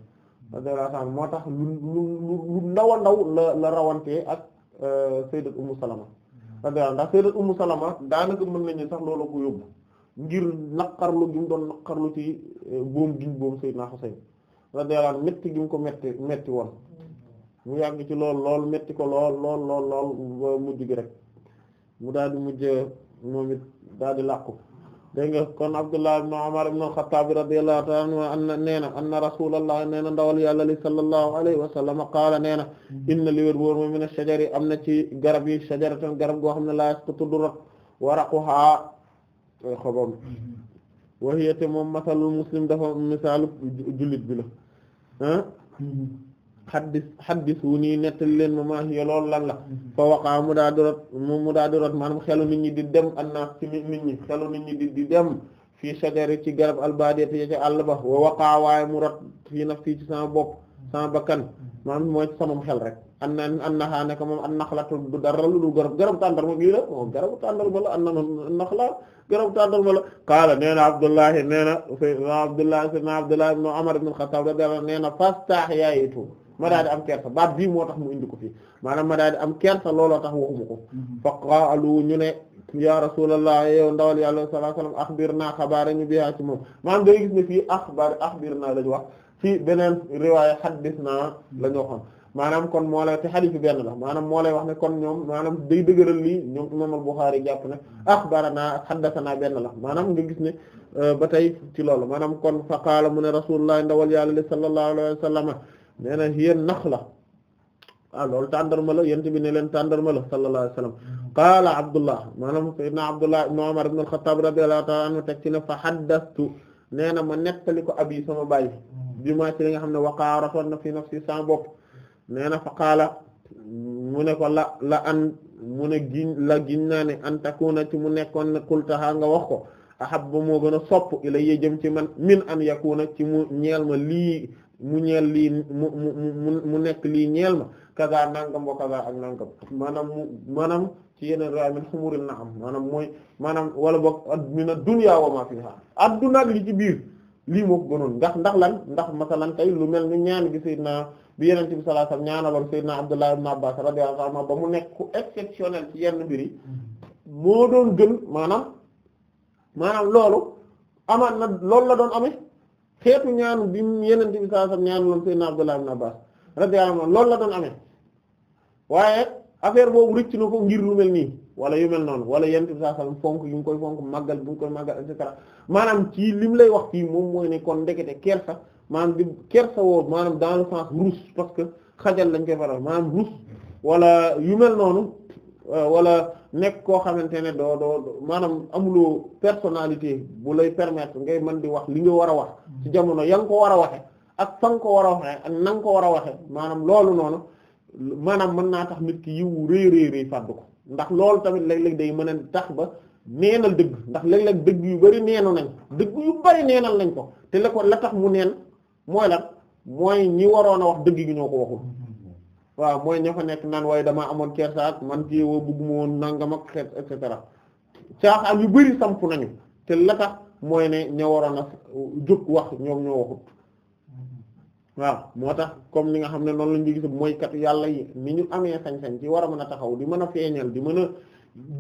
radiyallahu moo tax lu lu lu ndaw a ndaw la rawantee ak euh, sayyidat ummu salama radiyallahu ndax sayyidat ummu salama daanaka mën nañu sax loolu ko yóbbu ngir naqarlu gi mu doon naqarlu ci euh, boom giñ boom sayyidna Husayn radiyallahu anhu métti gi mu ko métti métti woon mu yàgg ci lool lool métti ko lool lool lool mujj gi rek mu daal di mujj moom it daal di dégg nga kon Abdullah ibn Umar ibn al-Khattab radiyallahu ta'ala anhu anna nee na anna rasulullah nee ndawal yàlla li sallallahu alayhi wa qaala nee na inna li wér boor moom min ash-shajari am na ci garab yi shajaratan garab goo xam ne laa ko tudd rot waraquha xobam wa hiya moom masalul muslim dafa misaalu jullit bi la ah. mm-hmm. xaddis xaddisu nii nettali leen ma maa hiya loolu lan la fa waqaa mu daa dorot mu daa dorot maanaam xelu nit ñi di dem annaas ci nit ñi xelu nit ñi di di sajari ci garab albadiyati ya ca àll ba wa waqaa waaye mu rot fii nafsi ci sama bopp sama bakkan maanaam mooy samam xel rek an na an naxaa neka moom an naxlatu du dara lu dul garab garabu tàndarma bii la moom garabu tàndarma la an na naxla garabu tàndarma la qaala nee na Abdullahi nee na Abdullahi ibn Umar ibn Khattab nee na fastahyaytu ma daal am kersa baat bii moo tax mu indi ko fii maanaam ma daal di am kersa looloo tax waxuma ko mm-hmm. fa qaalu ñu ne ya rasulallah yow ndawal yàlla sallallahu alayhi wasallam axbirna xabaarañu bihaa ci moom maanaam day gis ne fii axbar axbirna lañu wax ci beneen riwaaya xaddisna mm-hmm. la ñu waxoon maanaam kon moo lay te xadiis bi la maanaam moo lay wax ne kon ñoom maanaam day dëgëral lii ñoom imaam al-Bukhari jàpp ne mm-hmm. axbarana ak xaddasana benn maanaam nga gis ne euh, ba tey ci loolu maanaam kon fa mu ne rasulullah ndawal yàlla li sallallahu alayhi wa sallama nee na yéen nax la ah loolu tàndarma la yent bi ne leen tàndarma la sallallahu alayhi wa sallam qaala abdullah maanaam sayyidna abdullah ibn umar ibn al-khattab radiyallahu ta'ala anhu teg ci ne fa haddastu nee na ma nettali ko abi sama baay bi ma ci li nga xam ne waqaa rafoon na fi nafsi sa bopp nee na fa qaala mu ne ko la la an mu ne gi la giñ naa ne an takuna ci mu nekkoon ne kultaha wax ko ahab ba moo gën a sopp ila yee ci man min an yakuna ci mu ñeel ma lii mu ñeel lii mu mu mu nekk lii ñeel ma kaza nangam wa kaza ak nangam maanaam mu maanaam ci yeneen raay na am maanaam mooy maanaam wala boog mina dunya wa ma fiha li ci biir lii moo gënoon ndax ndax lan ndax masalan tey lu mel ni ñaan gi Seydina bi Yonent bi sallallahu alayhi wasallam ñaanaloon Seydina Abdullah ibn Abbas radiyallahu anhu ba mu nekk ku exceptionnel ci yenn mbir yi moo doon gën maanaam maanaam loolu amaat na loolu la doon amee. xeetu ñaanu bi mu bi sallallahu alayhi wasallam ñaanu loon sayyidina Abdullah ibn Abbas radiyallahu anhu la doon amee waaye affaire boobu rëcc na ko ngir lu mel nii wala yu mel noonu wala yenente bi sallallahu alayhi wasallam fonk yu ngi koy fonk màggal bu ngi koy màggal et cetera maanaam ci lim lay wax fii moom mooy ne kon ndekete kersa maanaam di kersa woo parce que xajal lañ koy faral maanaam rus wala yu mel noonu euh, wala nekk koo xamante ne doo doo maanaam amuloo personnalité bu lay permettre ngay mën di wax li nga war a wax ci hmm. jamono ya nga ko war a waxe ak fa nga ko war a waxe ak na nga ko war a waxe maanaam loolu noonu maanaam mën naa tax nit ki yiwu réy réy réy fàddu ko ndax loolu tamit léeg-léeg day mën a tax ba neenal dëgg ndax léeg-léeg dëgg yu bari neenu nañ dëgg yu bari neenal nañ ko te la ko la tax mu neen mooy lan mooy ñi waroon a wax dëgg gi ñoo ko waxul hmm. waaw mooy ña fa nekk naan waaye damaa amoon kersaat man ci woo bëgguma woon nangam ak xeet et cetera caaxaan yu bëri samp nañu te la tax mooy ne ña waroon a jóg wax ñoom ñoo waxut waaw moo tax comme li nga xam ne noonu lañu gis mooy kat yàlla yi ni ñu amee sañ-sañ mën a taxaw di mën a feeñal di mën a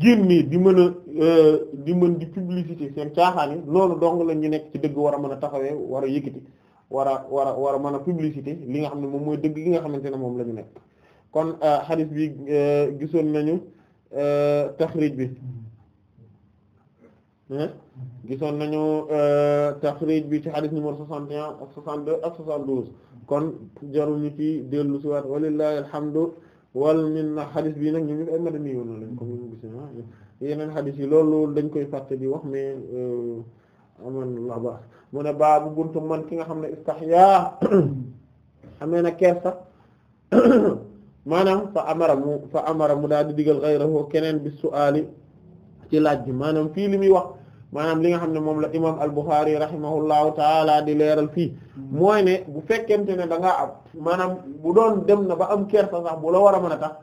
génne di mën a euh, di mën di publicité caaxaan yi noonu dong la ñu nekk ci dëgg war a mën a taxawee war a yëkkati war a war a man a mën a publicité li nga xam ne moom mooy dëgg gi nga xamante ne moom la ñu nekk kon euh, hadith bi euh, gisoon nañu tax euh, taxrij bi gisoon nañu taxrij bi ci hadith numéro 61 ak 62 ak 72 kon jarul ci dellu ci waat walillahi alhamdu wal na hadith bi nag ñu ngi ay madani yoon lañ comme ñu gis yeneen hadith yi loolu dañ koy fàtte di wax mais aman la ba mu ne baabu buntu man ki nga xam ne istahya (coughs) amee na kersa (coughs) maanaam fa amara mu fa amara mu daal di digal ghayrahu keneen bi su su'aali ci laaj bi maanaam fii li muy wax maanaam li nga xam ne moom la imam al-Bukhari rahimahullahu taala di leeral fii mooy ne bu fekkente ne da ngaa am maanaam bu doon dem na ba am kersa sax bu la war a mën a tax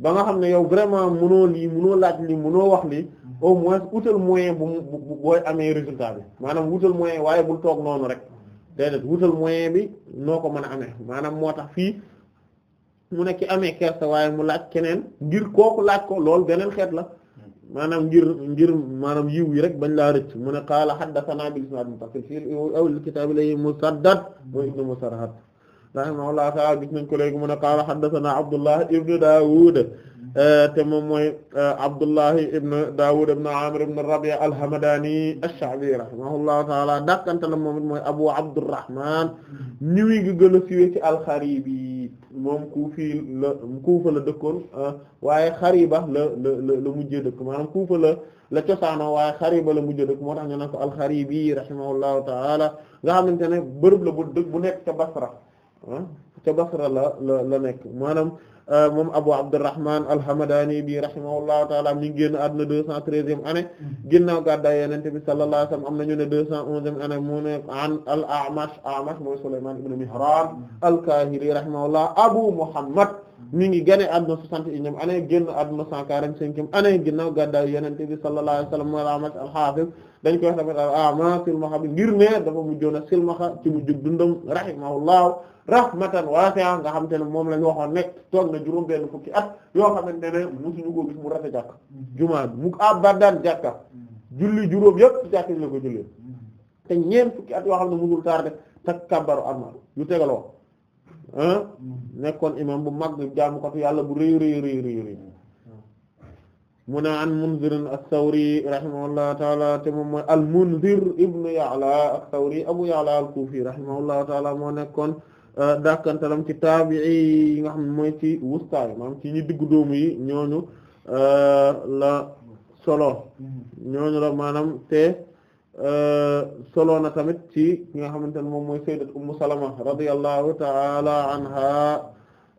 ba nga xam ne yow vraiment mënoo lii mënoo laaj lii mënoo wax lii au moins wutal moyen bu bu booy amee résultat bi maanaam wutal moyen waaye bul toog noonu rek déedéet wutal moyen bi noo ko mën a amee maanaam moo tax fii mu nekk amee kersa waaye mu laaj keneen ngir kooku laaj ko lool beneen xeet la maanaam ngir ngir maanaam yiw yi rek bañ laa rëcc mu ne qaala haddathana bil isnaad muttasil fi awwal kitaab li musaddad wa ibn musarhad rahimahullahu ta'ala gis nañ ko léegi mu ne qaala haddathana abdullah ibn daawud Euh, te moom mooy euh, Abdullahi ibn Dawud ibn Amir ibn Rabi'a al-Hamadani ash-Sha'bi rahimahullahu ta'ala dàqantalam moom it mooy Abu Abdurrahman ñi mm-hmm. wi ngi gën a siiwee ci al-Kharibi moom Kuufi la Kuufa la dëkkoon euh, waaye Khariba la la la mujjee dëkk maanaam Kuufa la la cosaanoo waaye Khariba la mujjee dëkk moo tax ñu naan ko al-Kharibi rahimahullahu ta'ala nga xamante ne bërëb la bu dëkk bu nekk ca Basra ah, ca Basra la la la nekk maanaam. Euh, moom Abu Abdurrahman al-Hamadani bi rahimahullahu taala mi ngi génn àdduna deux cent treizième année mm-hmm. ginnaaw gàddaay Yonent bi sallallahu alayhi wa sallam am nañu ne deux cent onzième année mu ne an al-A'mash A'mash mooy Sulaymaan ibn Mihraan mm-hmm. al-Kaahili rahimahullah Abu Muhammad mi ngi génn àdduna soixante et unième année génn àdduna cent quarante-cinquième année ginnaaw gàddaay Yonent bi sallallahu alayhi wa sallam al-A'mash al-Haafiz dañ koy wax tamit ama silmaxa bi ngir ne dafa mujjoon a silmaxa ci mujjug dundam rahimahullahu rahmatan wasi'a nga xam te ne moom la ñu waxoon ne toog na juróom benn fukki at yoo xamante ne musuñu ko gis mu rate jàkk mm-hmm. jumaa bi mu abadan jàkka mm-hmm. julli juróom yëpp jàkk la ko jullee mm-hmm. te ñeen fukki at yoo xam ne musul tardé tak kabbaru armal yu tegaloo ah, nekkoon imam bu mag jaamukatu yàlla bu rëy rëy rëy rëy mu ne an Munzir as-Sawri rahimahullahu taala te moom mooy al-Munzir ibnu Ya'la as-Sawri Abu Ya'la al-Kufi rahimahullahu taala moo nekkoon euh, dàkkantalam ci taabi'i yi nga xam ne mooy ci wustaay maanaam ci ñi diggu dóomu yi ñooñu euh, la solo ñooñu la maanaam te euh, solo na tamit ci nga xamante ne moom mooy sayyidat Ummu Salama radiyallahu taala anha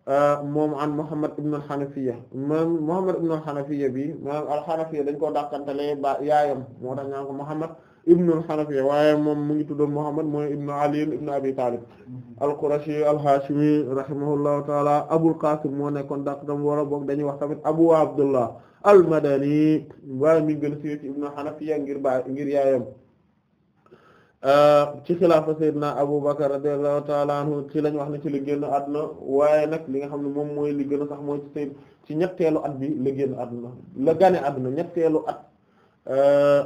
Euh, moom an Muhammad ibn al-Hanafiyya moom Muhammad dañ koo dàkkantele ba yaayam moo tax ñaan ko Muhammad ibn waaye moom mu ngi tuddoon Muhammad mooy ibn Ali ibn Abi Talib mm-hmm. al-Qurashi al-Hashimi taala moo nekkoon dàqatam war a dañuy wax tamit Abu Abdullah al-Madani waaye mi gën a siiw ci ngir yaayam Euh, ci xilaafa sayyidina Abu Bakar radiyallahu ta'ala ci lañ wax na ci la génn àdduna waaye nag li nga xam ne moom mooy li gën a sax mooy ci ci ñetteelu at bi la génn àdduna la gane àdduna ñetteelu at euh,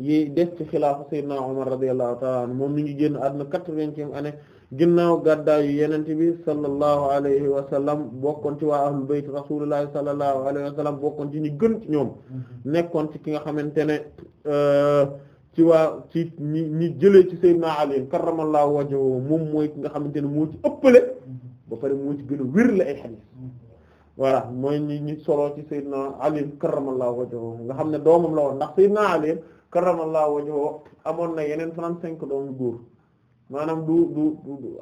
yi des ci xilaafa sayyidina Umar radiyallahu ta'ala moom mi ngi génn àdduna quatre-vingtième année ginnaaw gàddaayu yonent bi sallallahu alayhi wa sallam bokkoon ci waa ahlul bayt rasuulullahi sallallahu alayhi wa bokkoon ci ñi gën ci ñoom mm-hmm. nekkoon ci ki nga xamante ne euh, ci waa ci ñi ñi jëlee ci Seydina Ali karramallahu wajhahu moom mooy ki nga xam ne moo ci ëppale ba pare moo ci gën a wér la ay xadiis voilà mooy ni ñi solo ci Seydina Ali karramallahu wajhahu nga xam ne doomam la woon ndax Seydina Ali karramallahu wajhahu amoon na yeneen trente-cinq doom góor maanaam du du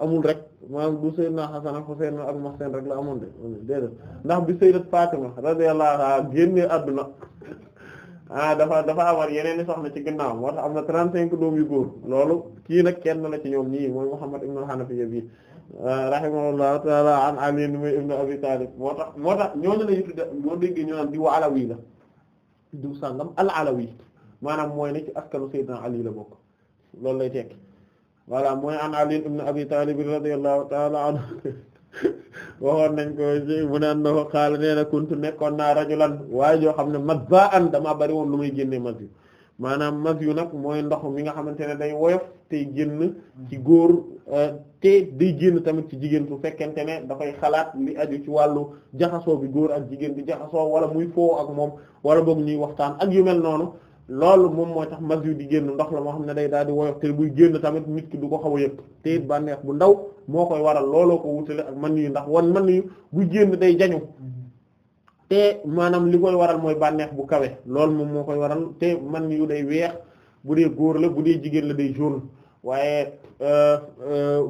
amul rek maanaam du Seydina Hasan ak Husayn ak Muhsin rek la amoon de déedéet ndax bi Sayyidat Fatima radiyallahu anha génnee àdduna ah dafa dafa amoon yeneen i soxna ci ginnaaw moo tax am na 35 doom yu góor loolu kii na kenn la ci ñoom ñii mooy Muhammad ibn al-Hanafiyya bi ah, rahimahullahu ta'ala an Ali ibn Abi Talib moo tax moo tax ñooñu la ñu tudde moo déggee ñu naan diw alawi la diw sàngam al alawi maanaam mooy ne ci askanu Seydina Ali la bokk loolu lay tekki voilà mooy an Ali ibn Abi Talib radiyallahu ta'ala anhu (laughs) (laughs) waxoon nañ ko mu ne annahu qaala nee na kuntu nekkoon naa rajulan waaye joo xam ne mazza'an damaa bari woon lu may génne mas yu maanaam mas yu nag mooy ndox mi nga xamante ne day woyof tey génn ci góor euh, te day génn tamit ci jigéen su fekkente ne dafay xalaat li aju ci wàllu jaxasoo bi góor ak jigéen bi jaxasoo wala muy foo ak moom wala boog ñuy waxtaan ak yu mel noonu loolu moom moo tax mag yu di génn ndox la moo xam ne day daal di woyof te buy génn tamit nit ki du ko xaw a yëg te it bànneex bu ndaw moo koy waral looloo ko wutale ak man yu ndax wan man yu buy génn day jañu te maanaam li koy waral mooy bànneex bu kawe loolu moom moo koy waral te man yu day weex bu dee góor le bu dee jigéen la day jaune waaye euh, euh,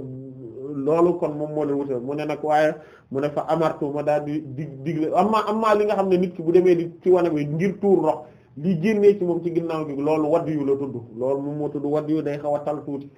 loolu kon moom moo leen wutale mu ne nag waaye mu ne fa amartu ma daal di am digle am amma li nga xam ne nit ki bu demee di ci wane bi ngir tuur ndox li génnee ci moom ci ginnaaw gi loolu wadd yu la tudd loolu moom moo tudd wadd yu day xaw a tal tuuti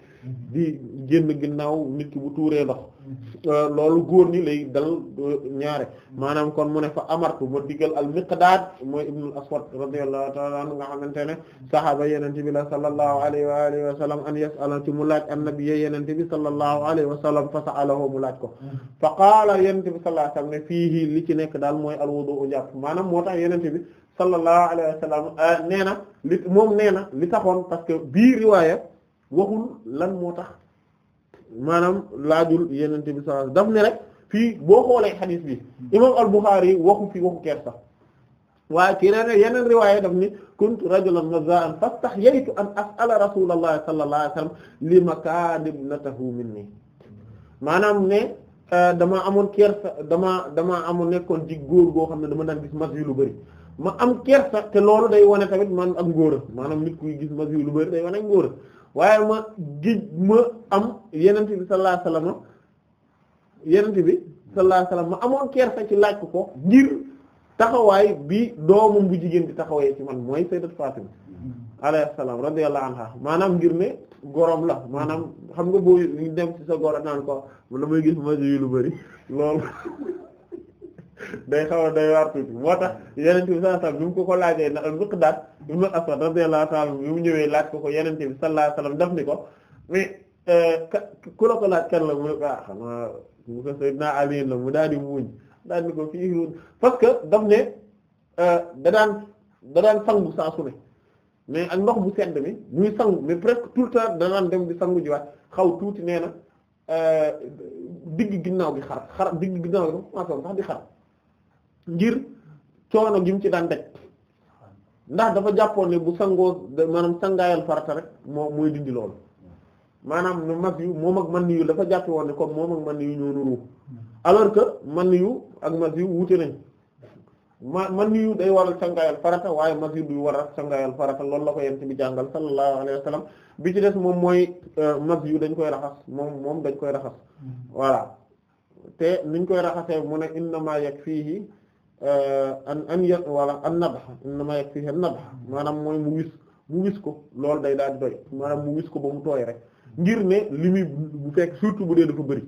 di génn ginnaaw nit ki bu tuuree ndox mm-hmm. euh, loolu góor ñi lay dal euh, ñaare mm-hmm. maanaam kon mu ne fa amartu ma digal al miqdaad mooy ibnul aswad radiyallahu ta'ala anhu nga xamante ne sahaaba yenente bi la sallallahu alayhi wa alihi wa sallam an yas'ala ci mu laaj an nabiyya yenente bi sallallahu alayhi wa sallam fa sa'alahu mu laaj ko mm-hmm. fa qaala yenente bi sallallahu alayhi wa sallam ne fiihi li ci nekk daal mooy al wudu njàpp maanaam moo tax yenente bi sallallahu alayhi wa sallam euh, nee na li moom nee na li taxoon parce que bii riwaaya waxul lan moo tax maanaam laajul yeneen bi sallallahu daf ne rek fii boo xoolee xadiis bi imaam al-Bukhari waxu fi waxu kersa waaye ci yeneen yeneen riwaaya daf ni kuntu rajulan mazza'an fastahyaytu an as'ala rasulallahi sallallahu alayhi wa sallam li makaana ibnatahu minni maanaam ne euh, dama amoon kersa dama dama amoon nekkoon ci góor goo xam ne dama daan gis mas yu lu bari ma am kersa te loolu day wane tamit man ak ngóora maanaam nit kuy gis ma si lu bari day wane ak ngóora waaye ma gij ma am yenent bi sallallahu alayhi wasallam yenent bi sallallahu alayhi wasallam ma amoon kersa ci laaj ko ngir taxawaay bi doomam bu jigéen di taxawee ci man mooy sayyidat Fatima alayhi salaam radiyallahu anha maanaam ngir ne gorom la maanaam xam nga boo dem ci sa goro naan ko damay gis ma lu bari loolu (laughs) day xaw a day waar tuuti moo tax yeneen bi sallallahu alayhi wasallam ko ko laajee na Miqdaad ibn Aswad radiyallahu ta'ala bi mu ñëwee laaj ko ko yeneen bi sallallahu alayhi wasallam daf ni ko mais euh, ku la ko laaj kan la mu ne ko ah xam nga mu ko Seydina daal di muuñ daal ni ko fii parce que daf ne euh, da daan da daan sangu saa ne mais ak ndox bu sedd mi muy sangu mais presque tout le temps da daan dem di sangu jiwaat xaw tuuti nee na euh, digg ginnaaw gi xar xar digg ginnaaw gi dafa commencé woon xar ngir coono gi mu ci daan daj ndax dafa jàppoon ne bu sangoo maanaam sangaayal farata rek moo mooy dindi loolu maanaam ne mas yu moom ak man yu dafa jàppe woon ne comme moom ak man yu ñoo alors que man yu ak mas yu wuute nañ ma man yu day waral sangaayal farata waaye mas yu duy waral sangaayal farata loolu la ko yent bi jàngal sallallahu alayhi wa sallam bi ci des moom mooy euh, mas yu dañ koy raxas moom moom dañ koy raxas mm-hmm. voilà te niñ koy raxasee mu ne innama yakfihi an an ya wala an nadh innama yakfihi an nadh maanaam mooy mu wis mu wis ko loolu day daal di doy maanaam mu wis ko ba mu tooy rek ngir ne li muy bu fekk surtout bu dee dafa bëri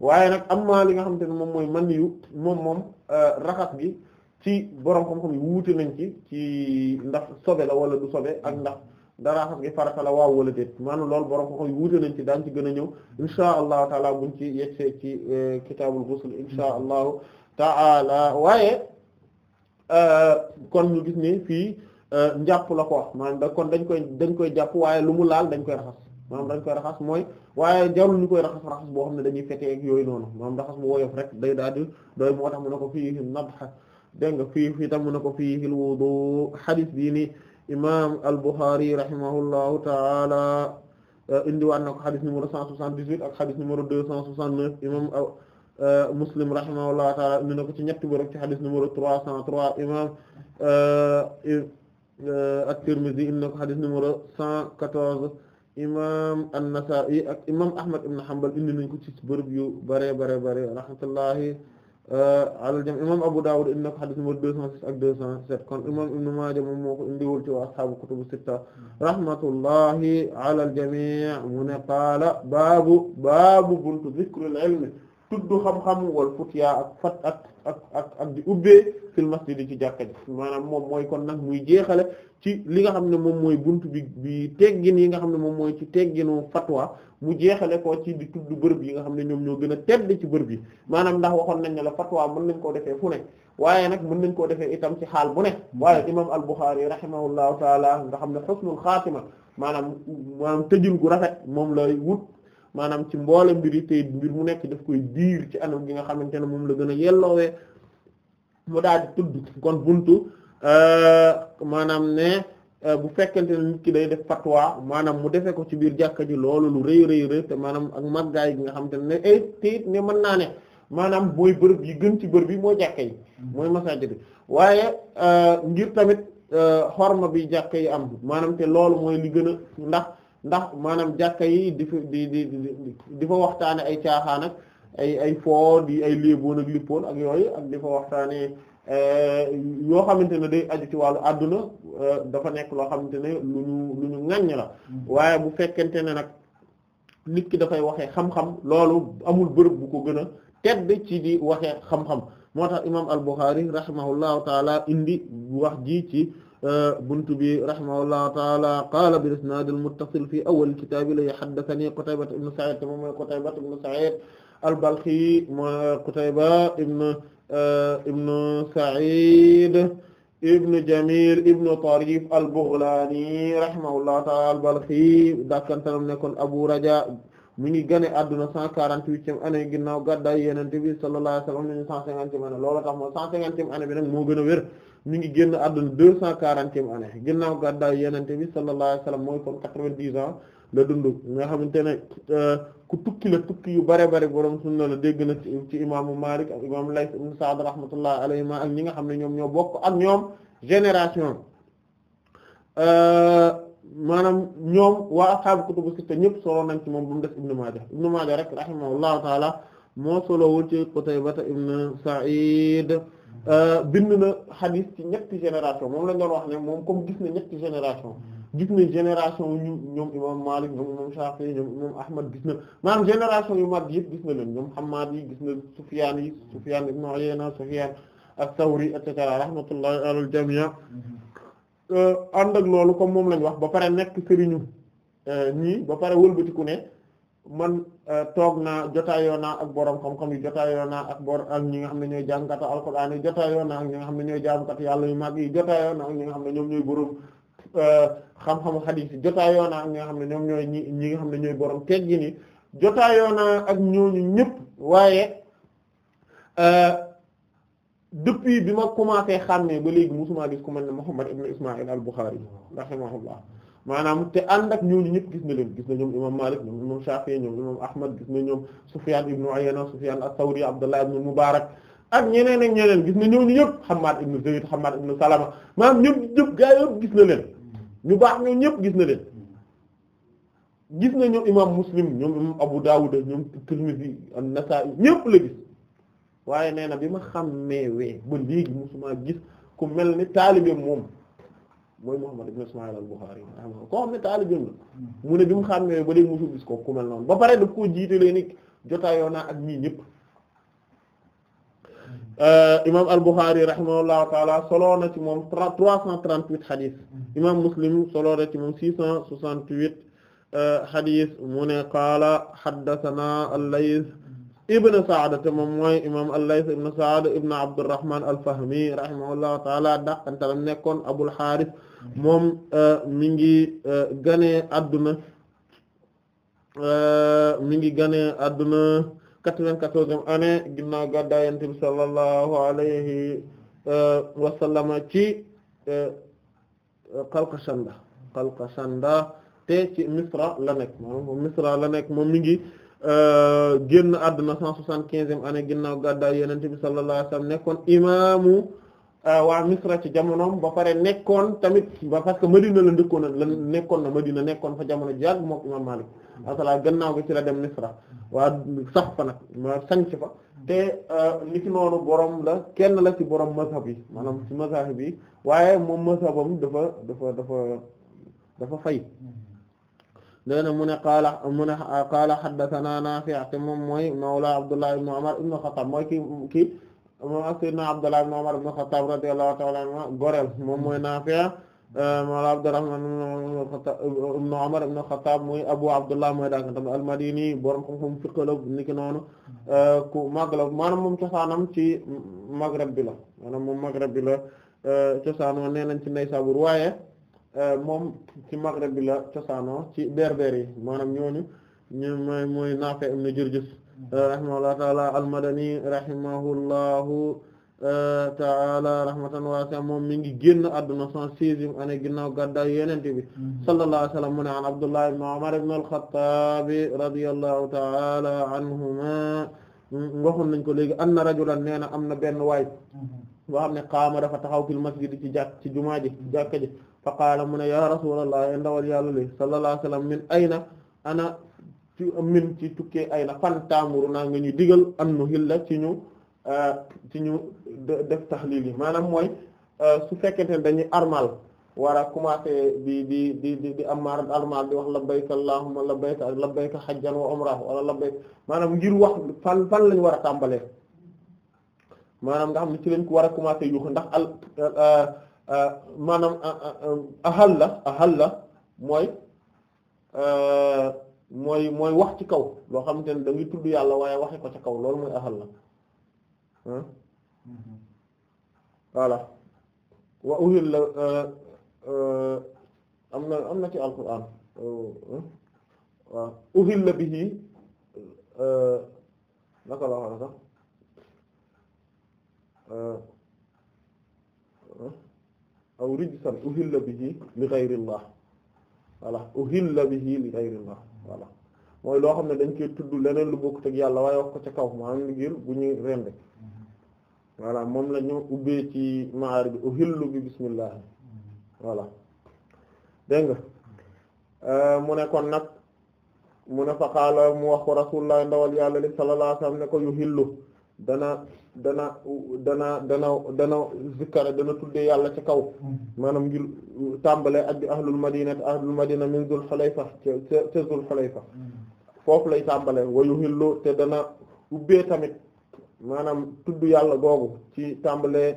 waaye nag am na li nga xamante ne moom mooy man yu moom moom euh, raxas gi ci borom xam-xam yi wuute nañ ci ci ndax sobe la wala du sobe ak ndax da xam gi farata la waaw wala déet maanaam loolu borom xam-xam yi wuute nañ ci daan ci gën a ñëw insha allahu taala buñ ci yegsee ci euh, kitaabul ghusl insha a Euh, kon mu gis ne fii euh, njàpp la ko wax da kon dañ koy dañ koy jàpp waaye lu mu laal dañ koy raxas maanaam dañ koy raxas mooy waaye jarul ñu koy raxas raxas boo xam ne dañuy fete ak yooyu noonu maanaam raxas bu woyof rek day daal di doy moo tax mu ne ko fii nadxa dégg nga fii fii tam mu ne ko fii il wudu xadis bii nii imam al-Bukhari rahimahullahu taala euh, indiwaat na ko xadis numéro 178 ak xadis numéro 269 imam Euh, Muslim rahimahullahu ta'ala indi na ko ci ñetti bërëb ci xadis numéro 303 imam euh, euh, at-Tirmidhi indi na ko xadis numéro 114 imam an-Nasa'i ak imam Ahmad ibn Hanbal indi nañ ko ci bërëb yu bare bare bare rahmatullahi alal jam imam Abu Dawud indi na ko xadis numéro 206 ak 207 kon imam Ibn Maaja moom moo ko indiwul ci waa ashaabu kutubu sitta rahmatullahi alal jami' mu ne qaala baabu baabu buntu dhikril ilmi tudd xam-xam wal futiya ak fat ak ak fil masjid ci jàkka ji maanaam moom mooy kon nag muy jeexale ci li nga xam ne moom mooy bunt bi bi teggin yi nga xam ne moom mooy ci tegginu fatwa mu jeexale ko ci di tudd bërëb yi nga xam ne ñoom ñoo gën a tedd ci bërëb yi maanaam ndax waxoon nañ ne la fatwa mën nañ koo defee fu ne waaye nag mën nañ koo defee itam ci xaal bu ne waaye imam al-Bukhari rahimahullahu taala nga xam ne xusnul xaatima maanaam maanaam tëjul gu rafet moom lay maanaam ci mboole mbir yi te mbir mu nekk def koy diir ci anam gi nga xamante ne moom la gën a yelloowee mu daal tudd kon buntu euh, maanaam ne euh, bu fekkente ne nit ki day def fatwa maanaam mu defee ko ci biir jàkka ji loolu lu rëy rëy rëy te maanaam ak màggaay gi nga xamante ne ne eh, te ne mën naa ne maanaam mooy bërëb yi gën ci bërëb yi mooy jàkka yi mooy masaajid bi waaye euh, ngir tamit xorma bi jàkka yi am maanaam te loolu mooy li gën a ndax ndax maanaam jàkka yi di di di di fa waxtaane ay caaxaan ak ay ay foo ay léeboon ak lippoon ak yooyu ak di fa waxtaane eh, yoo xamante ne day aju ci wàllu àdduna eh, dafa nekk loo xamante ne lu ñu lu la mm-hmm. waaye bu fekkente ne nag nit ki dafay waxe xam-xam loolu amul bërëb bu ko gën a tedd ci di waxee xam-xam moo tax imam al-Bukhari rahimahullahu taala indi wax jii ci buntu bi rahimahullahu taala qaala bil isnaad al muttasil fi awwal kitaab li haddathanii Qutayba ibn Sa'id moom mooy Qutayba ibn Sa'id al Balkhi mooy Qutayba ibn euh, ibn Sa'id ibn Jamil ibn Tarif al Baghlani rahimahullahu taala al Balkhi dàkkantalam nekkoon Abu Raja mu ngi gane adduna cent quarante-huitième année ginnaaw gàddaay Yonent bi sallallahu alayhi wa sallam cent cinquantième année loolu tax moom cent cinquantième année bi nag moo gën a wér mu ngi génn àdduna deux cent quarantième année ginnaaw gàddaay yenente bi sallallahu alayhi wasallam mooy kon quatre-vingt-dix ans la dund nga xamante ne euh, ku tukki la tukki yu bare bare borom sunna la dégg na ci imaamu Maalik ak imaamu Layth ibn Sa'd rahmatullah alayhima ak ñi nga xam ne ñoom ñoo bokk ak ñoom génération euh, maanaam ñoom waa ashaabu kutubu sitta ñëpp solo nañ ci moom bu mu des Ibn Maaja Ibn Maaja rek rahimahullahu taala moo solowul ci Qutaybata ibn Sa'id Euh, bind na xadis ci ñetti génération moom lañ doon wax ne moom comme gis na ñetti génération gis na génération ñu ñoom imam Malik ñoom imam Shafi ñoom imam Ahmad gis na maanaam génération yu mag yëpp gis na leen ñoom Hammad yi gis na Sufyan yi Sufyan ibn Uyayna Sufyan as-Sawri et cetera rahmatullahi alal jamia euh, ànd ak loolu comme moom lañ wax ba pare nekk sëriñu euh, ñii ba pare wëlbatiku ne man eh, toog naa jotaayoo naa ak borom xam-xam yi jotaayoo naa ak bor ak ñi nga xam ne ñooy jàngkatu alxuraan yi jotaayoo naa ak ñi nga xam ne ñooy jaamukatu yàlla yu mag yi jotaayoo naa ak ñi nga xam ne ñoom ñooy borom eh, xam-xamu xadiis yi jotaayoo naa ak nga xam ne ñoom ñooy ñi ñi nga xam ne ñooy borom teggin yi jotaayoo naa ak ñooñu ñëpp waaye eh, depuis bi ma commencé xàmmee ba léegi musuma gis ku mel ne Muhammad ibn Ismaïl al-Bukhari rahimahullah maanaam te ànd ak ñooñu ñëpp gis na leen gis na ñoom imam Malik ñoom imam Shafi'i ñoom imam Ahmad gis na ñoom Sufyan ibnu Uyayna Sufyan as-Sawri Abdullah ibnu Mubarak ak ñeneen ak ñeneen gis na ñooñu ñëpp Hammad ibnu Zayd Hammad ibnu Salama maanaam ñëpp ñëpp gaa yëpp gis na leen ñu baax ñoom ñëpp gis na leen gis na ñoom imam Muslim ñoom imam Abu Dawud ñoom Tirmidhi an-Nasa'i ñëpp la gis waaye nee na bi ma xàmmee wee ba léegi musuma gis ku mel ni taalibe moom mooy Muhammad ibn Ismaïl al-Bukhari rahimahullah koo xam ne taalibeem la mu ne mu xàmmee ba léegi mosul ko ku mel ba pare daf koo jiite leen ni jotaayoo naa ak ñii ñëpp euh, imam al-Bukhari rahimahullahu taala soloo na ci moom trois cent trente imam Muslim soloo na ci moom six cent soixante euh, qaala haddathana al ibn Sa'd te moom imam al ibn Sa'd ibn Abdurrahman al-Fahmi rahimahullahu taala daqantalam nekkoon Abul Harith moom euh, mi ngi euh, ganee adduna euh, mi ngi ganee adduna quatre-vingt-quatorzième année ginnaaw gàddaay Yonent bi sallallahu alayhi wa ci Qalqashanda Qalqashanda te ci Misra la nekk moom Misra la nekk moom mi ngi génn adduna cent soixante-quinzième année ginnaaw gàddaay Yonent bi sallallahu alayhi imaamu Euh, waa Misra ci jamono ba pare nekkoon tamit ba parce que Madina la ndëkkoon la nekkoon na Madina nekkoon fa jamono jàgg mook imam Malik ci la dem Misra waa sax fa nag ma sanc fa te euh, li noonu borom la kenn la ci borom mazhab yi maanaam ci mazahib yi waaye moom mazhabam dafa dafa dafa dafa fay léena mu ne qaala mu ne qaala haddathana Nafi' te moom mooy mawla Abdullah ibn Umar ibn Khattab mooy ki moom ak sayyidina Abdullah ibn Umar ibn Khattab radiyallahu ta'ala anhuma gorel moom mooy Nafi' eh, mawla Abdurrahman ibn Umar ibn Khattab mooy Abu Abdullah mooy daaka al-Madini borom xam-xam fiqh la niki noonu eh, ku mag la maanaam moom cosaanam ci Maghreb bi la moom Maghreb bi la eh, cosaanoo nee nañ ci Naysabur waaye moom ci Maghreb bi la ci Berber yi maanaam ñooñu mooy mooy Nafi' ibn Jurjus rahimahullahu taala al-Madani rahimahullahu eh, taala rahmatan waasi'a moom mi ngi génn àdduna cent seizième année ginnaaw gàddaay Yonent bi mhm. sallallahu alayhi wa sallam mu ne an Abdullah ibn Umar ibn al-Khattab radiyallahu taala anhuma waxoon nañ ko léegi anna rajulan nee na am na benn waay mhm. boo xam ne qaama dafa taxaw fil masjid ci jàkk ci jumaa ji jàkka ji fa qaala mu ne ya rasulallah e ndawal yàlla li sallallahu alayhi min ayna ana ci min ci tukkee ay na fan taamuru naa nga ñu digal am nu hilla ci ñu euh, ci ñu def taxliil yi maanaam mooy euh, su fekkente ne dañuy armal war a commencé di di di di di am armal di wax labbayka allahumma labbayka labbayka hajjan wa umrah wala labbayka maanaam ngir wax fan fan lañ war a tàmbalee maanaam nga xam ne ci lañ ko war a commencé yuuxu ndax al euh, maanaam ahal la ahal la mooy mooy mooy wax ci kaw loo xamante ne da ngay tudd yàlla waaye waxe ko ci kaw loolu mooy axal la mm-hmm. voilà wa uhil euh, euh, na am na ci alquran euh, waaw uhil la bihi naka la wax li ghayrillah voilà uhilla bihi li ghayrillah voilà mooy loo xam ne dañ koy tudd leneen lu bokkut teg yàlla waaye wax ko ca kaw maanaam ngir bu ñuy rende voilà moom la ñu ubbee ci maari bi uhillu bi bismillah voilà dégg nga euh, mu nekkoon nag mu ne fa qaala mu wax ko rasulullah ndawal yàlla li sallallahu alayhi wasallam ne ko yuhillu dana dana dana dana dana zikkara dana tuddee yàlla ci kaw mm-hmm. maanaam ngir tàmbale ak bi ahlul madinati ahlul madina min zul xulayfa ca zul xulayfa mm-hmm. foofu lay tàmbale wa yuhillu te dana ubbee tamit maanaam tudd yàlla googu ci tàmbale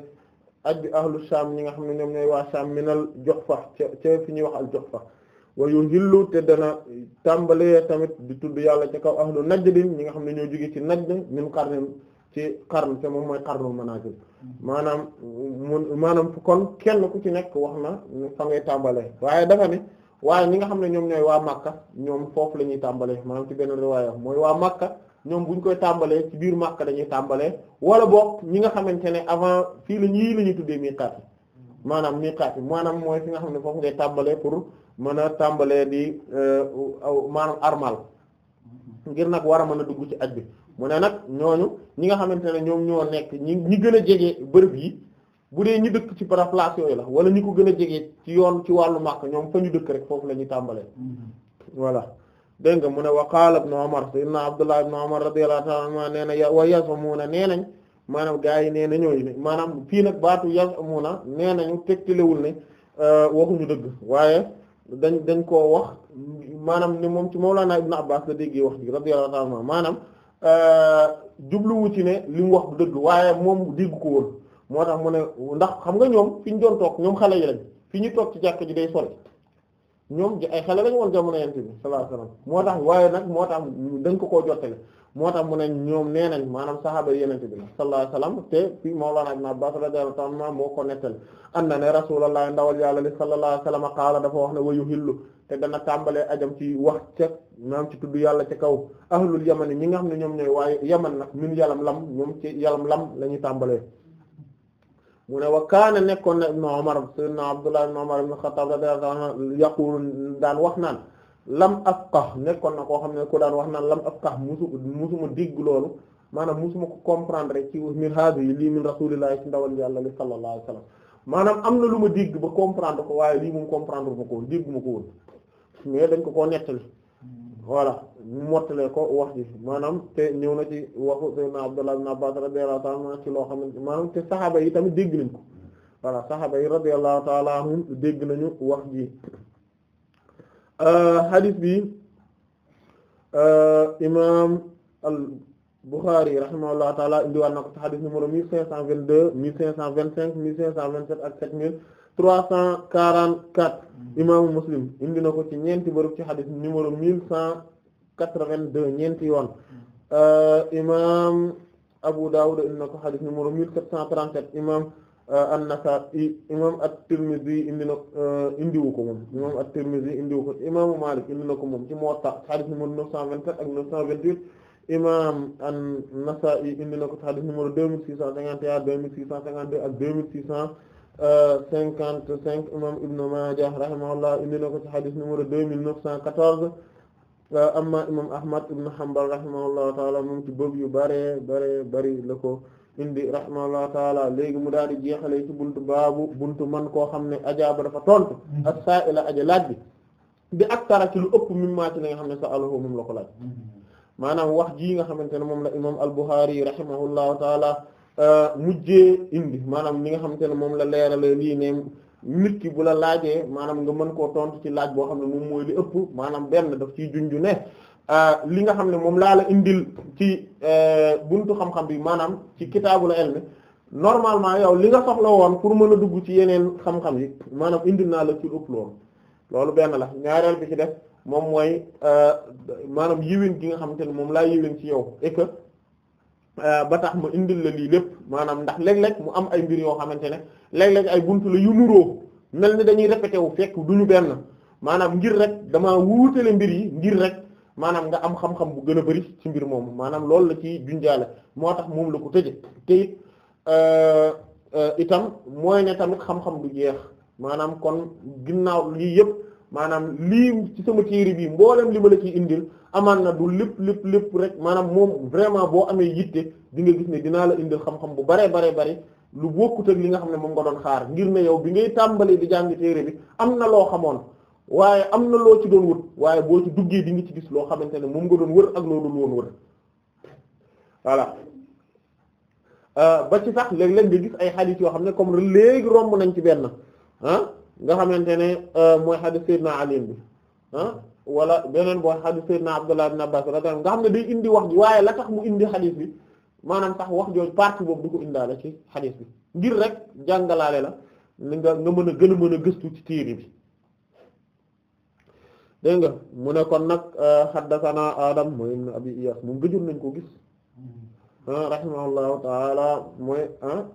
ak bi ahlul sham ñi nga xam ne ñoom ñooy waa sham minal juhfa ca ca fi ñuy wax al juhfa wa yuhillu te dana tàmbale tamit di tudd yàlla ci kaw ahlul najd ñi nga xam ne ñoo jóge ci najd min qarnin ci xarn te moom mooy xarnul manazil maanaam mun maanaam kon kenn ku ci nekk wax na fa ngay tàmbalee waaye dafa ne waaye ñi nga xam ne ñoom ñooy waa Makka ñoom foofu la ñuy tàmbalee maanaam ci benn riwaaya mooy waa Makka ñoom bu koy tàmbalee ci biir Makka dañuy tàmbalee wala boog ñi nga xamante ne avant fii la ñii la ñuy tuddee miqaat maanaam miqaat yi maanaam mooy fi nga xam ne foofu ngay tàmbalee pour mën a tàmbalee di euh, maanaam armal ngir nag war a mën a dugg ci aj bi mu ne nag ñooñu ñi nga xamante ne ñoom ñoo nekk ñi ñi gën a jege bërëb yi bu dee ñu dëkk ci par place yooyu la wala ñi ko gën a jege ci yoon ci wàllu màkk ñoom fa ñu dëkk rek foofu la ñuy tàmbalee mm-hmm. voilà dégg nga mu ne wax qaala ibn Umar sayyidina Abdullah ibn Umar radiyallahu ta'ala nee na wa yasamuna nee nañ maanaam gaa yi nee na ñooyu ne maanaam fii nag baatu yasamuna nee nañu tegtalewul ne euh, waxuñu dëgg waaye dañ dañ koo wax maanaam ni moom ci laa Mawlana Ibn Abbas la déggee wax ji radiyallahu anhu maanaam euh, jubluwu ci ne li mu wax bu dëgg waaye moom dégg ko woon moo tax mu ne ndax xam nga ñoom fi ñu doon toog ñoom xale yi lañ fi ñu toog ci jàkk ji day sori ñoom ay xale lañ woon jamono yent bi sallallahu alayhi wasallam moo tax waaye nag moo tax dañ ko koo jottale moo tax mu ne ñoom nee nañ maanaam sahaaba yenente bi sallallahu alayhi wasallam te fii mawlana ibn abbas radiyallahu anhu moo ko nettal an na ne rasulullah ndawal yàlla li sallallahu alayhi wasallam qaala dafa wax ne wayu xillu te dana tàmbalee ajam ci wax ca maanaam ci tudd yàlla ci kaw ahlul yaman ñi nga xam ne ñoom ñooy waaye yaman nag min yalam lam ñoom ci yalam lam la ñuy tàmbalee mu ne wa kaana nekkoon na ibn umar sayyidina abdullah ibn umar ibn khattab radiyallahu anhu yaqulu daan wax naan lam ka nekkoon na koo xam ne ko daan wax naan lam afqah musu ma dégg loolu maanaam musuma ko comprendre ci min haadi yi lii min rasulillahi ci ndawal yàlla li sallallahu alayhi wasallam maanaam am na lu ma dégg ba comprendre ko waaye lii moom comprendre ma ko woon dégg ma ko woon mais dañ ko koo nettali voilà mottale ko wax ji maanaam te ñëw na ci waxu sayyidina Abdullah ibn Abbas radiyallahu ta'ala ci loo xam ne maanaam te saxaaba yi tamit dégg nañ ko voilà dégg nañu wax ji Euh, hadis bi euh, imaam al Bukhari rahimahullah taala indiwaat na ko ci hadis numéro mille cinq cent vingt deux mille cinq cent vingt cinq mille cinq cent vingt sept ak sept mille trois cent quarante quatre imaamu Muslim indi na ko ci ñeenti bërëb ci hadis numéro mil cent quatre vingt deux ñeenti yoon euh, imaam Abu Dawud indi na ko hadis numéro sept cent trente sept imaam. Euh, an-Nasaa'i imam at-Tirmidhi indi na euh, indiwu ko moom imam at-Tirmidhi indiwu ko imaamu Maalik indi na ko moom ci Muwatta hadith numéro 927 ak 928 imam an-Nasaa'i indi na ko hadith numéro 2651 2652 ak 2655 imam Ibn Maaja rahimahullah indi na ko ci hadith numéro 2914 euh, amma imam Ahmad ibn Hanbal rahimahullahu ta'ala moom ci bëgg yu bare bare bari la ko indi rahimahullahu taala léegi mu daal di jeexalee ci buntu baabu buntu man koo xam ne ajaaba dafa tontu mm-hmm. ak saa ila aja laaj bi di ak tara ci lu ëpp mi maa li nga xam ne sa alahu moom la ko laaj mm-hmm. maanaam wax jii nga xamante ne moom la imam al-Bukhari rahimahullahu taala uh, mujjee indi maanaam mi nga xamante ne moom la leerale lii ne nit ki bu la laajee maanaam nga mën koo tontu ci laaj boo xam ne moom mooy li ëpp maanaam benn daf ciy junju ne Euh, li nga xam ne moom laa la indil ci euh, buntu xam-xam bi maanaam ci kitaabul ilmi normalement yow li nga soxla woon pour mën a dugg ci yeneen xam-xam yi maanaam indil naa la ci loolu benna la ñaareel bi ci def moom mooy euh, maanaam yiwin gi nga xamante ne moom laa yiwin ci yow et que ba tax ma indil la lii lépp maanaam ndax léeg mu am ay yoo xamante ne léeg-léeg ay buntu la yu nuroo mel ni dañuy répété wu fekk du ñu benn maanaam ngir rek dama wuutale mbir yi ngir rek maanaam nga am xam-xam bu gën a bari ci mbir moomu maanaam loolu la ci junjaale moo tax moom la ko tëje te euh, euh, itam mooy ne tamit xam-xam du jeex maanaam kon ginnaaw lii yëpp maanaam lii ci sama téere bii mboolem li ma la ciy indil amaan na du lépp lépp lépp rek maanaam moom vraiment boo amee yitte di nga gis ne dinaa la indil xam-xam bu baree baree bari lu bokkut ak li nga xam ne moom nga doon xaar ngir ne yow bi ngay tàmbalee di jàng téere bi am na loo xamoon waaye am na loo ci doon wër waaye boo ci duggee di nga ci gis loo xamante ne moom nga doon wër ak loo doon woon wër voilà euh, ba ci sax léeg-léeg nga gis ay xadiis yoo xam ne comme léegi romb nañ ci benn ah nga xamante ne euh, mooy xadiis naa Ali bi ah wala beneen boo xadiis Seydina Abdullah ibn Abbas nga xam ne day indi wax ji waaye la tax mu indi xadiis bi maanaam tax wax jooju partie boobu du ko indaale ci xadiis bi ngir rek jàngalaale la nga nga mën a gën a a gëstu ci téere bi dégg nga mu ne kon nag xaddathana euh, adam mooy ibn abi iyas moom gëjoon nañ ko gis mm-hmm. ah, rahimahullahu taala mooy ah,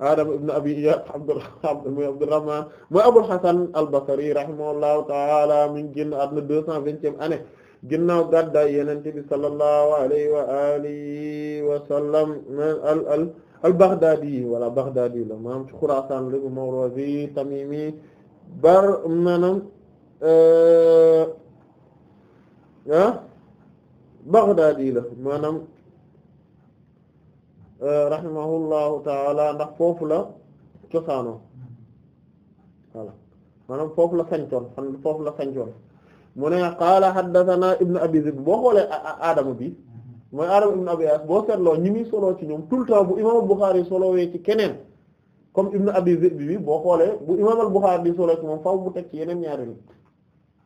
adam ibn abi iyas abd mooy abdurrahman mooy abul hasan al-basri rahimahullahu taala mi ngi génn àdduna deux cent vingtième année ginnaaw gàddaay yonent bi sallallahu alayhi wa alihi wa sallam al al al-Baghdadi wala Baghdadi la maanaam ci Khurasan la Marwazi Tamimi bar maanaam ah Baghdadi la maanaam euh, rahimahullahu taala ndax foofu la cosaanoo voilà maanaam foofu la sañcoon fan foofu la sañcoon mu ne qaala haddathana ibn abi zib boo xoolee aadama bi mooy aadama ibn abi as boo seetloo ñi muy ci ñoom tout le temps bu imaamal Bukhari solowee ci keneen comme ibn abi zib bi boo xoolee bu imaamal Bukhari di soloo ci moom faaw bu teg ci yeneen ñaari nit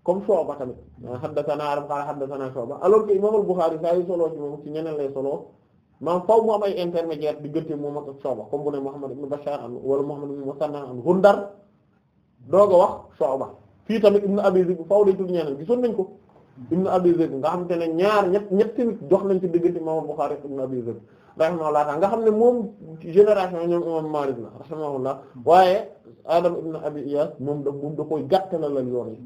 comme Shu'ba tamit haddathana Harun qala haddathana Shu'ba alors que imam al-Bukhari saa yu solo ci moom ci ñeneen lay solo maanaam faaw mu am ay intermédiaire diggante moom ak Shu'ba comme bu ne Muhammad ibn Bashar an wala Muhammad ibn Musanna an Gundar doog a wax Shu'ba fii tamit ibn Abi Zib faaw day tudd ñeneen gisoon nañ ko ibn Abi Zib nga xam te ne ñaar ñett ñetti nit jox nañ ci diggante imam al-Bukhari ibn Abi Zib rahimahullah taala nga xam ne moom génération ñoom imam Malik la rahimahullah waaye Adam ibn Abi Iyas moom da moom da koy gàttalal yoon yi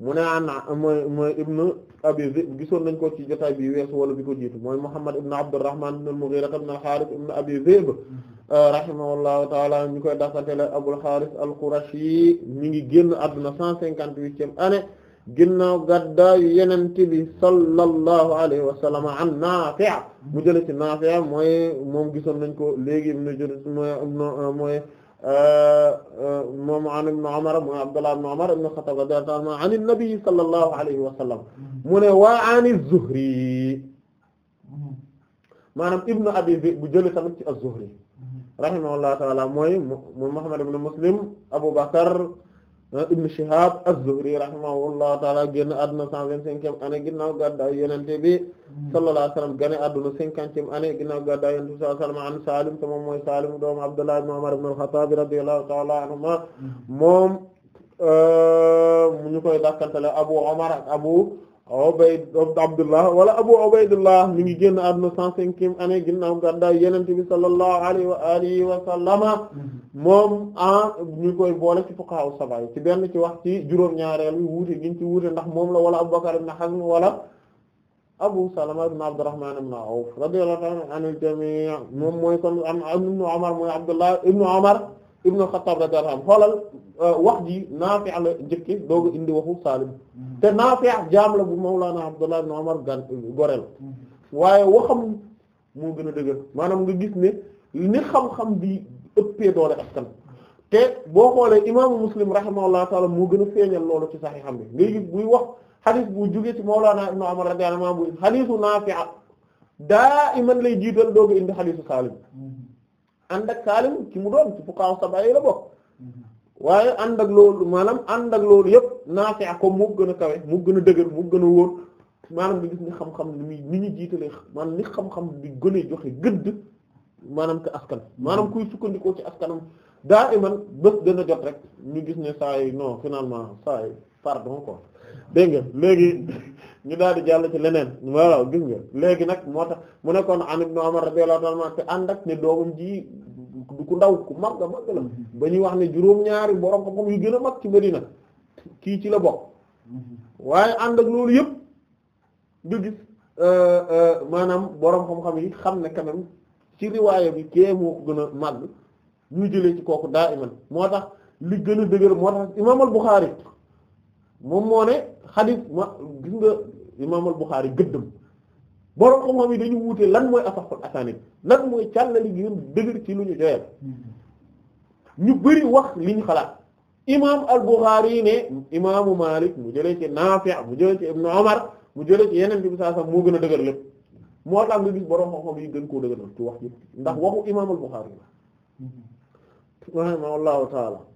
mu ne an mooy mooy ibnu abi Zib gisoon nañ ko ci jotaay bi weesu wala bi ko jiitu mooy Muhammad ibnu Abdurrahman ibnu al-Mughira ibnu al-Harith ibnu abi Zib mm-hmm. euh, rahimahullahu taala ñu koy dafatele Abul Harith al-Qurashi ñu ngi génn àdduna cent cinquante-huitième année ginnaaw gàddaayu Yonent bi sallallahu alayhi wa sallam an Naafi' mu jële ci Naafi' mooy moom gisoon nañ ko léegi ibnu Jurayj mooy moom an ibn Umar mooy Abdullah ibn Umar ibn Khattab radiyallahu anhu an an-nabi sallallahu alayhi wa sallam mu ne waa an az-Zuhri maanaam ibn Abi Zi'b bu jëlee tamit ci az-Zuhri rahimahullahu ta'ala mooy mooy Muhammad ibn Muslim Abu Bakr ibn Shihab az-Zuhri rahimahullahu taala génn àdduna cent vingt-cinquième année ginnaaw gàddaay yonente bi sallallahu alayhi wa sallam génn àdduna cinquantième année ginnaaw gàddaay yonente bi sallallahu alayhi wa sallam an Salim te moom mooy Salim doomu Abdullah ibn Umar ibn al-Khattab radiyallahu taala anhuma moom euh, ñu koy dàkkantale Abu Umar Abu Ubayd Abdullah wala Abu Ubaydullah mi ngi génn àdduna cent cinquième année ginnaaw gàddaay Yonent bi sallallahu alayhi wa alihi wa sallama mm-hmm. moom ah ñu koy boole ci fuqaha sab'a ci benn ci wax ci juróom-ñaareel bi wuute giñ ci wuute ndax moom la wala Abu Bakr ibn Hazm wala Abu Salama ibn Abdurrahman ibn Awf radiyallahu anhu al jami' moom mooy kon am ibn Umar mooy Abdullah ibn Umar ibnu Xattaab radiyallahu anhu xoolal euh, wax ji Naafi' la njëkke dooga indi waxu Saalim mm-hmm. te Naafi' jaam la bu Mawlaana Abdullah ibn Umar gan gorel mm-hmm. waaye waxam moo gën a dëgër maanaam nga gis ne ni xam-xam bi ëppee doole askan te boo xoolee imaamu Muslim rahimahullahu taala moo gën a feeñal loolu ci saxiixam bi ngay gis buy wax xadis bu jógee ci Mawlaana ibn Umar radiyallahu anhu xadisu Naafi' daa iman lay jiital dooga indi xadisu Saalim mm-hmm. ànd ak saalim mu doon ci fuqaha sab'a yi la bokk waaye ànd ak loolu maanaam ànd ak loolu yëpp Naafi' ko moo gën a kawe moo gën a dëgër moo gën a wóor maanaam li gis ni xam-xam ni ni ñu jiitalee maanaam ni xam-xam bi gën a joxe gëdd maanaam que askan maanaam kuy sukkandikoo ci askanam daa iman bés a jot rek ñu gis ne saa yi non finalement saa yi pardon léegi ñu daal di jàll ci leneen voilà gis nga léegi nag moo tax mu nekkoon an ibn Umar radiyallahu anhu te ànd ak ne doomam ji du ku ndaw ku mag a mag la ba ñuy wax ne juróom-ñaari borom gën a ci Medina kii ci la bokk waaye ànd ak euh, euh, borom xam-xam yi xam ne quand même ci riwaaya bi kee moo ko gën a màgg ñu jëlee ci kooku daa iman moo tax li gën a dëgër moo tax imaamal Buxaari moom moo ne xadis ma gis nga imaamal Buxaari gëddëm borom xam-xam yi dañu wuute lan mooy asaxul asaanid lan mooy càllali gi dëgër ci lu ñu joyal ñu bëri wax li ñu xalaat imaam al Buxaari ne imaamu Maalik mu jëlee ci Naafi' mu jëlee ci Ibnu Umar mu jëlee ci yeneen bi saa sax moo gën a dëgër lépp moo tax nga gis borom xam-xam yi gën koo dëgëral ci wax ji ndax waxu imaam al Buxaari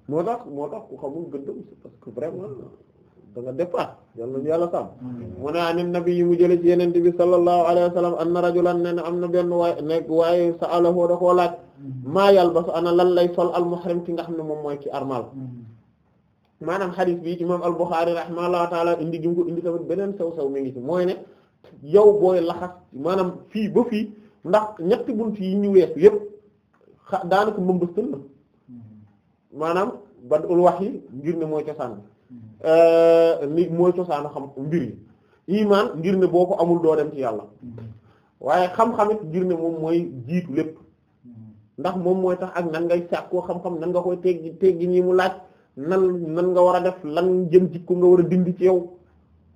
moo tax moo tax ku xamul gëddëm parce que vraiment. da nga départ yal nañu yàlla sàmm mu ne anin nabi yi mu jële ci yenente bi sallallahu alayhi wa sallam anna rajulan ne am na benn waay waaye sa alahoo da koo laaj maa yalbasu ana lan lay sol al muhrim ki nga xam ne moom mooy ki armal maanaam hadith bi imam al Bukhari rahimahullahu taala indi gi mu ko indi tamit beneen sew sew mi ngi ci mooy ne yow booy laxas maanaam fii ba fii ndax ñetti bunt yi ñu weesu yépp xa daanaka mëmbastan la maanaam badul wahyi ngir ne mooy cosaan bi li euh, mooy cosaanu xam mbir yi iman ngir ne boo ko amul doo dem ci yàlla waaye xam-xam ngir ne moom mooy jiitu lépp ndax moom mooy tax ak nan ngay sàkkoo xam-xam nan nga koy teggi teggi nii mu laaj nan nan nga war a def lan jëm ci ko nga war a dind ci yow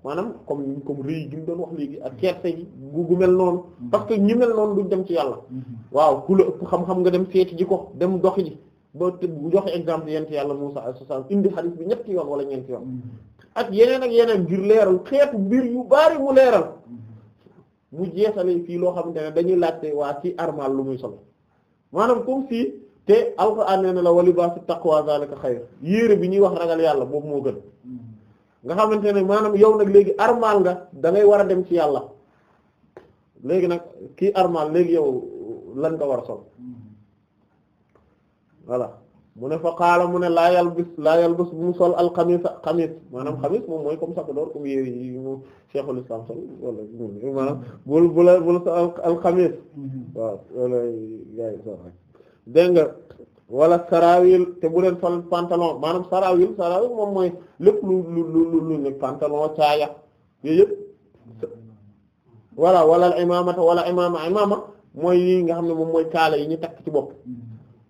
maanaam comme comme rëy gi mu doon wax léegi ak kersa gi gu gu mel noonu parce que ñi mel noonu duñ dem ci yàlla mm-hmm. waaw ku la xam-xam nga dem seeti ji ko dem doxi ji ba te joxe exemple yent yàlla Musaa alayhi salaam indi xadiis bi ñetti yoon wala ñeenti yoon mm-hmm. ak yeneen ak yeneen ngir leeral xeetu mbir yu bari mu leeral mm-hmm. mu jeexale fii loo xamante ne dañuy laajte waa ci armal lu muy solo maanaam comme si te alxuraan nee na la wa libaasu taqwa zalika xayr yéere bi ñuy wax ragal yàlla boobu moo gën mm-hmm. nga xamante ne maanaam yow nag léegi armal nga dangay war a dem ci yàlla léegi nag kii armal léegi yow lan nga war a sol voilà mu ne fa xaala mu ne laa yalbis laa yalbis mu sol alxamisa xamis maanaam xamis moom mooy kom sabadoor comme yére yi mu cheikhul islam sol wala maanaam bul bula bul so alxamis waaw wala gars te bu leen sol pantalon maanaam sarawil sarawil moom mooy lépp lu lu lu lu ne pantalon caaya yooyu yëpp wala imamata wala imama imama mooy yi nga xam ne moom mooy kaala yi ñu takk ci bopp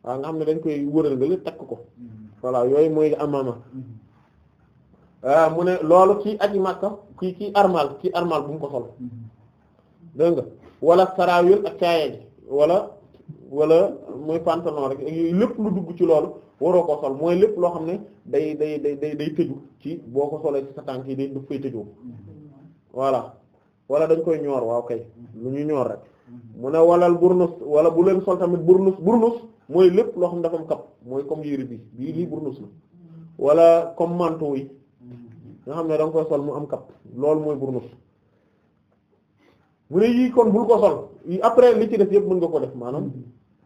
waaw nga xam ne dañ koy wërël takk ko mm-hmm. voilà yooyu mooy amama mm-hmm. ah, mu ne loolu ci aji Makka kii ci armal ci armal bu mu ko sol mm-hmm. dégg nga wala sarawil ak caaya ji wala wala mooy pantalon rek lépp lu dugg ci loolu waroo ko sol mooy lépp loo xam ne day day day day day tëju ci boo ko solee ci sa tànk yi day daf koy tëjoo voilà wala dañ koy ñoor waaw kay lu ñu ñoor rek mu ne walal burnus wala bu leen sol tamit burnus burnus mooy lépp loo xam dafa am kap mooy comme yére bi bii lii burnus la wala comme manteau yi xam ne da nga koy sol mu am kap loolu mooy burnus mu ne yii kon bul ko sol yi après li ci def yëpp mën nga ko def maanaam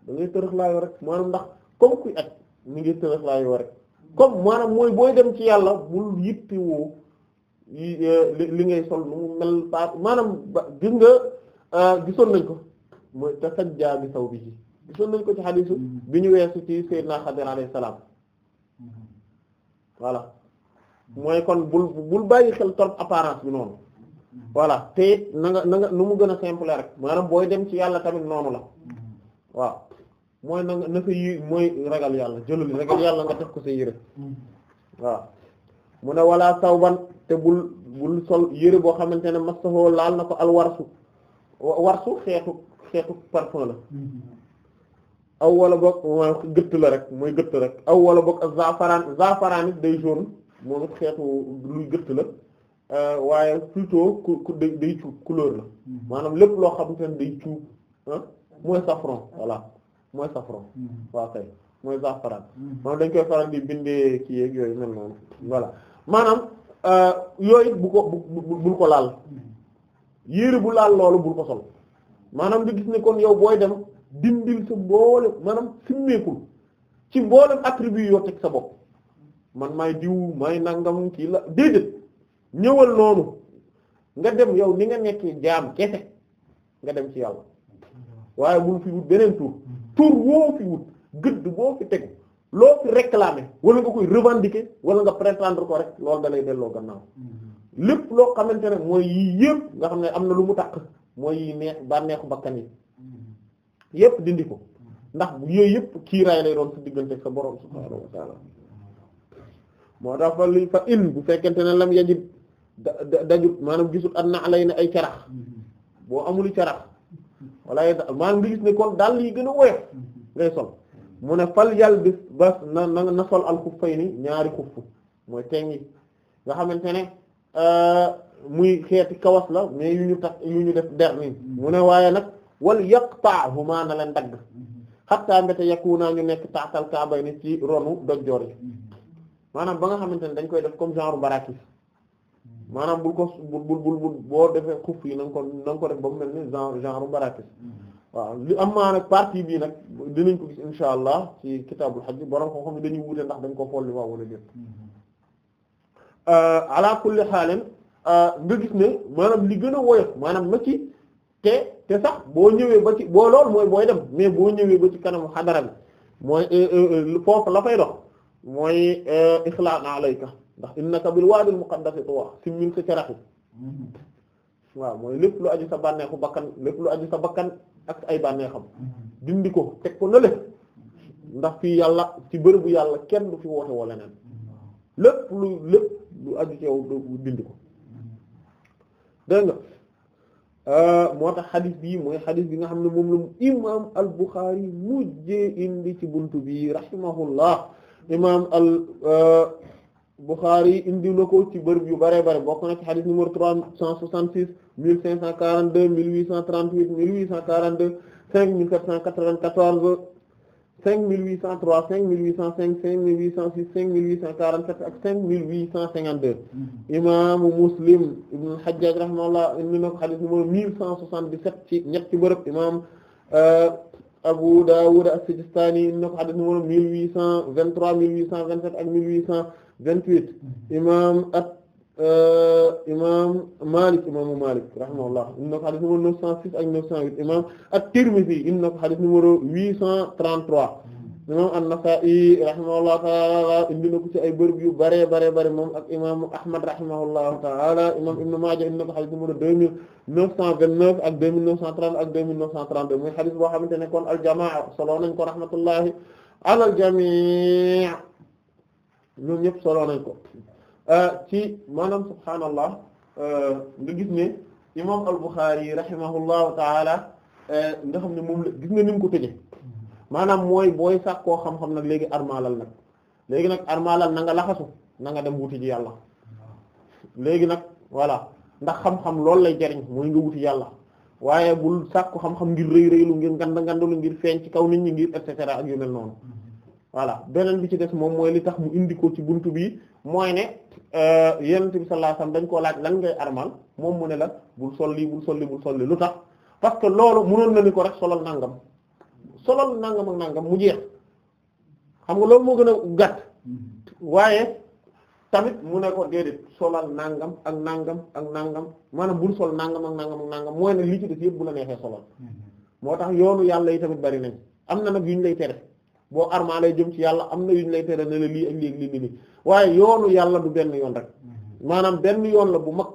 da ngay tërëxlaayoo rek maanaam ndax comme kuy ak ni ngay tërëxlaayoo rek comme maanaam mooy booy dem ci yàlla bul yittiwoo yi li ngay sol lu mu mel ba maanaam gis nga euh, gisoon nañ ko mooy te sajjaa bi saw bi ji gisoon nañ ko ci xadiisu mm-hmm. bi ñu weesu ci Seydina Xadir alayhi salaam voilà mooy kon bul bàyyi xel trop apparence bi noonu mm-hmm. voilà te nanga na nu mu gën a simple rek maanaam booy dem ci yàlla tamit noonu la mm-hmm. waaw mooy na nga na fa yi mooy ragal yàlla jëlul ragal yàlla nga def ko sa yére waaw mu ne wala sawban te bul bul sol yére boo xamante ne masaxoo laal na ko al warsu warsu xeetu xeetu parfum aw wala boog mooy gëtt la rek mooy gëtt rek aw wala boog ak zaafaraan zaafaraan it day jaune moom it xeetu luy gëtt la euh, waaye plutôt ku day cuub couleur la mm-hmm. maanaam lépp loo xamante ne day cuub ah mooy safran voilà mooy safran mm-hmm. waaw kay mooy zaafaraan mm-hmm. maanaam dañ koy faral di bindee kii yeeg yooyu mel noonu voilà maanaam euh, yooyu bu ko bu bul ko laal yére bu laal loolu bul ko sol maanaam di gis ne kon yow booy dem dindil sa mboolem maanaam simmeekul ci mboolem attribut yoo teg sa bopp man maay diw maay nangam ci la déedéet ñëwal noonu nga dem yow ni nga nekkee jaam kese nga dem ci yàlla waaye bul fi wut beneen tur tur woo fi wut gëdd boo fi tegu loo fi réclamer wala nga koy revendiquer wala nga prétendre ko rek loolu da delloo gannaaw lépp loo xamante ne mooy yii yëpp nga xam ne am na lu mu taq mooy yi neex bànneexu bakkan yi yépp dindi ko ndax yooyu yépp kiiraay lay doon sa diggante ak sa borom subhaanahu wa ta'ala moo tax fa li fa in bu fekkente ne lam yajib da dajut maanaam gisul at na lay ne ay carax boo amul carax wala maanaam nga gis ne kon daal yi gën a woyof ngay sol mu ne fal yàll bis bas na na na sol alxuffayni ñaari xuff mooy tengi nga xamante ne euh, muy xeeti kawas la mais yu ñu tax yu ñu def der nii mu ne waaye nag wal yaqta'hu maa na leen dagg xattaa mbéte naa ñu nekk taatal kaabay ni ci ronu dojjoor yi maanaam ba nga xamante ne dañ koy def comme genre barakis maanaam bul ko bul bul bul boo defee xuf yi na ko na ko def ba mu mel ni genre genre barakis waaw li am maa nag partie bii nag dinañ ko gis insha allah ci kitaabul hajj borom ko xam ne dañuy wute ndax dañ ko folli waaw wala déet euh, ala kulli xaalin euh, nga gis ne maanaam li gën a woyof maanaam ma te te sax boo ñëwee ba ci boo lool mooy booy dem mais boo ñëwee ba ci kanamu xadara bi mooy euh, euh, euh, foofu la fay dox mooy ixlaan alayka ndax innaka bil waadil muqaddasi tuwa simmin sa caraxi mm-hmm. waaw mooy lépp lu aju sa bànneexu bakkan lépp lu aju sa bakkan ak ay bànneexam mm-hmm. dindi ko teg ko lële ndax fii yàlla ci bërëbu yàlla kenn du fi woote wala mm-hmm. lépp lu lépp lu aju ci yow dindi ko nga Euh, moo tax xadis bi mooy xadis bi nga xam ne moom la mu imaam al Bukhari mujjee indi ci buntu bi rahimahullah imaam al euh, Bukhari indi na ko ci bërëb yu bare bare bokk na ci xadis numéro trois cent soixante six mille cinq cent quarante deux mille huit cent trente huit mille huit cent quarante deux cinq mille huit cent trois cinq mille huit cent cinq cinq mille huit cent six cinq mille huit cent quarante sept ak cinq mille huit cent cinquante deux imaamu Muslim ibn hajjaj rahimahullah indi na ko xadis numéro mille cent soixante dix sept ci ñetti bërëb imaam euh, Abu Dawud as-Sijistani indi na ko xadis numéro mille huit cent vingt trois mille huit cent vingt sept ak mille huit cent vingt huit imaam Euh, imaam Malik imaamu Malik rahimahullah indi na ko xadis numéro 906 ak 908 imaam at-Tirmidhi indi na ko xadis numéro 833 imaam an-Nasa'i rahimahullah taala indi na ci ay bërëb yu bare bare bare moom ak imaamu Ahmad rahimahullah taala imaam Ibn Maaja indi na ko xadis numéro 2929 ak 2930 ak 2932 muy xadis boo xamante ne kon al-jamaa solo nañ ko rahmatullahi ala al-jamii ñoom ñëpp solo nañ ko. Euh, ci maanaam subhaanallah euh, nga gis ne imaam al-Bukhari rahimahullahu taala euh, nga xam ne moom la gis nga ni mu maanaam mooy booy sax koo xam-xam nag léegi armalal nag léegi nag armalal na nga laxasu na nga dem wuti ji yàlla léegi nag wala ndax xam-xam loolu lay jariñ mooy nga wuti yàlla waaye bul sàkku xam-xam ngir rëy rëylu ngir ngand ngandalu ngir feeñ ci kaw nit ñi ngir et cetera ak yu noonu voilà beneen bi ci des moom mooy li tax mu indi ko ci buntu bi mooy ne euh, yonent bi sallallahu alayhi wasallam dañ koo laaj lan ngay armal moom mu ne la bul solli bul solli bul solli lu tax parce que loolu mënoon na ni ko rek solal nangam solal nangam ak nangam mu jeex xam nga loolu moo gën a gàtt waaye tamit mu ne ko déedéet solal nangam ak nangam ak nangam maanaam bul sol nangam ak nangam ak nangam mooy ne li ci des yëpp bu la neexee solal mm-hmm. moo tax yoonu yàlla yi tamit bari nañ am na nag yu ñu lay tere. boo lay jëm ci yàlla am na yu ñu lay tere ne la lii ak lii ak lii lii waaye yoonu yàlla du benn yoon rek mm-hmm. maanaam benn yoon la bu mag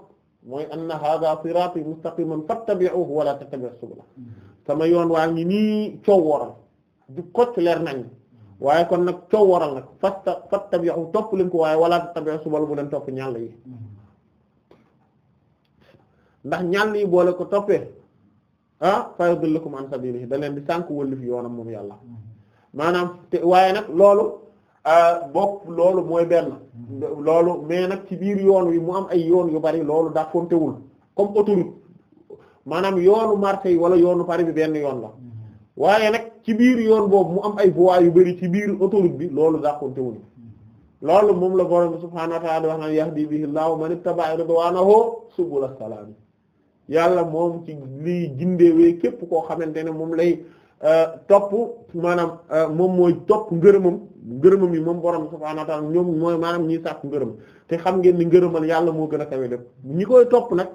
mooy anna hadha sirati mustaqiman fattabi'uhu wala tattabi'u subula mm-hmm. sama yoon waa ngi nii coow waral du leer nañ mm-hmm. waaye kon nag coow waral nag fatta fattabi'u topp leen ko waaye wala tattabi'u subula bu leen topp ñàll yi ndax ñàll yi boole ko toppee ah fa yudillukum an sabilihi da leen di sànk wëlif yoonam moom yàlla maanaam te waaye nag loolu euh, bopp loolu mooy benn loolu mais nag ci biir yoon wi mu am ay yoon yu bari loolu daa fontewul comme autoroute maanaam yoonu yi wala yoonu Paris bi benn yoon la waaye nag ci biir yoon boobu mu am ay voies yu bari ci biir autoroute bi loolu daa fontewul loolu moom la borom subhaanahu wa ta'aala wax naan yahdi bihi llaahu man ittaba'a ridwaanahu subula salaam yàlla moom ci liy gindeewee képp koo xamante ne moom lay Euh, topp maanaam euh, moom mooy topp ngërëmam ngërëmam yi moom borom subhaanahu wa ta'aala ñoom mooy maanaam ñi sàkku ngërëm te xam ngeen ni ngërëmal yàlla moo gën a kawe lépp ñi koy topp nag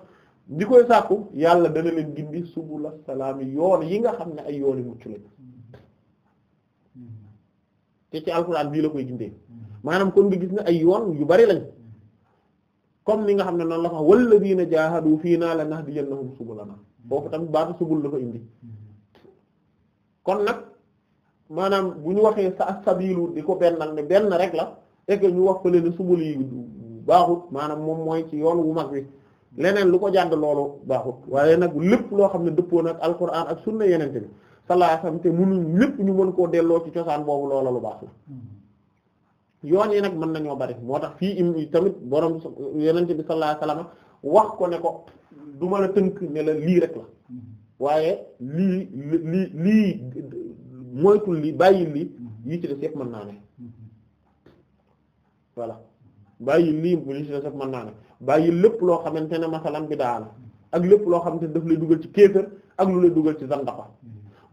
ñi koy sàkku yàlla dana leen gindi subula salaam yi yoon yi nga xam ne ay yooni mucc lañ te ci bii la koy gindee maanaam kon nga gis ne ay yoon yu bari lañ comme ni nga xam ne noonu la ko walladiina jaahadu fiinaa lanahdiyannahum subulanaa foofu tamit baatu subul la ko indi kon nag maanaam bu ñu waxee sa sabilu di ko bennal ne benn rek la et ñu wax fële ne subul lii baaxut maanaam moom mooy ci yoon wu mag wi leneen lu ko jàdd loolu baaxut waaye nag lépp loo xam ne dëppoo nag alquran ak sunna yenente bi sallallahu alayhi wasallam te mënuñ lépp ñu mën koo delloo ci cosaan boobu loola lu baax hmm. yoon yi nag mën nañoo bari moo tax fii im tamit borom yenente bi sallallahu alayhi wasallam wax ko ne ko du ma la tënk ne la lii rek la waaye lii lii lii moytul li bàyyi li yi ci def yëpp mën naa ne voilà bàyyi lii yi ci def yëpp mën naa ne bàyyi lépp loo xamante ne masalan bi daal ak lépp loo xam ne daf la dugal ci kéefër ak lu la dugal ci zandaxa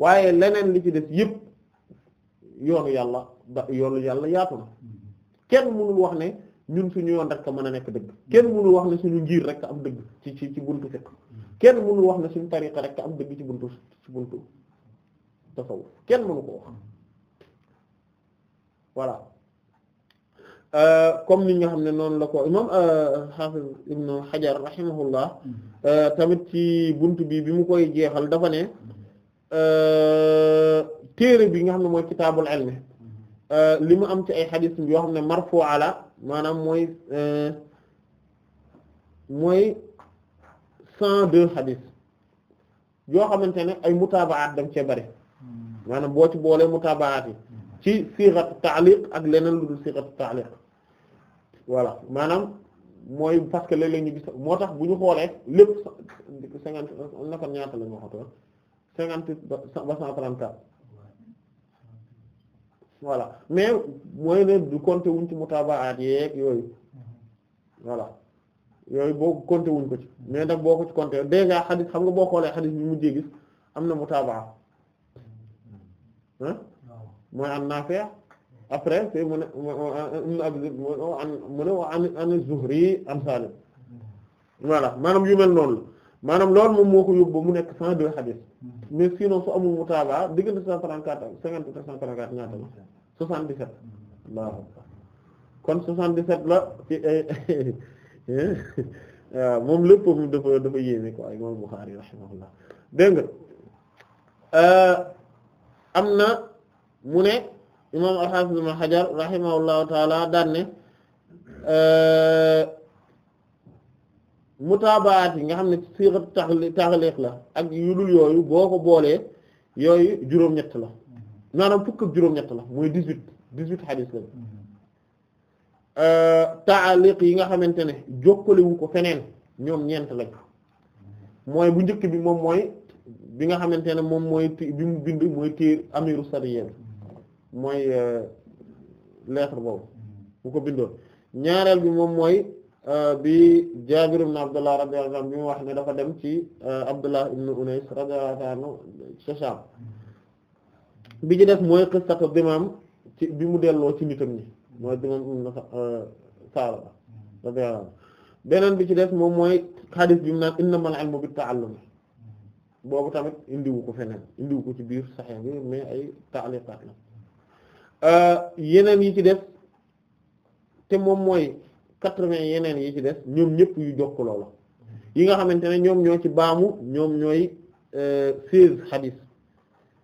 waaye leneen li ci def yëpp yoonu yàlla ba yoonu yàlla yaatu na kenn mënul wax ne ñun suñu yoon rek a mën a nekk dëgg kenn mënul wax ne suñu njiir rek am dëgg ci ci ci buntu fekk kenn mënul wax ne suñu tariqa rek am dëgg ci buntu buntu tasawuf kenn mënu euh, comme ni nga xam ne noonu la ko imam euh, hafiz ibnu hajar euh, tamit ci buntu bi bi mu koy jeexal dafa ne téere bi nga xam ne mooy kitaabul ilmi li mu am ci ay xadis yoo xam ne marfu ala maanaam mooy mooy cent deux xadis yoo xamante ne ay mutaabaat dam cee bari maanaam boo ci boolee mutaabaat yi ci siixatu taaliq ak leneen lu dul siixatu taaliq voilà maanaam mooy parce que léeg gis moo tax bu ñu xoolee lépp cinquante naka ñaata la ñu waxatoon cinquante ba cent trente-quatre voilà mais mooy ne du compter wuñ ci mutaabaat yeeg yooyu voilà yooyu boo compter wuñ ko ci mais nag boo ko ci compter déjà xadis xam nga boo xoolee xadis bi mujjee gis am na mutaabaa ah après c'est mu ne mu ne wa an Zuhri an Salim voilà maanaam yu mel noonu la maanaam lool moom moo ko yóbbu mu nekk 102 xadis hmm. mais sinon su amul mutaabaa diggante 134 50 134 ñaata la 77 hmm. waaw hmm. kon 77 la ci ay. (laughs) waaw eh? (laughs) ah, moom lépp dafa dafa yéeme quoi imam Bukhari rahimahullah dégg nga ah, am na mu ne imam al-Hafiz ibn Hajar rahimahullahu taala daan ne ah, mutaabaat yi nga xam ne siixat taxliq la ak yu dul yooyu boo ko boolee yooyu juróom-ñett la maanaam fukk ak juróom-ñett la mooy dix-huit dix-huit xadiis la Euh, taaliq yi nga xamante ne jokkalewu ko feneen ñoom ñeent lañ mooy bu njëkk bi moom mooy bi nga xamante ne moom mooy bi mu bind mooy téer amiru sariya mooy euh, lettre boobu bu ko bindoon ñaareel bi moom mooy euh, bi Jaabir ibn Abdullah radiyallahu anhu bi mu wax ne dafa dem ci Abdullah ibn Unays radiyallahu bi ci def mooy qissatu dimaam ci bi mu delloo ci nitam ñi mooy Dimaam ibn Saalaba beneen bi ci des moom mooy xadis bi mu naan innamal ilmu bit-ta'allum boobu tamit indiwu ko feneen indiwu ko ci biir Sahih bi mais ay ta'liqat euh, yeneen yi ci des te moom mooy quatre-vingts yeneen yi ci des ñoom ñëpp yu jokkaloo la yi nga xamante ne ñoom ñoo ci baamu ñoom ñooy euh, seize xadis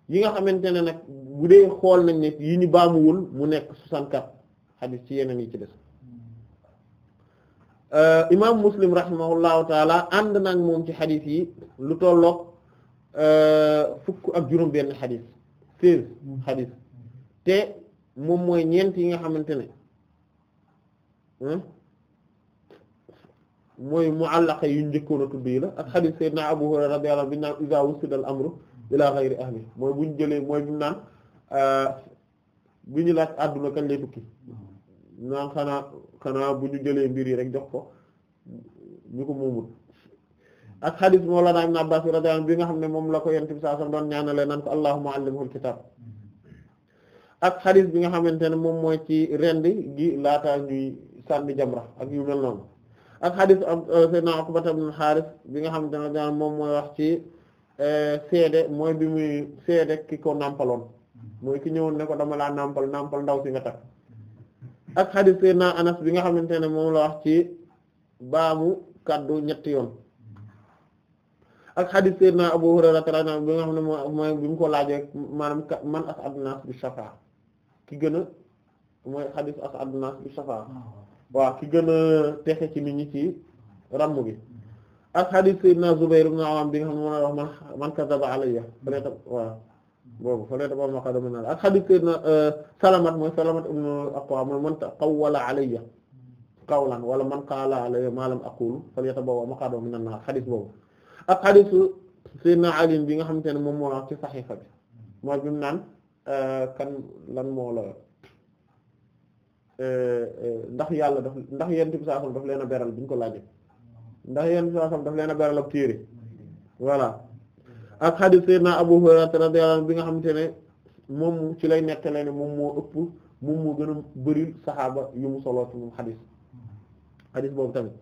yi nga xamante ne nag bu xool nañ ne yi ñu baamuwul mu nekk soixante-quatre xadis ci yeneen yi ci des euh, imaam muslim rahimahullahu taala ànd naag moom ci xadis yi lu tolloog euh, fukk ak juróom benn xadis seize xadis te moom mooy ñeent yi nga xamante ne mooy mu'allaqa yu njëkkoon a tudd la ak xadis sayyidina Abu Hurayra radiyallahu anhu bi naan iza wusida amru ila ghayri ahli mooy bu ñu jëlee mooy bi mu naan euh, bi ñu laaj àdduna kañ lay tukki naan xanaa xanaa bu ñu jëlee mbir yi rek jox ko ñu ko moomul ak xadis Mawlana Ibn Abbas radiyallahu bi nga xam ne moom la ko yonent bi sallallahu alayhi wasallam doon ñaanale naan ko allahumma allimhul kitab ak xadis bi nga xamante ne moom mooy ci rend gi laata ñuy sànni jamra ak yu mel noonu ak xadis euh, Seydina Uqba bi nga xamante ne daan moom mooy ci euh, seede mooy bi muy seede ki ko nàmpaloon mooy ki ñëwoon ne ko dama laa nàmpal nàmpal ndaw si nga takk ak xadis Seydina Anas bi nga xamante ne moom la wax ci baamu kaddu ñetti yoon ak xadis Seydina Abu Hurayra radiyallahu anhu bi nga xam ne mooy bi mu ko laajee maanaam man as'adun nas bi shafa ki gën mooy xadis as'adun nas bi shafa waaw ki gën texe ci nit ñi ci ràmm bi ak xadis Seydina Zubayr ibn Awwam bi nga xam ne moom la wax man man kadaba alayya mm-hmm. boobu fa layta ba ma xadama naan ak xadis sayyidina euh, salamat mooy salamat ibn aqwa mooy man qawwala alayya qawlan wala man qaala alayya ma lam aqulu falyata boobu maqaadoo mi nan naa xadis boobu ak xadisu sayyidina Ali bi nga xamante ne moom moo wax ci saxiifa bi mooy bi mu naan euh, kan lan moo la euh, ndax yàlla daf ndax yent bi saa daf leen a beral bi ñu ko laaj ndax yent bi saa daf leen a beral ak téere voilà ak xadis Seydina Abu Hurayra radiyallahu anhu bi nga xamante ne moom ci lay nettale ne moom moo ëpp moom moo gën a bëri saxaaba yu mu soloo ci moom xadis boobu tamit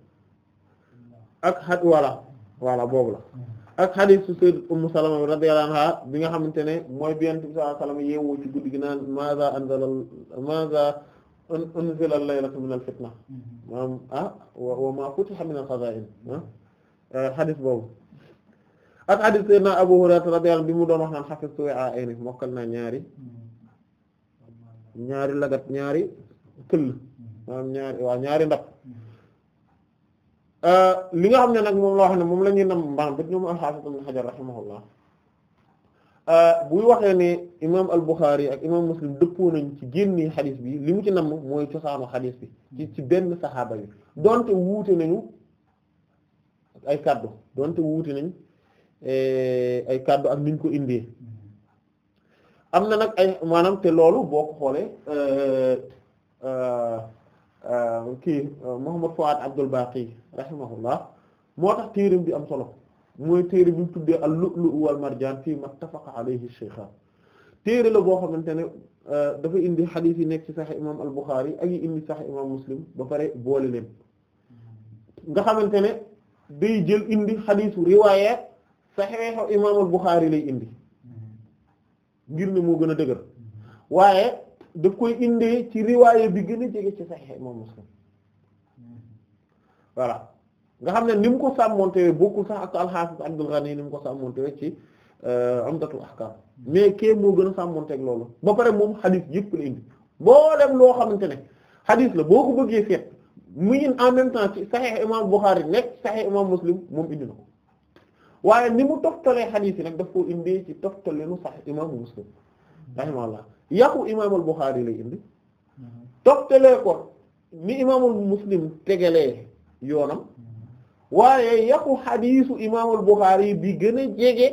ak xad walla wala boobu la ak xadis Sayyid Ummu Salama radiyallahu anha bi nga xamante ne mooy bi Yonent bi sallallahu alayhi ci guddi gi naan maza anzala maza unzila laylata min al-fitna maanaam mm-hmm. ah wa ma futiha min al-xazaa'in ah xadis boobu ak hadith sayyidina Abu Hurayra radiyallahu bi mu doon wax naan hafiztu wi'a'ayni mokkal naa ñaari ñaari lagat ñaari këll maanaam ñaari waaw ñaari ndab euh, li nga xam ne nag moom la wax ne moom la nam mbaam bët ñoom al-Hafiz Ibn Hajar rahimahullah euh, buy waxee ne imaam al-Bukhari ak imaam Muslim dëppoo nañ ci génni xadis bi li mu ci nam mooy cosaanu xadis bi ci ci benn saxaaba yi donte wuute nañu ay kaddu donte wuute nañ Eh, ay kàddu ak niñ ko indi am na nag ay maanaam te loolu boo ko xoolee eh, eh, kii Muhammad Fuad Abdul Baqi rahimahullah moo tax téereem bi am solo mooy téere bi mu tuddee al-Lu'lu' wal Marjaan fii mattafaqa alayhi shaykhaan téere la boo xamante ne dafa indi xadiis yi nekk ci Sahih imaam al-Bukhari ak yi indi Sahih imaam Muslim ba pare boole leen nga xamante ne day jël indi xadiisu riwaaya saxiixu imaamul Buxaari lay indi mm-hmm. ngir ne moo gën a dëgër mm-hmm. waaye daf koy indee ci riwaaye bi gën a jege ci saxiixu imaam Muslim mm-hmm. voilà nga xam ne ni mu ko sàmmontewee bokkul sax ak al-Hafiz Abdul Ghani ni mu ko sàmmontewee ci euh, Umdatul Ahkam mais kee moo gën a sàmmonteeg loolu ba pare moom xadiis yëpp la indi boo dem loo xamante ne xadiis la boo ko bëggee mu muy en même temps ci saxiixu imaam Buxaari nekk saxiixu imaam Muslim moom indi na ko. waaye ni mu toftalee xadiis yi nag daf koo indee ci toftale nu sax imaamu muslim rahimahullah yàqu imaamul buxaari lay indi toftalee ko ni imaamul muslim tegalee yoonam waaye yàqu xadiisu imaamul buxaari bi gën a jege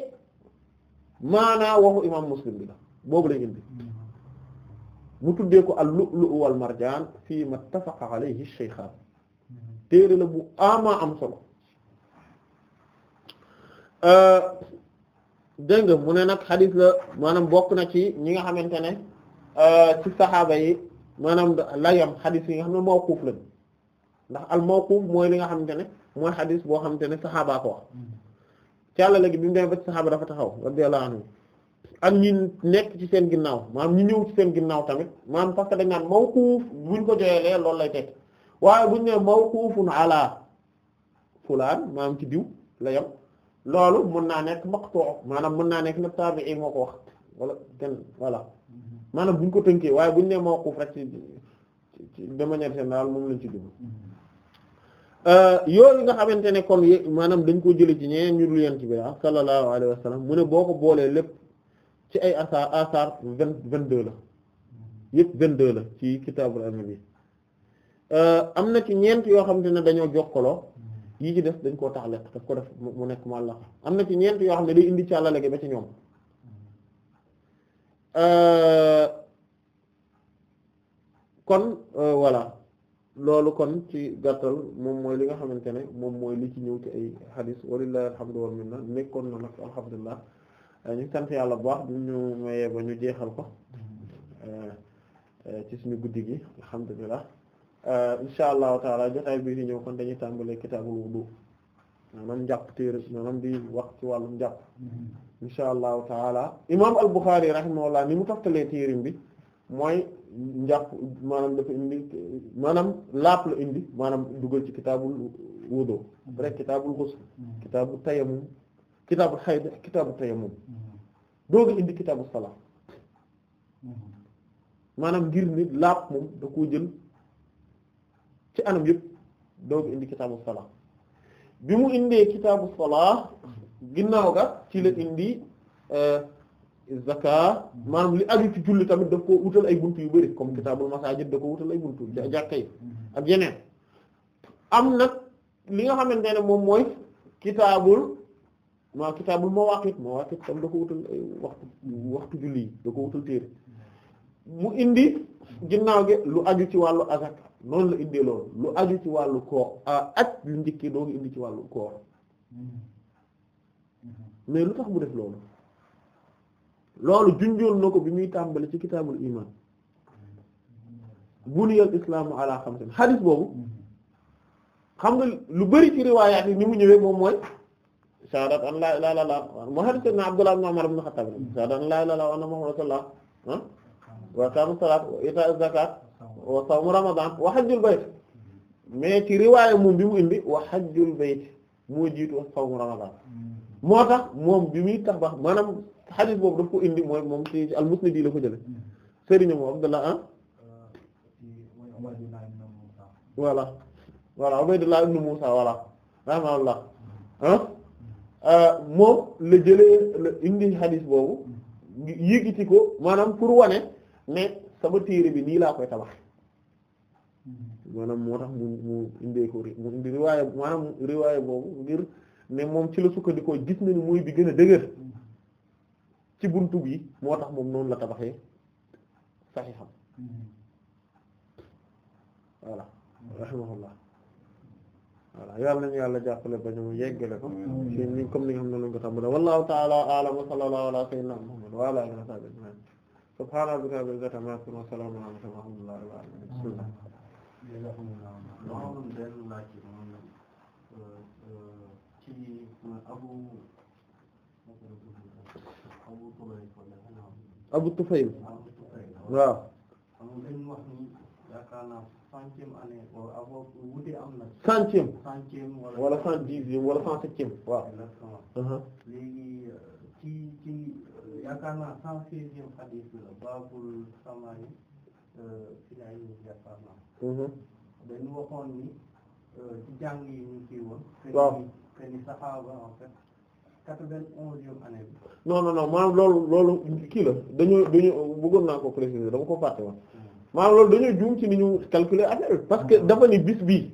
maanaa waxu imaam muslim bi la boobu lay indi mu tuddee ko al-lu'lu' wal marjaan fii ma ittafaqa alayhi ash-shaykhaan la bu ama am Euh, dégg mu ne nag xadis la maanaam bokk na ci ñi nga xamante ne euh, ci saxaaba yi maanaam layam xadis yi nga xam ne mawquf lañ ndax al mawquf mooy li nga xamante ne mooy xadis boo xamante ne saxaabaa ko wax càlla léegi bi mu ba ci saxaaba dafa taxaw radiyallahu anhu ak ñi nekk ci seen ginnaaw maam ñi ñëw ci seen ginnaaw tamit maanaam parce que dañ naan mawquf buñ ko joyelee loolu lay teg waaye buñ ne mawqufun ala fulaan maanaam ci diw la yam loolu mën naa nekk maqtu maanaam mën naa nekk na tabi'i moo ko wax wala kenn voilà mm-hmm. maanaam buñ ko tënkee waaye buñ ne mawquf rek ci de manière générale moom lañ ci dugg mm-hmm. euh, yooyu nga xamante ne kon maanaam dañ ko jële ci ñeneen ñu dul yent bi ah sallallahu alayhi wa mu ne boo ko boolee lépp ci ay asar asar vingt vingt deux la mm-hmm. yëpp vingt deux la ci kitaabul ilm bi euh, am na ci ñeent yoo xam xamante ne dañoo jokkaloo yi ci def dañ koo tax taxleq daf ko def mu nekk mu àllaqa am na ci ñeent yoo xam ne day indi ci àllale ba ci ñoom kon e, voilà loolu kon ci gàttal moom mooy li nga xamante ne moom mooy li ci ñëw ci ay xadis walillahi alhamdu wal na nekkoon na nag alhamdulilah ñu sant yàlla bu baax duñu mayee ba ñu jeexal ko ci suñu guddi gi alhamdulilah Euh, insha allahu taala jotaay bii di ñëw kon dañuy tàmbalee kitaabul wudu maanaam njàpp téere maanaam di wax ci wàllum njàpp mm-hmm. insha allahu taala imaam al Bukhari rahimahullah ni mu taftalee téerim bi mooy njàpp maanaam indi maanaam laap la indi maanaam dugal ci kitaabul wudu mm-hmm. rek kitaabul ghusl mm-hmm. kitaabu tayammum kitaabu hayd kitaabu tayammum dooga indi kitaabu salaa maanaam ngir nit laap moom da koo jël ci anam yëpp doogu indi kitaabu salaa bi mu indee kitaabu salaa ginnaaw ga ci la indi eh, zaka maanaam li aju ci julli tamit daf koo wutal ay buntu yu bari comme kitaabul masaajid da ko ak yeneen am nag li nga xamante ne moom mooy kitaabul ma kitaabul mawaaqit mawaaqit tam da ko wutal eh, waxtu julli da ko wutal téere mu indi ginnaaw gi lu aju ci wàllu azaka noonu la indee loolu lu aju ci wàllu koor ak lu njëkkee dooga indi ci wàllu koor mm-hmm. mais lu tax mu def loolu loolu junjoon na ko bi muy tàmbali ci kitaabul iman mm-hmm. buniyal islaamu ala xamsin xadis boobu mm-hmm. xam nga lu bari ci riwaayaat yi ni mu ñëwee moom mooy shahaadat an laa la illallaah moo xadis sayyidina Abdullah ibn Umar ibn Xattaab shahaadat an laa ilaaha illallaah wa anna Muhammadan rasuulullaah wa iqaamu salaat wa iitaa'iz zakaat wa sawmu ramadan wa hajjul bayt mais ci riwaaya moom bi mu indi wa hajjul bayt moo jiitu wa sawmu ramadan moo tax moom bi muy tabax maanaam xadis boobu daf ko indi mooy moom ci al-Musnad yi la ko jële sëriñ moom Abdullah ah voilà voilà Ubaydullah ibn Musa voilà rahimahullah ah euh, moom la jëlee la indi xadis boobu yëkkati ko maanaam pour wane ne sama téere bi nii laa koy tabax maanaam moo tax mu mu indee ko mu indi riwaaya maanaam riwaaya boobu ngir ne moom ci la sukkandikoo gis nañu muy bi gën a dëgër ci buntu bi moo tax moom noonu la tabaxee saxiixam voilà rahimahullah voilà yàlla nañu yàlla jàppale ba ñu yeggale ko ci ni comme ni nga xam ne lañu ko tàmbale wallahu ta'ala a'lam wa sallallahu ala sayyidina muhammad wa ala alihi wa sahbihi subhana rabbika rabbil izzati amma yasifun wa salamun ala al mursalin walhamdulillahi rabbil alamin jazakumullah dama amoon benn laaj ci moom ci abu abu tufayl abu tufayl waaw am dañ wax ni yaakaar naa centième année wala wute am na centième centième wala cent dixième wala cent septième waaw uh-huh. léegi euh, ci ci euh, yaakaar naa cent seizième hadith la baabul samaani euh, fi yaakaar naa dañu mm-hmm. euh, jàng yi ñu kii woon. waaw que ni saxaaba en non non non maanaam loolu loolu kii la dañoo dañoo bëggoon naa ko préciser dama ko fàtte woon mm. maanaam loolu dañoo juum ci ni ñu calculer affaire parce que mm. dafa ni bis bii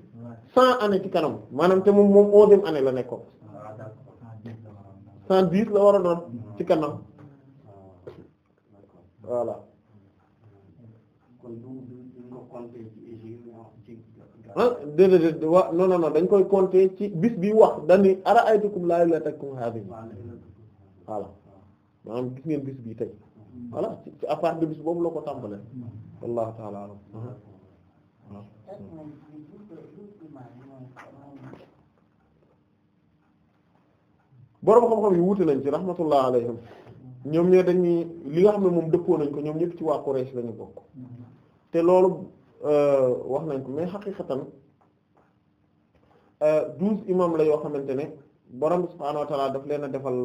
cent année ci kanam maanaam te moom moom onzième année la nekkoon ah, cent dix la war a doon ci kanam ah, ah déedéet wa non non non dañ koy compter ci bis bi wax dañuy ara aytukum laa yulatakum hadi voilà maanaam gis ngeen bis bii tey voilà ci à de bis boobu la ko tàmbalee wallahu ta'ala alam boroom xam-xam yi wuti nañ ci rahmatullah alayhim ñoom ñoo dañuy li nga xam ne moom dëppoo nañ ko ñoom ñëpp ci waa Quraysh lañu bokk te loolu Euh, wax nañ ko mais xaqiqatan euh, douze imam la yoo xamante ne borom subhaanahu leen a defal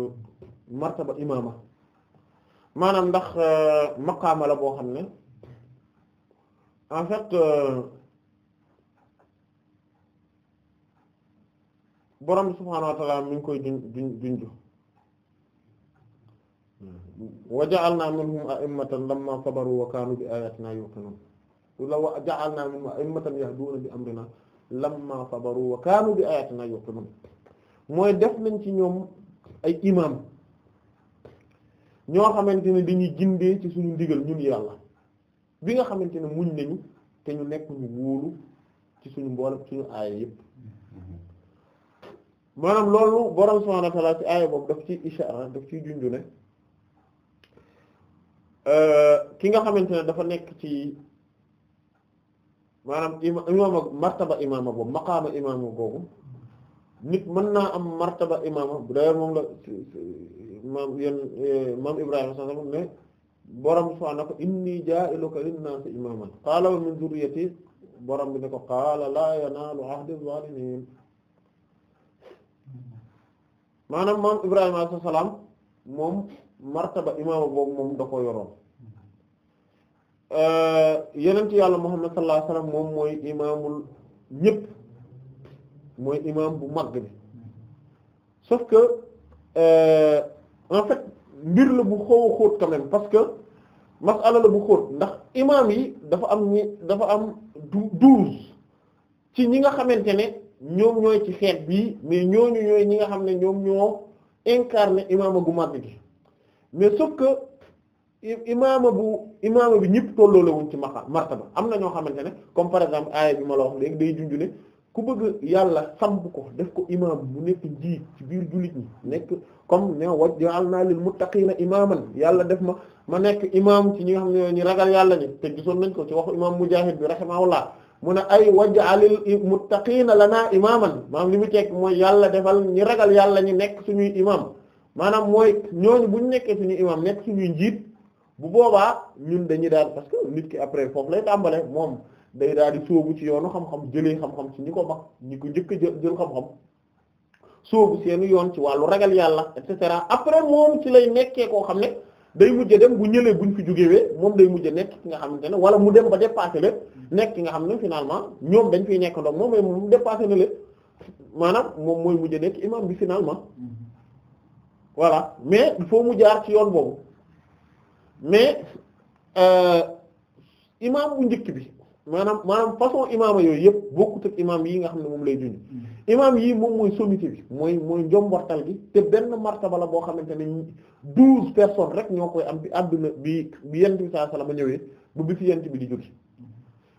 martaba imama maanaam ndax euh, maqaama boo xam ne en fait borom subhaanahu wa ta'ala mi ngi koy jun jun junju wa ja'alna minhum a'immatan lamma sabaru wa kaanu bi ayatina yuqinun wa ja'alna minhum a'immatan yahduna bi amrina lamma sabaru wa kaanu bi ayatina yuqinun mooy def nañ ci ñoom ay imam ñoo xamante ne dañuy gindee ci suñu ndigal ñun yàlla bi nga xamante ne muñ nañu te ñu nekk ñu wóolu ci suñu mboolem suñu aaya yépp maanaam loolu borom subhanahu wa ci aaya boobu def ci ishaara daf ciy junju ne euh, ki nga xamante ne dafa nekk ci maanaam ima imaama martaba imaama boobu maqaama imaama boobu nit mën naa am martaba imaama bu d'ailleurs moom la maam yéen maam Ibrahima sax ne borom subhaanahu ko inni jaa'iluka linnaasi imaaman qaala wa min zurriyyati borom bi ne ko qaala laa yanaalu ahdi zaalimiin maanaam maam Ibrahima alayhi salaam moom martaba imaama boobu moom da ko yoroon. yeneen euh, yenent yàlla Muhammad sallallahu alayhi moom mooy imaamul ñépp mooy imaam bu mag bi sauf que euh, en fait mbir la bu xaw a xóot quand parce que masala la bu xóot ndax imaam yi dafa am ñi dafa am douze ci ñi nga xamante ne ñoom ñooy ci xeet bii mais ñooñu ñooy ñi nga xam ne ñoom ñoo incarné imaam gu mag bi mais sauf que imaama bu imaama bi ñëpp tolloole wuñ ci maxa martaba am na ñoo xamante ne comme par exemple aaya bi ma la wax léegi day junj ne ku bëgg yàlla samp ko def ko imaam bu nekk njiit ci biir jullit ñi nekk comme ne waj'alna lil muttaqina imaaman yàlla def ma ma nekk imaam ci ñi nga xam ne ñu ragal yàlla ñi te gisoon nañ ko ci waxu imaam mujaahid bi rahimahullah mu ne ay waj'alil muttaqina lanaa imaaman maanaam li mu tekk mooy yàlla defal ñi ragal yàlla ñi nekk suñuy imaam maanaam mooy ñooñu buñ nekkee suñuy imaam nekk suñuy njiit bu boobaa ñun dañuy daal parce que nit ki après foofu lay tàmbale moom day daal di sóobu ci yoonu xam-xam jëlee xam-xam ci ñi ko mag ñi ko njëkk a jël xam-xam sóobu seenu yoon ci wàllu ragal yàlla et cetera après moom ci lay nekkee koo xam ne day mujj dem bu ñëlee buñ fi jógewee moom day mujj nekk ki nga xamante ne wala mu dem ba dépassé lépp nekk ki nga xam ne finalement ñoom dañ fiy nekk ndox moom mais moom dépassé na maanaam moom mooy mujj nekk imam bi finalement mm-hmm. voilà mais il faut mu jaar ci yoon boobu mais euh, imaam bu njëkk bi maanaam maanaam façon imaam yooyu yëpp bokkut ak imaam yi nga xam ne moom lay junj mm-hmm. imaam yi moom mooy sommité bi mooy mooy njombortal gi te benn martaba la boo xamante ne douze personnes rek ñoo koy am bi àdduna bi bi yent bi saa sala ma ñëwee bu bi fi yent bi di jóge mm-hmm.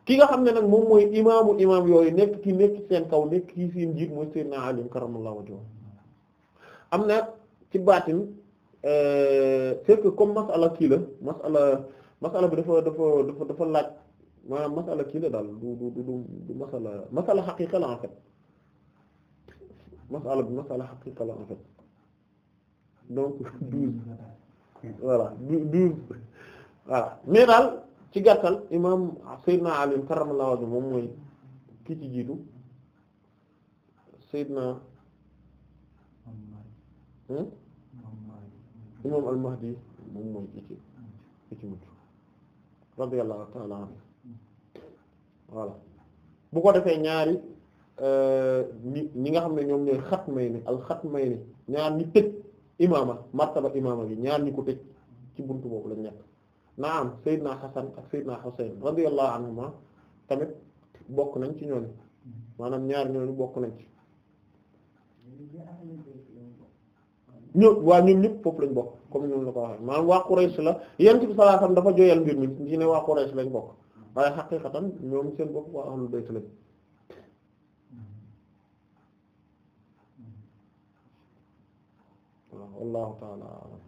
ki nga xam ne nag moom mooy imaamu imaam yooyu nekk ki nekk seen kaw nekk ki seen jiit mooy Seydina Ali karamallahu wajhahu am na ci baatin Euh, c'est comme masala kii la masala masala bi dafa dafa dafa dafa laaj maanaam masala kii la daal du du du du masala masala xaqiqa la en fait masala bi masala xaqiqa la en fait donc douze voilà douze voilà mais daal ci gàttal imam Seydina Ali karramallahu wajhu moom mooy ki ci jiitu Seydina hmm? imam al-Mahdi moom mooy ki ci ki ci mujj radiyallahu ta'ala anhu bu ko defee ñaari euh, ñi nga xam ne ñoom ñooy xatmayni al-xatmayni ñaar ñi tëj imaama martaba imaama bi ñaar ñi ko tëj ci bunt boobu lañ nekk naam Seydina Hasan ak Seydina Husayn radiyallahu anhuma tamit bokk nañ ci ñooñu maanaam ñaar ñooñu bokk nañ ci ñoo waa ñun ñëpp foofu lañ bokk comme ñun la ko waxee maanaam waa Quraysh la yent bi sallallahu alayhi wasallam dafa jooyal mbir mi ci ne waa Quraysh lañ bokk waaye xaqiiqatan ñoom seen bokk waa ahlul bayt lañ